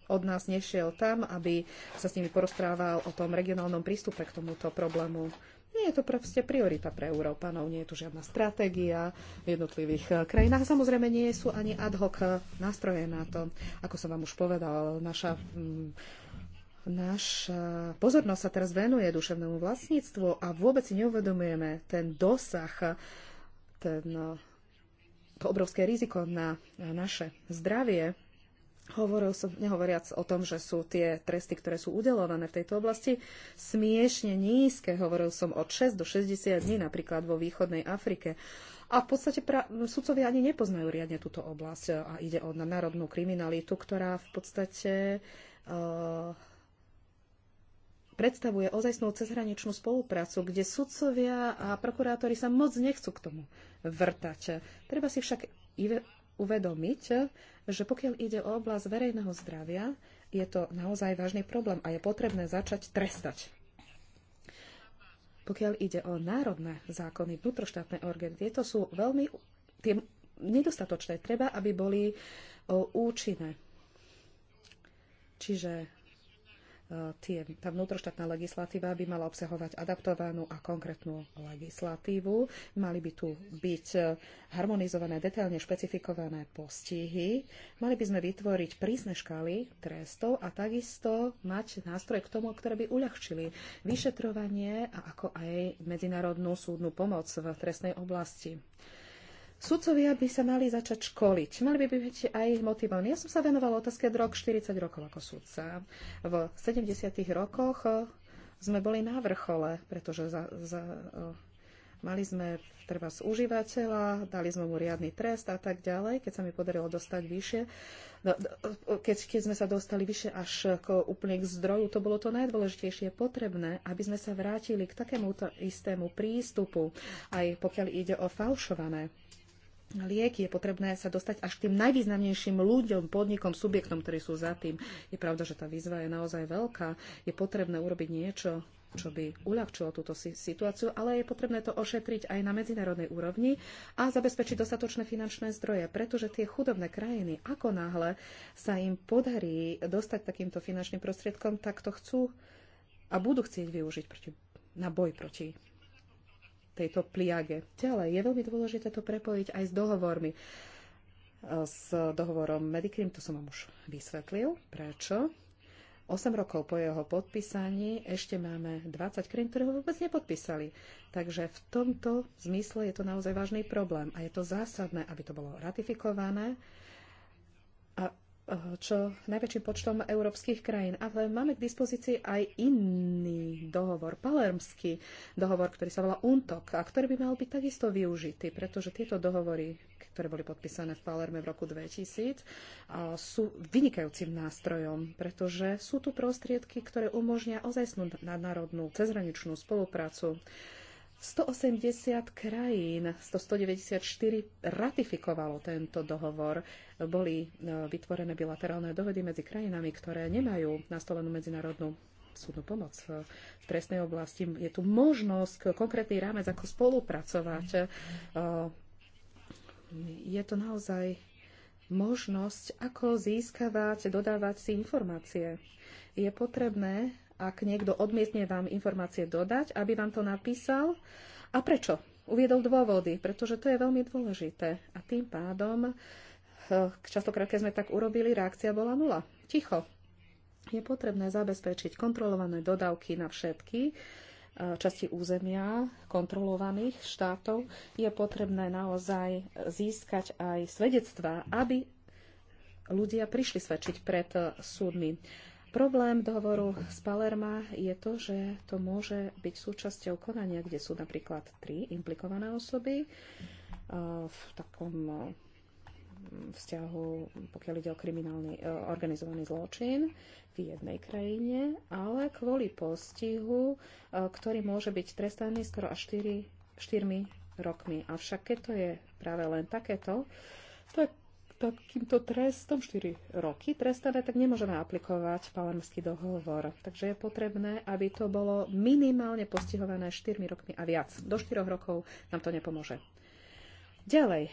od nás nešiel tam, aby sa s nimi porozprával o tom regionálnom prístupe k tomuto problému. Nie je to proste priorita pre Európanov, nie je tu žiadna stratégia v jednotlivých eh, krajinách. Samozrejme, nie sú ani ad hoc eh, nástroje na to. Ako som vám už povedal, naša mm, Naša eh, pozornosť sa teraz venuje duševnému vlastníctvu a vôbec si neuvedomujeme ten dosah, ten, eh, to obrovské riziko na eh, naše zdravie. Hovoril som, nehovoriac o tom, že sú tie tresty, ktoré sú udelované v tejto oblasti, smiešne nízke. Hovoril som od 6 do 60 dní napríklad vo východnej Afrike. A v podstate pra- sudcovia ani nepoznajú riadne túto oblasť a ide o národnú kriminalitu, ktorá v podstate uh, predstavuje ozajstnú cezhraničnú spoluprácu, kde sudcovia a prokurátori sa moc nechcú k tomu vrtať. Treba si však uvedomiť, že pokiaľ ide o oblasť verejného zdravia, je to naozaj vážny problém a je potrebné začať trestať. Pokiaľ ide o národné zákony, vnútroštátne orgány, tieto sú veľmi tie nedostatočné. Treba, aby boli o, účinné. Čiže tie, tá vnútroštátna legislatíva by mala obsahovať adaptovanú a konkrétnu legislatívu. Mali by tu byť e, harmonizované, detailne špecifikované postihy. Mali by sme vytvoriť prísne škály trestov a takisto mať nástroje k tomu, ktoré by uľahčili vyšetrovanie a ako aj medzinárodnú súdnu pomoc v trestnej oblasti. Sudcovia by sa mali začať školiť. Mali by byť aj motivovaní. Ja som sa venovala otázke drog 40 rokov ako sudca. V 70. rokoch eh, sme boli na vrchole, pretože za, za, eh, mali sme treba z užívateľa, dali sme mu riadny trest a tak ďalej, keď sa mi podarilo dostať vyššie. Keď, keď sme sa dostali vyššie až k, úplne k zdroju, to bolo to najdôležitejšie potrebné, aby sme sa vrátili k takémuto istému prístupu, aj pokiaľ ide o falšované lieky, je potrebné sa dostať až k tým najvýznamnejším ľuďom, podnikom, subjektom, ktorí sú za tým. Je pravda, že tá výzva je naozaj veľká. Je potrebné urobiť niečo, čo by uľahčilo túto situáciu, ale je potrebné to ošetriť aj na medzinárodnej úrovni a zabezpečiť dostatočné finančné zdroje, pretože tie chudobné krajiny, ako náhle sa im podarí dostať takýmto finančným prostriedkom, tak to chcú a budú chcieť využiť proti, na boj proti tejto pliage. Ďalej, je veľmi dôležité to prepojiť aj s dohovormi. Eh, s dohovorom Medicrim, to som vám už vysvetlil, prečo. 8 rokov po jeho podpísaní ešte máme 20 krajín, ktoré ho vôbec nepodpísali. Takže v tomto zmysle je to naozaj vážny problém a je to zásadné, aby to bolo ratifikované čo najväčším počtom európskych krajín. Ale máme k dispozícii aj iný dohovor, palermský dohovor, ktorý sa volá UNTOK a ktorý by mal byť takisto využitý, pretože tieto dohovory, ktoré boli podpísané v Palerme v roku 2000, sú vynikajúcim nástrojom, pretože sú tu prostriedky, ktoré umožnia ozajstnú nadnárodnú cezhraničnú spoluprácu 180 krajín, 194 ratifikovalo tento dohovor. Boli e, vytvorené bilaterálne dohody medzi krajinami, ktoré nemajú nastolenú medzinárodnú súdnu pomoc v trestnej oblasti. Je tu možnosť, e, konkrétny rámec, ako spolupracovať. E, je to naozaj možnosť, ako získavať, dodávať si informácie. Je potrebné ak niekto odmietne vám informácie dodať, aby vám to napísal. A prečo? Uviedol dôvody, pretože to je veľmi dôležité. A tým pádom, eh, častokrát, keď sme tak urobili, reakcia bola nula. Ticho. Je potrebné zabezpečiť kontrolované dodávky na všetky eh, časti územia kontrolovaných štátov, je potrebné naozaj získať aj svedectvá, aby ľudia prišli svedčiť pred eh, súdmi. Problém dohovoru z Palerma je to, že to môže byť súčasťou konania, kde sú napríklad tri implikované osoby e, v takom e, vzťahu, pokiaľ ide o kriminálny e, organizovaný zločin v jednej krajine, ale kvôli postihu, ktorý môže byť trestaný skoro až 4, 4 rokmi. Avšak keď to je práve len takéto, to je takýmto trestom 4 roky trestané, tak nemôžeme aplikovať palermský dohovor. Takže je potrebné, aby to bolo minimálne postihované 4 rokmi a viac. Do 4 rokov nám to nepomôže. Ďalej,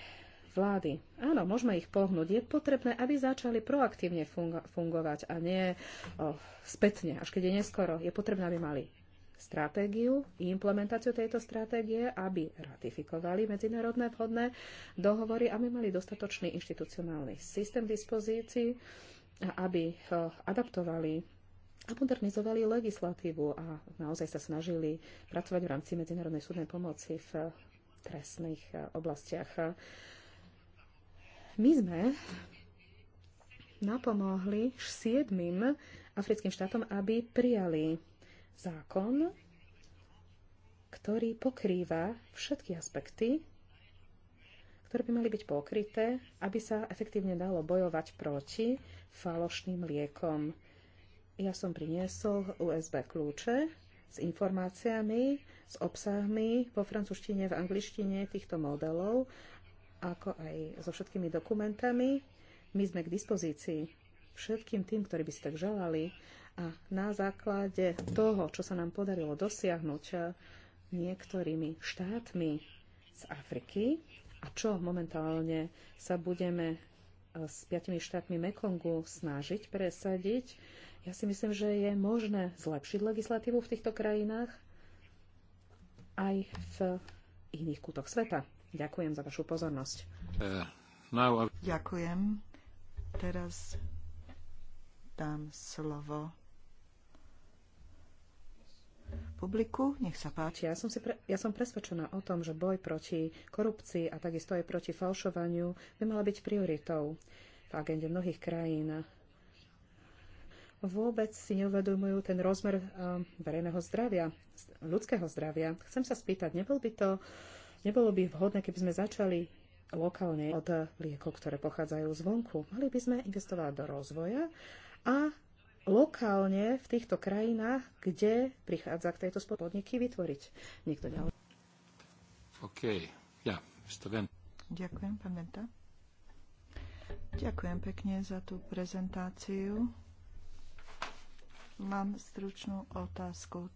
vlády. Áno, môžeme ich pohnúť. Je potrebné, aby začali proaktívne fungo- fungovať a nie spätne, až keď je neskoro. Je potrebné, aby mali stratégiu, implementáciu tejto stratégie, aby ratifikovali medzinárodné vhodné dohovory, aby mali dostatočný inštitucionálny systém v dispozícii, aby eh, adaptovali a modernizovali legislatívu a naozaj sa snažili pracovať v rámci medzinárodnej súdnej pomoci v eh, trestných eh, oblastiach. My sme napomohli siedmým africkým štátom, aby prijali zákon, ktorý pokrýva všetky aspekty, ktoré by mali byť pokryté, aby sa efektívne dalo bojovať proti falošným liekom. Ja som priniesol USB kľúče s informáciami, s obsahmi po francúzštine, v angličtine týchto modelov, ako aj so všetkými dokumentami. My sme k dispozícii všetkým tým, ktorí by ste tak želali, a na základe toho, čo sa nám podarilo dosiahnuť eh, niektorými štátmi z Afriky a čo momentálne sa budeme eh, s piatimi štátmi Mekongu snažiť presadiť, ja si myslím, že je možné zlepšiť legislatívu v týchto krajinách aj v iných kútoch sveta. Ďakujem za vašu pozornosť. Eh, Ďakujem. Teraz dám slovo publiku. Nech sa páči. Ja som, si pre, ja som presvedčená o tom, že boj proti korupcii a takisto aj proti falšovaniu by mala byť prioritou v agende mnohých krajín. Vôbec si neuvedomujú ten rozmer eh, verejného zdravia, ľudského zdravia. Chcem sa spýtať, nebol by to, nebolo by vhodné, keby sme začali lokálne od liekov, ktoré pochádzajú zvonku. Mali by sme investovať do rozvoja a lokálne v týchto krajinách, kde prichádza k tejto podniky vytvoriť. Niekto ďalej. OK. Ja, yeah. Ďakujem, pán Venta. Ďakujem pekne za tú prezentáciu. Mám stručnú otázku.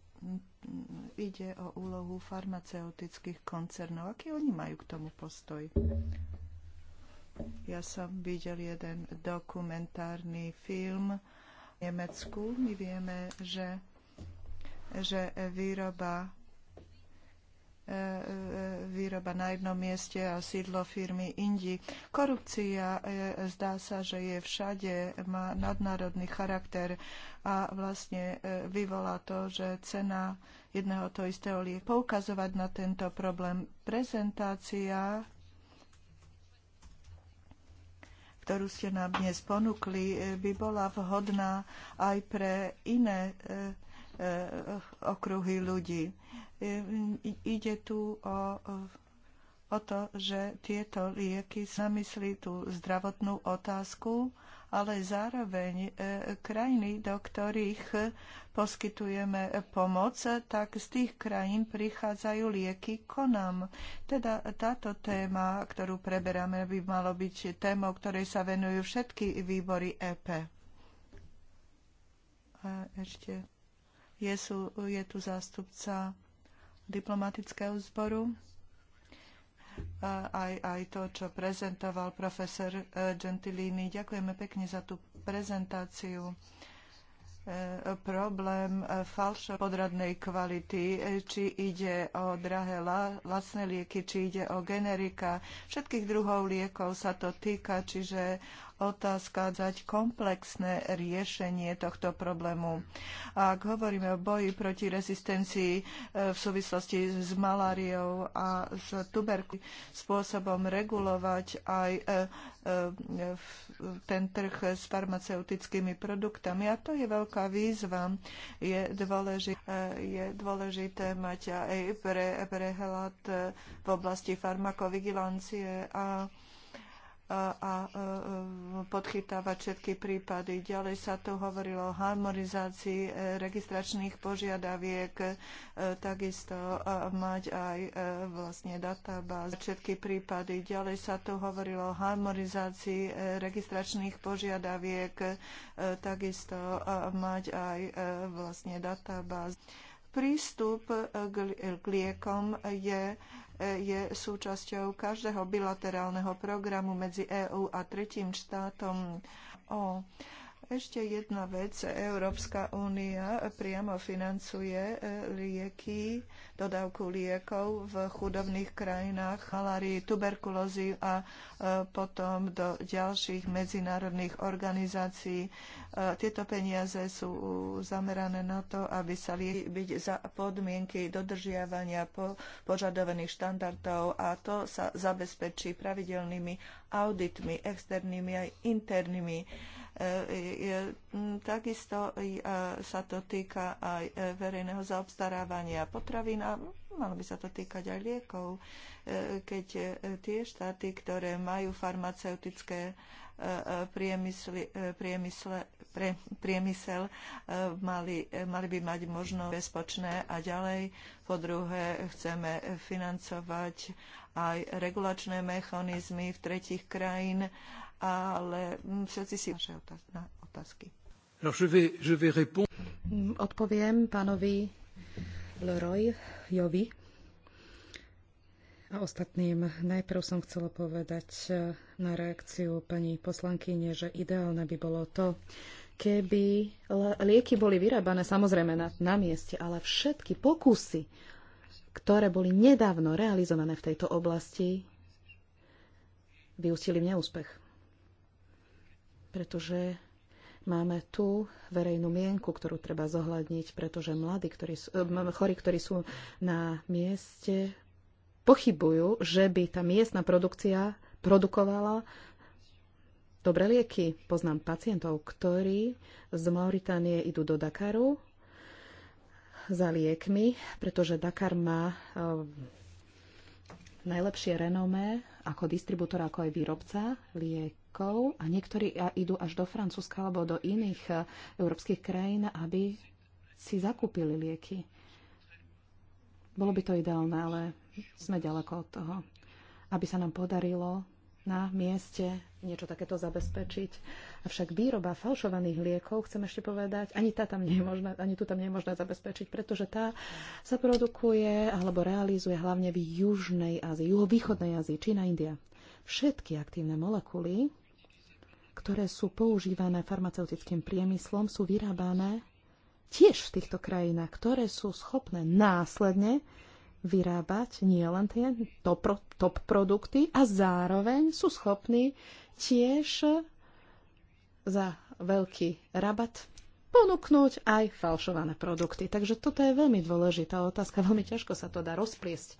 Ide o úlohu farmaceutických koncernov. Aký oni majú k tomu postoj? Ja som videl jeden dokumentárny film, Nemecku my vieme, že, že výroba e, e, výroba na jednom mieste a sídlo firmy Indi. Korupcia e, zdá sa, že je všade, má nadnárodný charakter a vlastne vyvolá to, že cena jedného to istého lieku. Poukazovať na tento problém prezentácia ktorú ste nám dnes ponúkli, e, by bola vhodná aj pre iné e, e, okruhy ľudí. Ide tu o, o to, že tieto lieky zamyslí tú zdravotnú otázku ale zároveň e, krajiny, do ktorých e, poskytujeme e, pomoc, tak z tých krajín prichádzajú lieky konám. Teda táto téma, ktorú preberáme, by malo byť témou, ktorej sa venujú všetky výbory EP. A ešte je, sú, je tu zástupca diplomatického zboru aj, aj to, čo prezentoval profesor eh, Gentilini. Ďakujeme pekne za tú prezentáciu eh, problém eh, falšo podradnej kvality, či ide o drahé lacné lieky, či ide o generika. Všetkých druhov liekov sa to týka, čiže otázka dať komplexné riešenie tohto problému. Ak hovoríme o boji proti rezistencii e, v súvislosti s maláriou a s tuberkou, spôsobom regulovať aj e, e, ten trh s farmaceutickými produktami. A to je veľká výzva. Je dôležité, je dôležité mať aj pre, prehľad v oblasti farmakovigilancie a a e, e, podchytávať všetky prípady. Ďalej sa tu hovorilo o harmonizácii e, registračných požiadaviek, takisto mať aj vlastne databáz všetky prípady. Ďalej sa tu hovorilo o harmonizácii registračných požiadaviek, takisto mať aj vlastne databáz. Prístup k liekom je je súčasťou každého bilaterálneho programu medzi EÚ a tretím štátom o ešte jedna vec. Európska únia priamo financuje e, lieky, dodávku liekov v chudobných krajinách, halárii, tuberkulózy a e, potom do ďalších medzinárodných organizácií. E, tieto peniaze sú zamerané na to, aby sa lieky byť za podmienky dodržiavania požadovaných štandardov a to sa zabezpečí pravidelnými auditmi, externými aj internými E, e, e, takisto sa to týka aj verejného zaobstarávania potravín a malo by sa to týkať aj liekov, keď tie štáty, ktoré majú farmaceutické priemysly, priemysle, pre, priemysel mali, mali by mať možno bezpočné a ďalej. Po druhé, chceme financovať aj regulačné mechanizmy v tretich krajín ale mm, všetci si naše otázky. Mm, odpoviem pánovi Leroy Jovi a ostatným. Najprv som chcela povedať eh, na reakciu pani poslankyne, že ideálne by bolo to, keby lieky boli vyrábané samozrejme na, na mieste, ale všetky pokusy, ktoré boli nedávno realizované v tejto oblasti, vyústili v neúspech pretože máme tu verejnú mienku, ktorú treba zohľadniť, pretože mladí, ktorí sú, eh, chorí, ktorí sú na mieste, pochybujú, že by tá miestna produkcia produkovala dobré lieky. Poznám pacientov, ktorí z Mauritánie idú do Dakaru za liekmi, pretože Dakar má eh, najlepšie renomé ako distribútor, ako aj výrobca liek Poliakov a niektorí idú až do Francúzska alebo do iných e, európskych krajín, aby si zakúpili lieky. Bolo by to ideálne, ale sme ďaleko od toho. Aby sa nám podarilo na mieste niečo takéto zabezpečiť. Avšak výroba falšovaných liekov, chcem ešte povedať, ani, tá tam nie je možná, ani tu tam nie je možné zabezpečiť, pretože tá sa produkuje alebo realizuje hlavne v Južnej Ázii, juhovýchodnej Ázii, Čína, India. Všetky aktívne molekuly ktoré sú používané farmaceutickým priemyslom, sú vyrábané tiež v týchto krajinách, ktoré sú schopné následne vyrábať nielen tie top, top produkty a zároveň sú schopní tiež za veľký rabat ponúknuť aj falšované produkty. Takže toto je veľmi dôležitá otázka, veľmi ťažko sa to dá rozpriesť.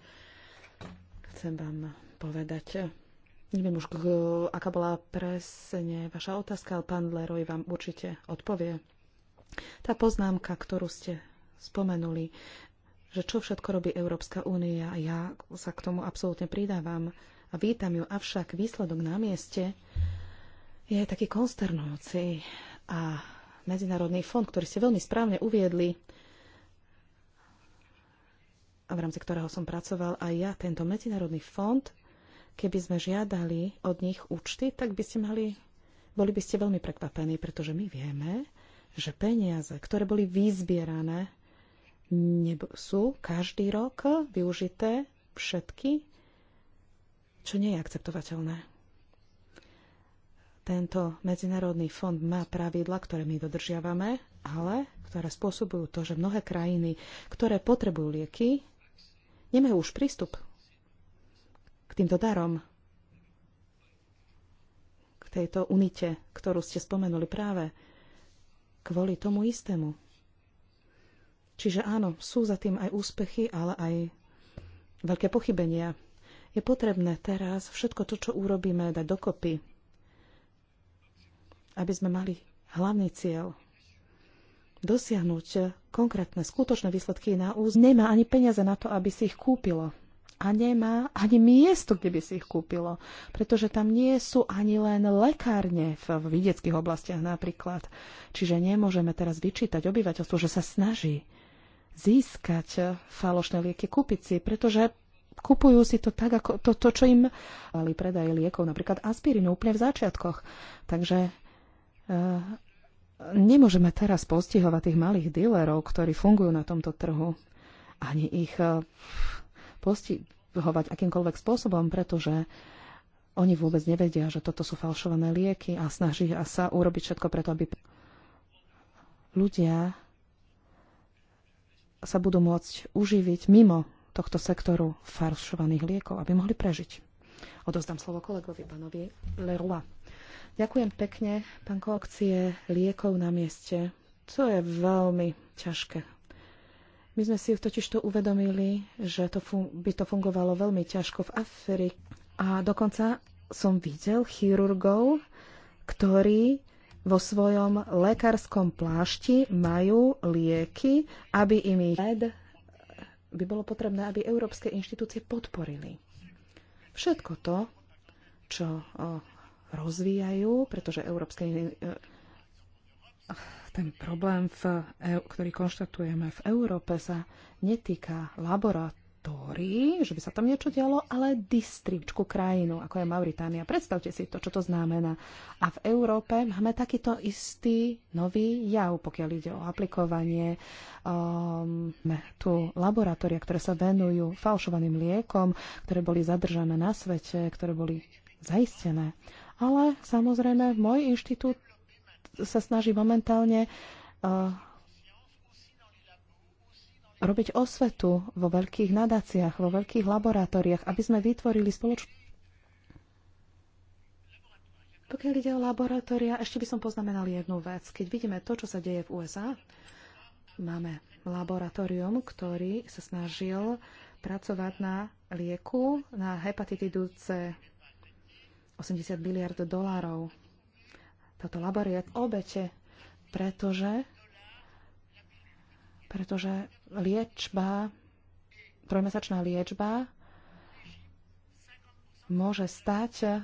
Chcem vám povedať, Neviem už, aká bola presne vaša otázka, ale pán Leroy vám určite odpovie. Tá poznámka, ktorú ste spomenuli, že čo všetko robí Európska únia, ja sa k tomu absolútne pridávam a vítam ju, avšak výsledok na mieste je taký konsternujúci a Medzinárodný fond, ktorý ste veľmi správne uviedli, a v rámci ktorého som pracoval aj ja, tento Medzinárodný fond Keby sme žiadali od nich účty, tak by ste mali, boli by ste veľmi prekvapení, pretože my vieme, že peniaze, ktoré boli vyzbierané, sú každý rok využité všetky, čo nie je akceptovateľné tento medzinárodný fond má pravidla, ktoré my dodržiavame, ale ktoré spôsobujú to, že mnohé krajiny, ktoré potrebujú lieky, nemajú už prístup týmto darom, k tejto unite, ktorú ste spomenuli práve kvôli tomu istému. Čiže áno, sú za tým aj úspechy, ale aj veľké pochybenia. Je potrebné teraz všetko to, čo urobíme, dať dokopy, aby sme mali hlavný cieľ dosiahnuť konkrétne, skutočné výsledky na úz. Nemá ani peniaze na to, aby si ich kúpilo a nemá ani miesto, kde by si ich kúpilo, pretože tam nie sú ani len lekárne v videckých oblastiach napríklad. Čiže nemôžeme teraz vyčítať obyvateľstvo, že sa snaží získať eh, falošné lieky, kúpiť si, pretože kupujú si to tak, ako to, to čo im ale eh, predaj liekov, napríklad aspirinu, úplne v začiatkoch. Takže e, nemôžeme teraz postihovať tých malých dílerov, ktorí fungujú na tomto trhu, ani ich e, postihovať akýmkoľvek spôsobom, pretože oni vôbec nevedia, že toto sú falšované lieky a snažia sa urobiť všetko preto, aby ľudia sa budú môcť uživiť mimo tohto sektoru falšovaných liekov, aby mohli prežiť. Odozdám slovo kolegovi, pánovi Leroy. Ďakujem pekne. Pán koakcie liekov na mieste. To je veľmi ťažké my sme si totiž to uvedomili, že to by to fungovalo veľmi ťažko v Afrike. A dokonca som videl chirurgov, ktorí vo svojom lekárskom plášti majú lieky, aby im ich by bolo potrebné, aby európske inštitúcie podporili. Všetko to, čo rozvíjajú, pretože európske ten problém, v, e ktorý konštatujeme v Európe, sa netýka laboratórií, že by sa tam niečo dialo, ale distričku krajinu, ako je Mauritánia. Predstavte si to, čo to znamená. A v Európe máme takýto istý nový jav, pokiaľ ide o aplikovanie um, tu laboratória, ktoré sa venujú falšovaným liekom, ktoré boli zadržané na svete, ktoré boli zaistené. Ale samozrejme, môj inštitút sa snaží momentálne uh, robiť osvetu vo veľkých nadáciách, vo veľkých laboratóriách, aby sme vytvorili spoločnú. Pokiaľ ide o laboratória, ešte by som poznamenal jednu vec. Keď vidíme to, čo sa deje v USA, máme laboratórium, ktorý sa snažil pracovať na lieku na hepatitidu C 80 miliard dolárov táto laborie obete, pretože, pretože liečba, trojmesačná liečba môže stať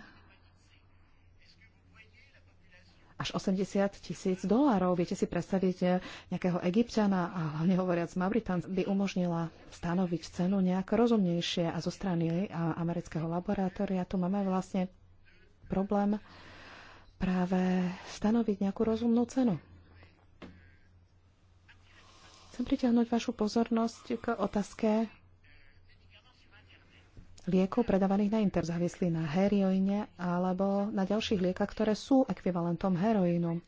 až 80 tisíc dolárov. Viete si predstaviť nejakého egyptiana a hlavne hovoriac Mauritán by umožnila stanoviť cenu nejak rozumnejšie a zo strany amerického laboratória tu máme vlastne problém práve stanoviť nejakú rozumnú cenu. Chcem pritiahnuť vašu pozornosť k otázke liekov predávaných na inter, závislí na heroíne alebo na ďalších liekach, ktoré sú ekvivalentom heroínu.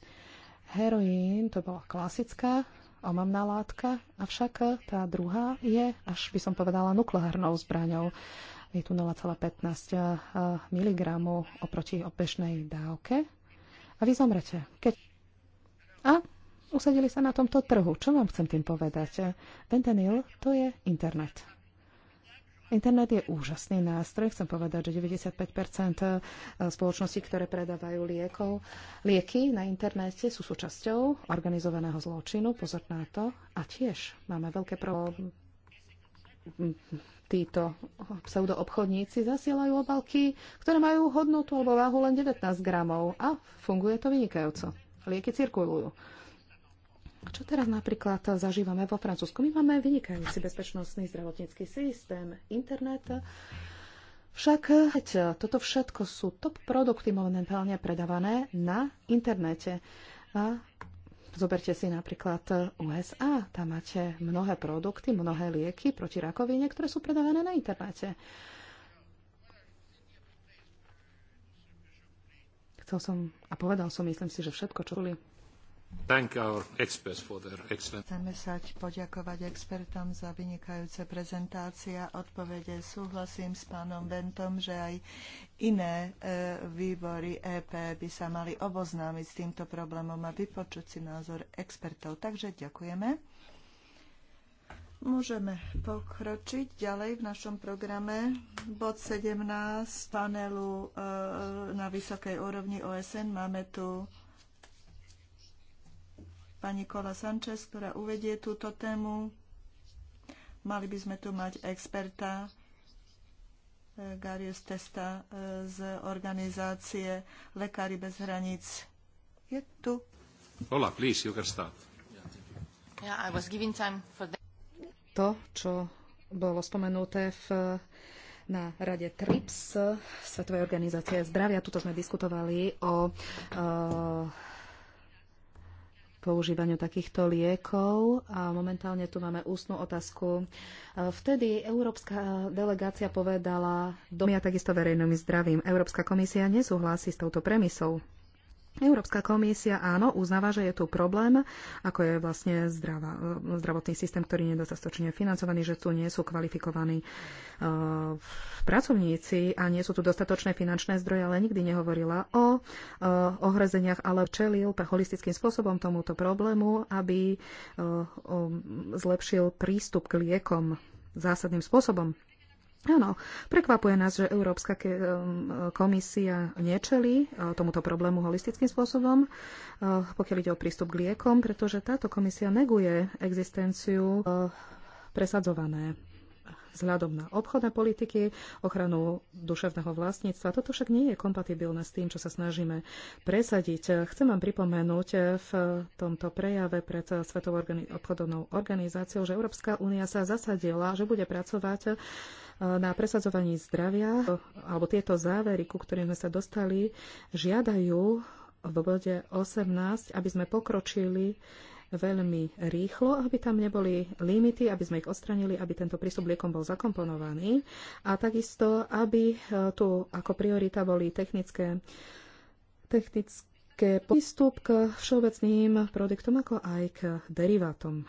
Heroín to bola klasická omamná látka, avšak tá druhá je, až by som povedala, nukleárnou zbraňou. Je tu 0,15 eh, mg oproti obežnej dávke a vy zomrete. Keď... A usadili sa na tomto trhu. Čo vám chcem tým povedať? Ventanil, to je internet. Internet je úžasný nástroj. Chcem povedať, že 95% eh, spoločností, ktoré predávajú liekov, lieky na internete sú súčasťou organizovaného zločinu. Pozor na to. A tiež máme veľké problémy títo pseudoobchodníci zasielajú obalky, ktoré majú hodnotu alebo váhu len 19 gramov a funguje to vynikajúco. Lieky cirkulujú. Čo teraz napríklad zažívame vo Francúzsku? My máme vynikajúci bezpečnostný zdravotnícky systém, internet. Však toto všetko sú top produkty momentálne predávané na internete. A Zoberte si napríklad e, USA. Tam máte mnohé produkty, mnohé lieky proti rakovine, ktoré sú predávané na internete. Chcel som a povedal som, myslím si, že všetko, čo boli Chceme sa poďakovať expertom za vynikajúce prezentácie a odpovede. Súhlasím s pánom Bentom, že aj iné e, výbory EP by sa mali oboznámiť s týmto problémom a vypočuť si názor expertov. Takže ďakujeme. Môžeme pokročiť ďalej v našom programe. Bod 17 panelu e, na vysokej úrovni OSN máme tu pani Kola Sanchez, ktorá uvedie túto tému. Mali by sme tu mať experta e, Garius Testa e, z organizácie Lekári bez hraníc. Je tu. Hola, please, you can start. Yeah, I was giving time for that. To, čo bolo spomenuté v na rade TRIPS, Svetovej organizácie zdravia. Tuto sme diskutovali o e, používaniu takýchto liekov. A momentálne tu máme ústnu otázku. Vtedy európska delegácia povedala, domia takisto verejným zdravím. Európska komisia nesúhlasí s touto premisou. Európska komisia áno, uznáva, že je tu problém, ako je vlastne zdravá, e, zdravotný systém, ktorý je nedostatočne financovaný, že tu nie sú kvalifikovaní uh, pracovníci a nie sú tu dostatočné finančné zdroje, ale nikdy nehovorila o uh, e, ohrezeniach, ale čelil holistickým spôsobom tomuto problému, aby uh, um, zlepšil prístup k liekom zásadným spôsobom. Áno, prekvapuje nás, že Európska komisia nečeli eh, tomuto problému holistickým spôsobom, eh, pokiaľ ide o prístup k liekom, pretože táto komisia neguje existenciu eh, presadzované vzhľadom na obchodné politiky, ochranu duševného vlastníctva. Toto však nie je kompatibilné s tým, čo sa snažíme presadiť. Chcem vám pripomenúť v tomto prejave pred Svetovou obchodovnou organizáciou, že Európska únia sa zasadila, že bude pracovať e, na presadzovaní zdravia, alebo tieto závery, ku ktorým sme sa dostali, žiadajú v bode 18, aby sme pokročili veľmi rýchlo, aby tam neboli limity, aby sme ich odstranili, aby tento prístup liekom bol zakomponovaný a takisto, aby e, tu ako priorita boli technické, technické prístup k všeobecným produktom, ako aj k derivátom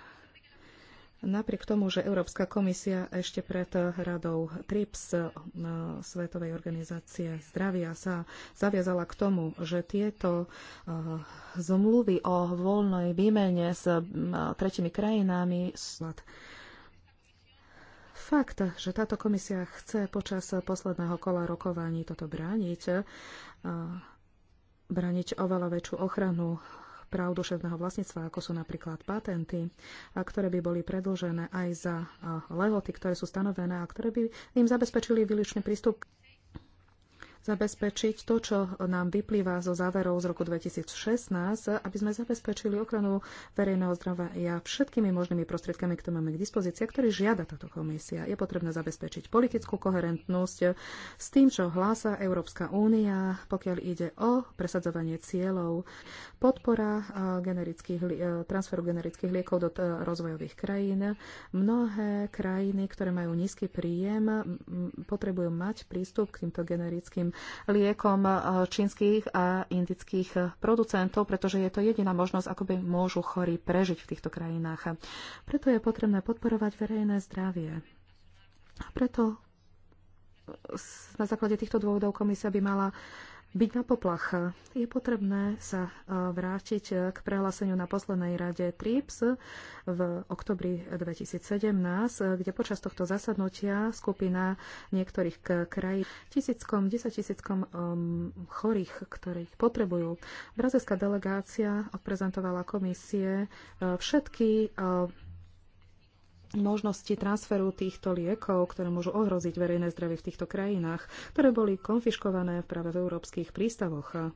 Napriek tomu, že Európska komisia ešte pred radou TRIPS e, Svetovej organizácie zdravia sa zaviazala k tomu, že tieto e, zmluvy o voľnej výmene s tretimi krajinami Fakt, že táto komisia chce počas posledného kola rokovaní toto brániť, e, brániť oveľa väčšiu ochranu práv duševného vlastníctva, ako sú napríklad patenty, a ktoré by boli predlžené aj za lehoty, ktoré sú stanovené a ktoré by im zabezpečili výličný prístup zabezpečiť to, čo nám vyplýva zo záverov z roku 2016, aby sme zabezpečili ochranu verejného zdravia všetkými možnými prostriedkami, ktoré máme k dispozícii, ktoré žiada táto komisia. Je potrebné zabezpečiť politickú koherentnosť s tým, čo hlása Európska únia, pokiaľ ide o presadzovanie cieľov, podpora generických, transferu generických liekov do rozvojových krajín. Mnohé krajiny, ktoré majú nízky príjem, potrebujú mať prístup k týmto generickým liekom e, čínskych a indických producentov, pretože je to jediná možnosť, ako by môžu chorí prežiť v týchto krajinách. Preto je potrebné podporovať verejné zdravie. Preto na základe týchto dôvodov komisia by mala byť na poplach. Je potrebné sa e, vrátiť e, k prehláseniu na poslednej rade TRIPS v oktobri 2017, e, kde počas tohto zasadnutia skupina niektorých krajín tisíckom, desaťtisíckom um, chorých, ktorých potrebujú. Brazilská delegácia odprezentovala komisie všetky možnosti transferu týchto liekov, ktoré môžu ohroziť verejné zdravie v týchto krajinách, ktoré boli konfiškované práve v európskych prístavoch.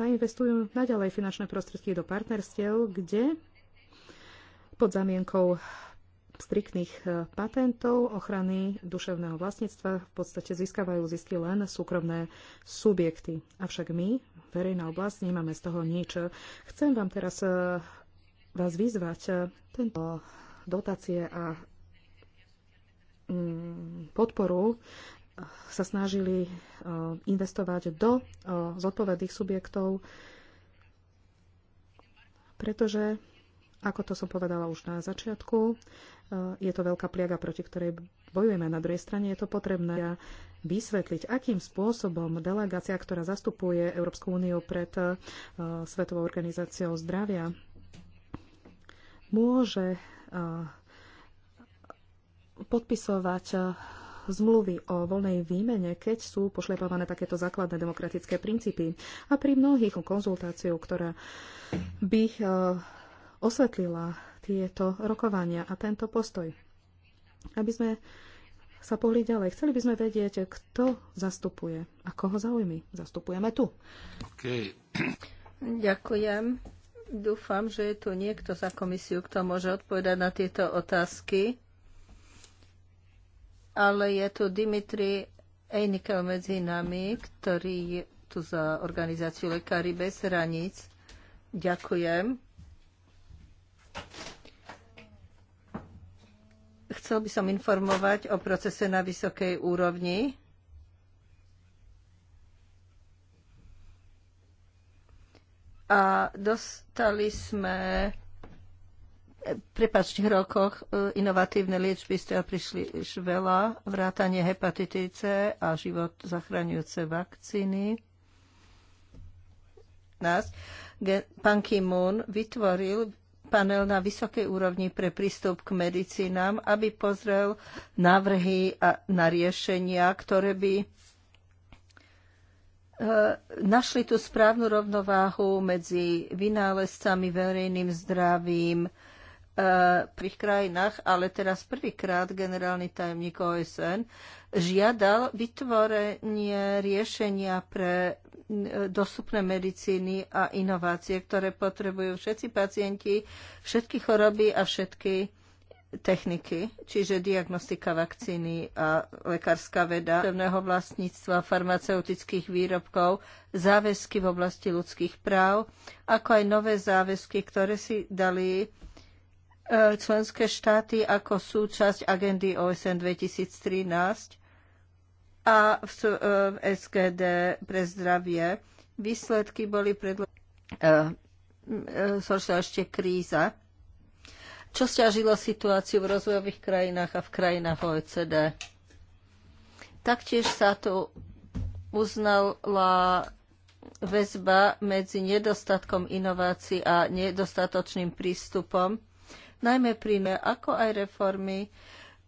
Zainvestujú naďalej finančné prostriedky do partnerstiev, kde pod zamienkou striktných e, patentov ochrany duševného vlastníctva v podstate získavajú zisky len súkromné subjekty. Avšak my, verejná oblasť, nemáme z toho nič. Chcem vám teraz e, vás vyzvať eh, tento dotácie a mm, podporu eh, sa snažili eh, investovať do zodpovedných subjektov, pretože, ako to som povedala už na začiatku, je to veľká pliaga, proti ktorej bojujeme. Na druhej strane je to potrebné vysvetliť, akým spôsobom delegácia, ktorá zastupuje Európsku úniu pred Svetovou organizáciou zdravia, môže e, podpisovať e, zmluvy o voľnej výmene, keď sú pošlepované takéto základné demokratické princípy. A pri mnohých konzultáciách, ktorá by e, osvetlila tieto rokovania a tento postoj. Aby sme sa pohli ďalej. Chceli by sme vedieť, kto zastupuje a koho zaujmy. zastupujeme tu. Okay. Ďakujem. Dúfam, že je tu niekto za komisiu, kto môže odpovedať na tieto otázky. Ale je tu Dimitri Ejnikel medzi nami, ktorý je tu za organizáciu Lekári bez hraníc. Ďakujem. Chcel by som informovať o procese na vysokej úrovni a dostali sme prepačných rokoch e, inovatívne liečby ste prišli už veľa, vrátanie hepatity C a život zachraňujúce vakcíny. Nás. Pán Kim Moon vytvoril panel na vysokej úrovni pre prístup k medicínám, aby pozrel návrhy a na riešenia, ktoré by Eh, našli tú správnu rovnováhu medzi vynálezcami, verejným zdravím v eh, krajinách, ale teraz prvýkrát generálny tajomník OSN žiadal vytvorenie riešenia pre eh, dostupné medicíny a inovácie, ktoré potrebujú všetci pacienti, všetky choroby a všetky techniky, čiže diagnostika vakcíny a lekárska veda, pevného vlastníctva farmaceutických výrobkov, záväzky v oblasti ľudských práv, ako aj nové záväzky, ktoré si dali e, členské štáty ako súčasť agendy OSN 2013 a v, SGD e, pre zdravie. Výsledky boli predložené. E, e, ešte kríza čo stiažilo situáciu v rozvojových krajinách a v krajinách OECD. Taktiež sa tu uznala väzba medzi nedostatkom inovácií a nedostatočným prístupom, najmä príjme, ako aj reformy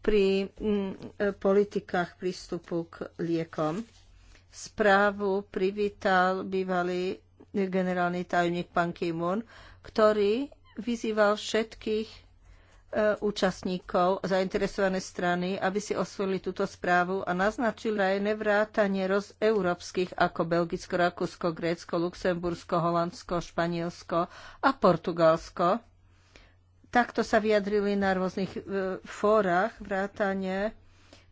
pri m, mm, politikách prístupu k liekom. Správu privítal bývalý generálny tajomník Pan Kimon, ktorý vyzýval všetkých Eh, účastníkov, zainteresované strany, aby si osvojili túto správu a naznačili aj nevrátanie roz európskych ako Belgicko, Rakúsko, Grécko, Luxembursko, Holandsko, Španielsko a Portugalsko. Takto sa vyjadrili na rôznych eh, fórach vrátane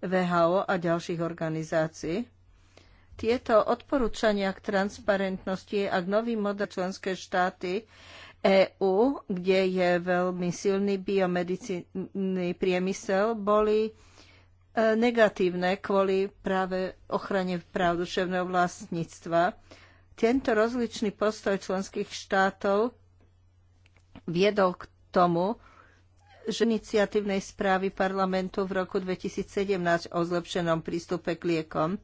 VHO a ďalších organizácií. Tieto odporúčania k transparentnosti a k novým moda členské štáty EÚ, kde je veľmi silný biomedicínny priemysel, boli e, negatívne kvôli práve ochrane práv duševného vlastníctva. Tento rozličný postoj členských štátov viedol k tomu, že iniciatívnej správy parlamentu v roku 2017 o zlepšenom prístupe k liekom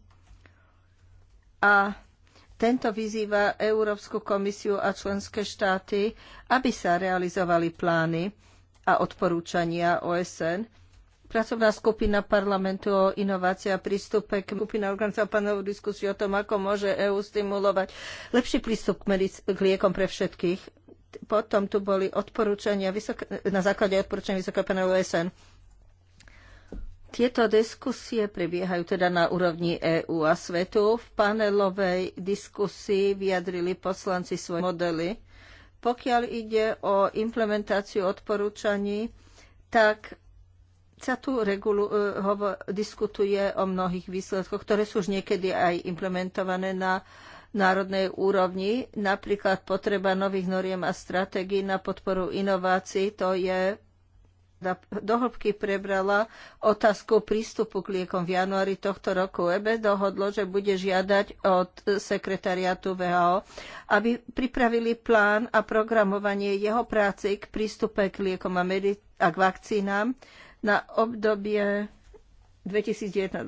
a tento vyzýva Európsku komisiu a členské štáty, aby sa realizovali plány a odporúčania OSN. Pracovná skupina parlamentu o inovácii a prístupe k skupina organizovala panelovú diskusiu o tom, ako môže EÚ stimulovať lepší prístup k, medic- k liekom pre všetkých. Potom tu boli odporúčania na základe odporúčania Vysokého panelu OSN tieto diskusie prebiehajú teda na úrovni EÚ a svetu. V panelovej diskusii vyjadrili poslanci svoje modely. Pokiaľ ide o implementáciu odporúčaní, tak sa tu regulu- e, hovo- diskutuje o mnohých výsledkoch, ktoré sú už niekedy aj implementované na národnej úrovni, napríklad potreba nových noriem a stratégií na podporu inovácií, to je dohlbky prebrala otázku prístupu k liekom. V januári tohto roku EBE e dohodlo, že bude žiadať od sekretariátu VHO, aby pripravili plán a programovanie jeho práce k prístupe k liekom a, a k vakcínám na obdobie 2023,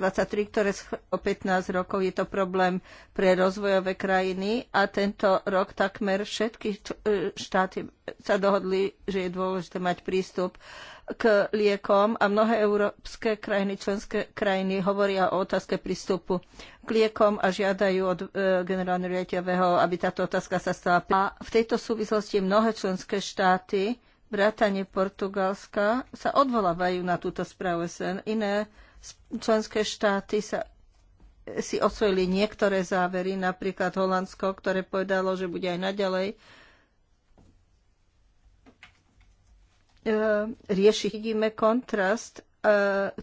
ktoré o 15 rokov je to problém pre rozvojové krajiny a tento rok takmer všetky e, štáty sa dohodli, že je dôležité mať prístup k liekom a mnohé európske krajiny, členské krajiny hovoria o otázke prístupu k liekom a žiadajú od e, generálneho riaditeľového, aby táto otázka sa stala. A v tejto súvislosti mnohé členské štáty, vrátane Portugalska, sa odvolávajú na túto správu SN. Iné členské štáty sa si osvojili niektoré závery, napríklad Holandsko, ktoré povedalo, že bude aj naďalej E, riešiť. Vidíme kontrast e,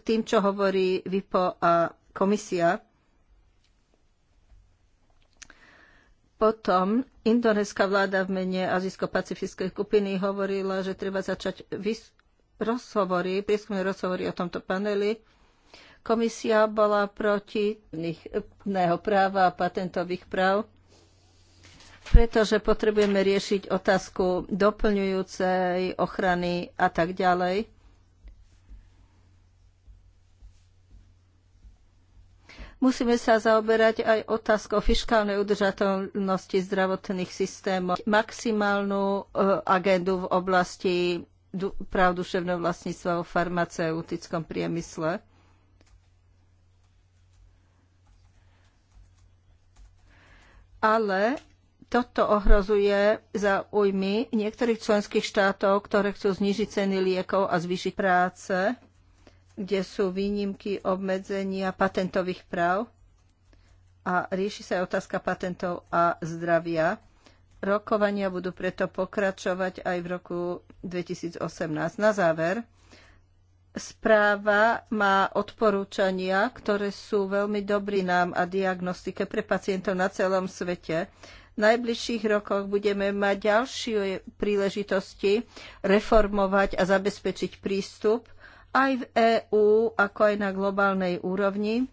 tým, čo hovorí VIPO a komisia. Potom indonéska vláda v mene Azijsko-pacifickej skupiny hovorila, že treba začať rozhovory, prieskumné rozhovory o tomto paneli. Komisia bola proti práva a patentových práv pretože potrebujeme riešiť otázku doplňujúcej ochrany a tak ďalej. Musíme sa zaoberať aj otázkou fiskálnej udržateľnosti zdravotných systémov, maximálnu eh, agendu v oblasti práv duševného vlastníctva o farmaceutickom priemysle. Ale toto ohrozuje záujmy niektorých členských štátov, ktoré chcú znižiť ceny liekov a zvýšiť práce, kde sú výnimky obmedzenia patentových práv a rieši sa aj otázka patentov a zdravia. Rokovania budú preto pokračovať aj v roku 2018. Na záver, správa má odporúčania, ktoré sú veľmi dobrý nám a diagnostike pre pacientov na celom svete. V najbližších rokoch budeme mať ďalšie príležitosti reformovať a zabezpečiť prístup aj v EÚ, ako aj na globálnej úrovni.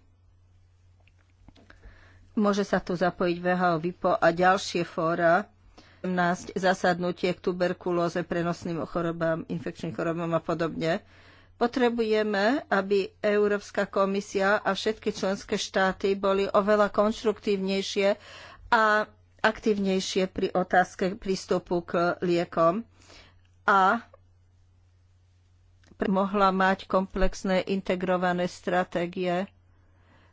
Môže sa tu zapojiť VHO, VIPO a ďalšie fóra. 17 zasadnutie k tuberkulóze, prenosným chorobám, infekčným chorobám a podobne. Potrebujeme, aby Európska komisia a všetky členské štáty boli oveľa konštruktívnejšie a aktívnejšie pri otázke prístupu k liekom a mohla mať komplexné integrované stratégie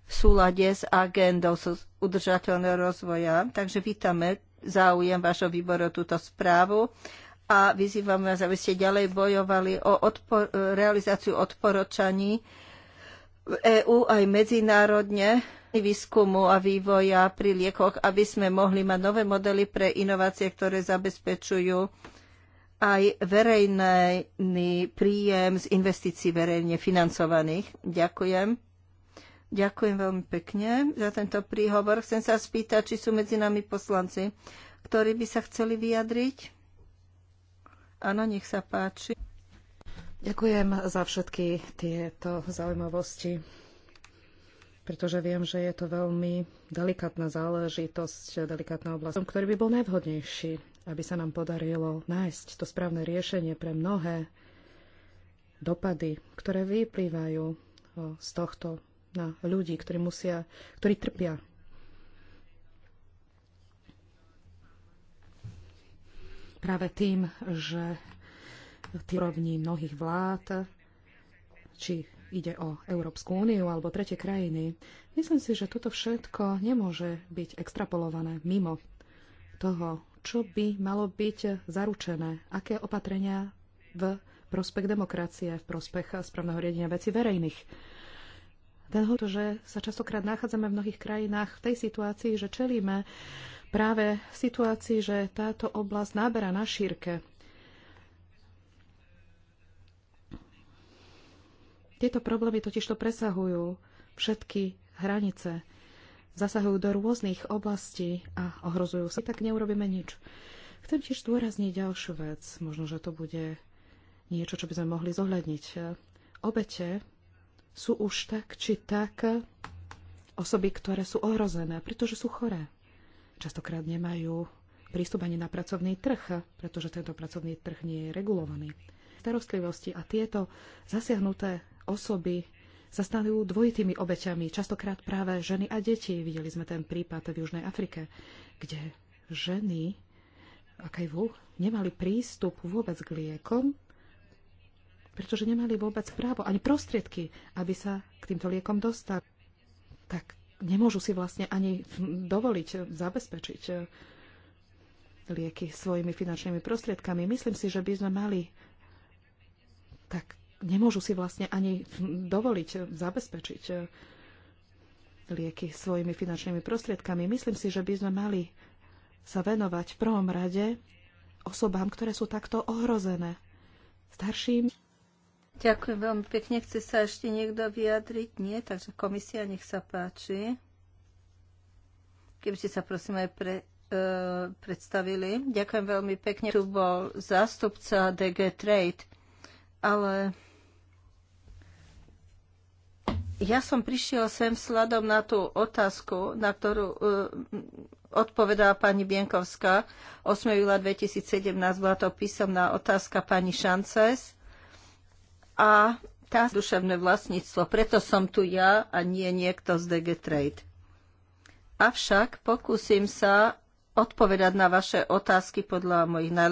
v súlade s agendou udržateľného rozvoja. Takže vítame záujem vášho výboru túto správu a vyzývame vás, aby ste ďalej bojovali o odpo- realizáciu odporočaní v EÚ aj medzinárodne výskumu a vývoja pri liekoch, aby sme mohli mať nové modely pre inovácie, ktoré zabezpečujú aj verejný príjem z investícií verejne financovaných. Ďakujem. Ďakujem veľmi pekne za tento príhovor. Chcem sa spýtať, či sú medzi nami poslanci, ktorí by sa chceli vyjadriť. Áno, nech sa páči. Ďakujem za všetky tieto zaujímavosti pretože viem, že je to veľmi delikátna záležitosť, delikátna oblasť, ktorý by bol najvhodnejší, aby sa nám podarilo nájsť to správne riešenie pre mnohé dopady, ktoré vyplývajú z tohto na ľudí, ktorí, musia, ktorí trpia. Práve tým, že tie rovní mnohých vlád, či ide o Európsku úniu alebo tretie krajiny, myslím si, že toto všetko nemôže byť extrapolované mimo toho, čo by malo byť zaručené, aké opatrenia v prospech demokracie, v prospech správneho riadenia veci verejných. Ten to, že sa častokrát nachádzame v mnohých krajinách v tej situácii, že čelíme práve v situácii, že táto oblasť náberá na šírke Tieto problémy totižto presahujú všetky hranice, zasahujú do rôznych oblastí a ohrozujú sa. Tak neurobíme nič. Chcem tiež zdôrazniť ďalšiu vec. Možno, že to bude niečo, čo by sme mohli zohľadniť. Obete sú už tak či tak osoby, ktoré sú ohrozené, pretože sú choré. Častokrát nemajú prístup ani na pracovný trh, pretože tento pracovný trh nie je regulovaný starostlivosti a tieto zasiahnuté osoby sa stali dvojitými obeťami, častokrát práve ženy a deti. Videli sme ten prípad v Južnej Afrike, kde ženy Akajvu nemali prístup vôbec k liekom, pretože nemali vôbec právo ani prostriedky, aby sa k týmto liekom dostali. Tak nemôžu si vlastne ani dovoliť zabezpečiť lieky svojimi finančnými prostriedkami. Myslím si, že by sme mali tak nemôžu si vlastne ani dovoliť zabezpečiť eh, lieky svojimi finančnými prostriedkami. Myslím si, že by sme mali sa venovať v prvom rade osobám, ktoré sú takto ohrozené. Starším. Ďakujem veľmi pekne. Chce sa ešte niekto vyjadriť? Nie, takže komisia nech sa páči. Keby ste sa prosím aj pre, e, predstavili. Ďakujem veľmi pekne. Tu bol zástupca DG Trade ale ja som prišiel sem sladom na tú otázku, na ktorú uh, odpovedala pani Bienkovská 8. júla 2017, bola to písomná otázka pani Šances a tá duševné vlastníctvo, preto som tu ja a nie niekto z DG Trade. Avšak pokúsim sa odpovedať na vaše otázky podľa mojich najlepších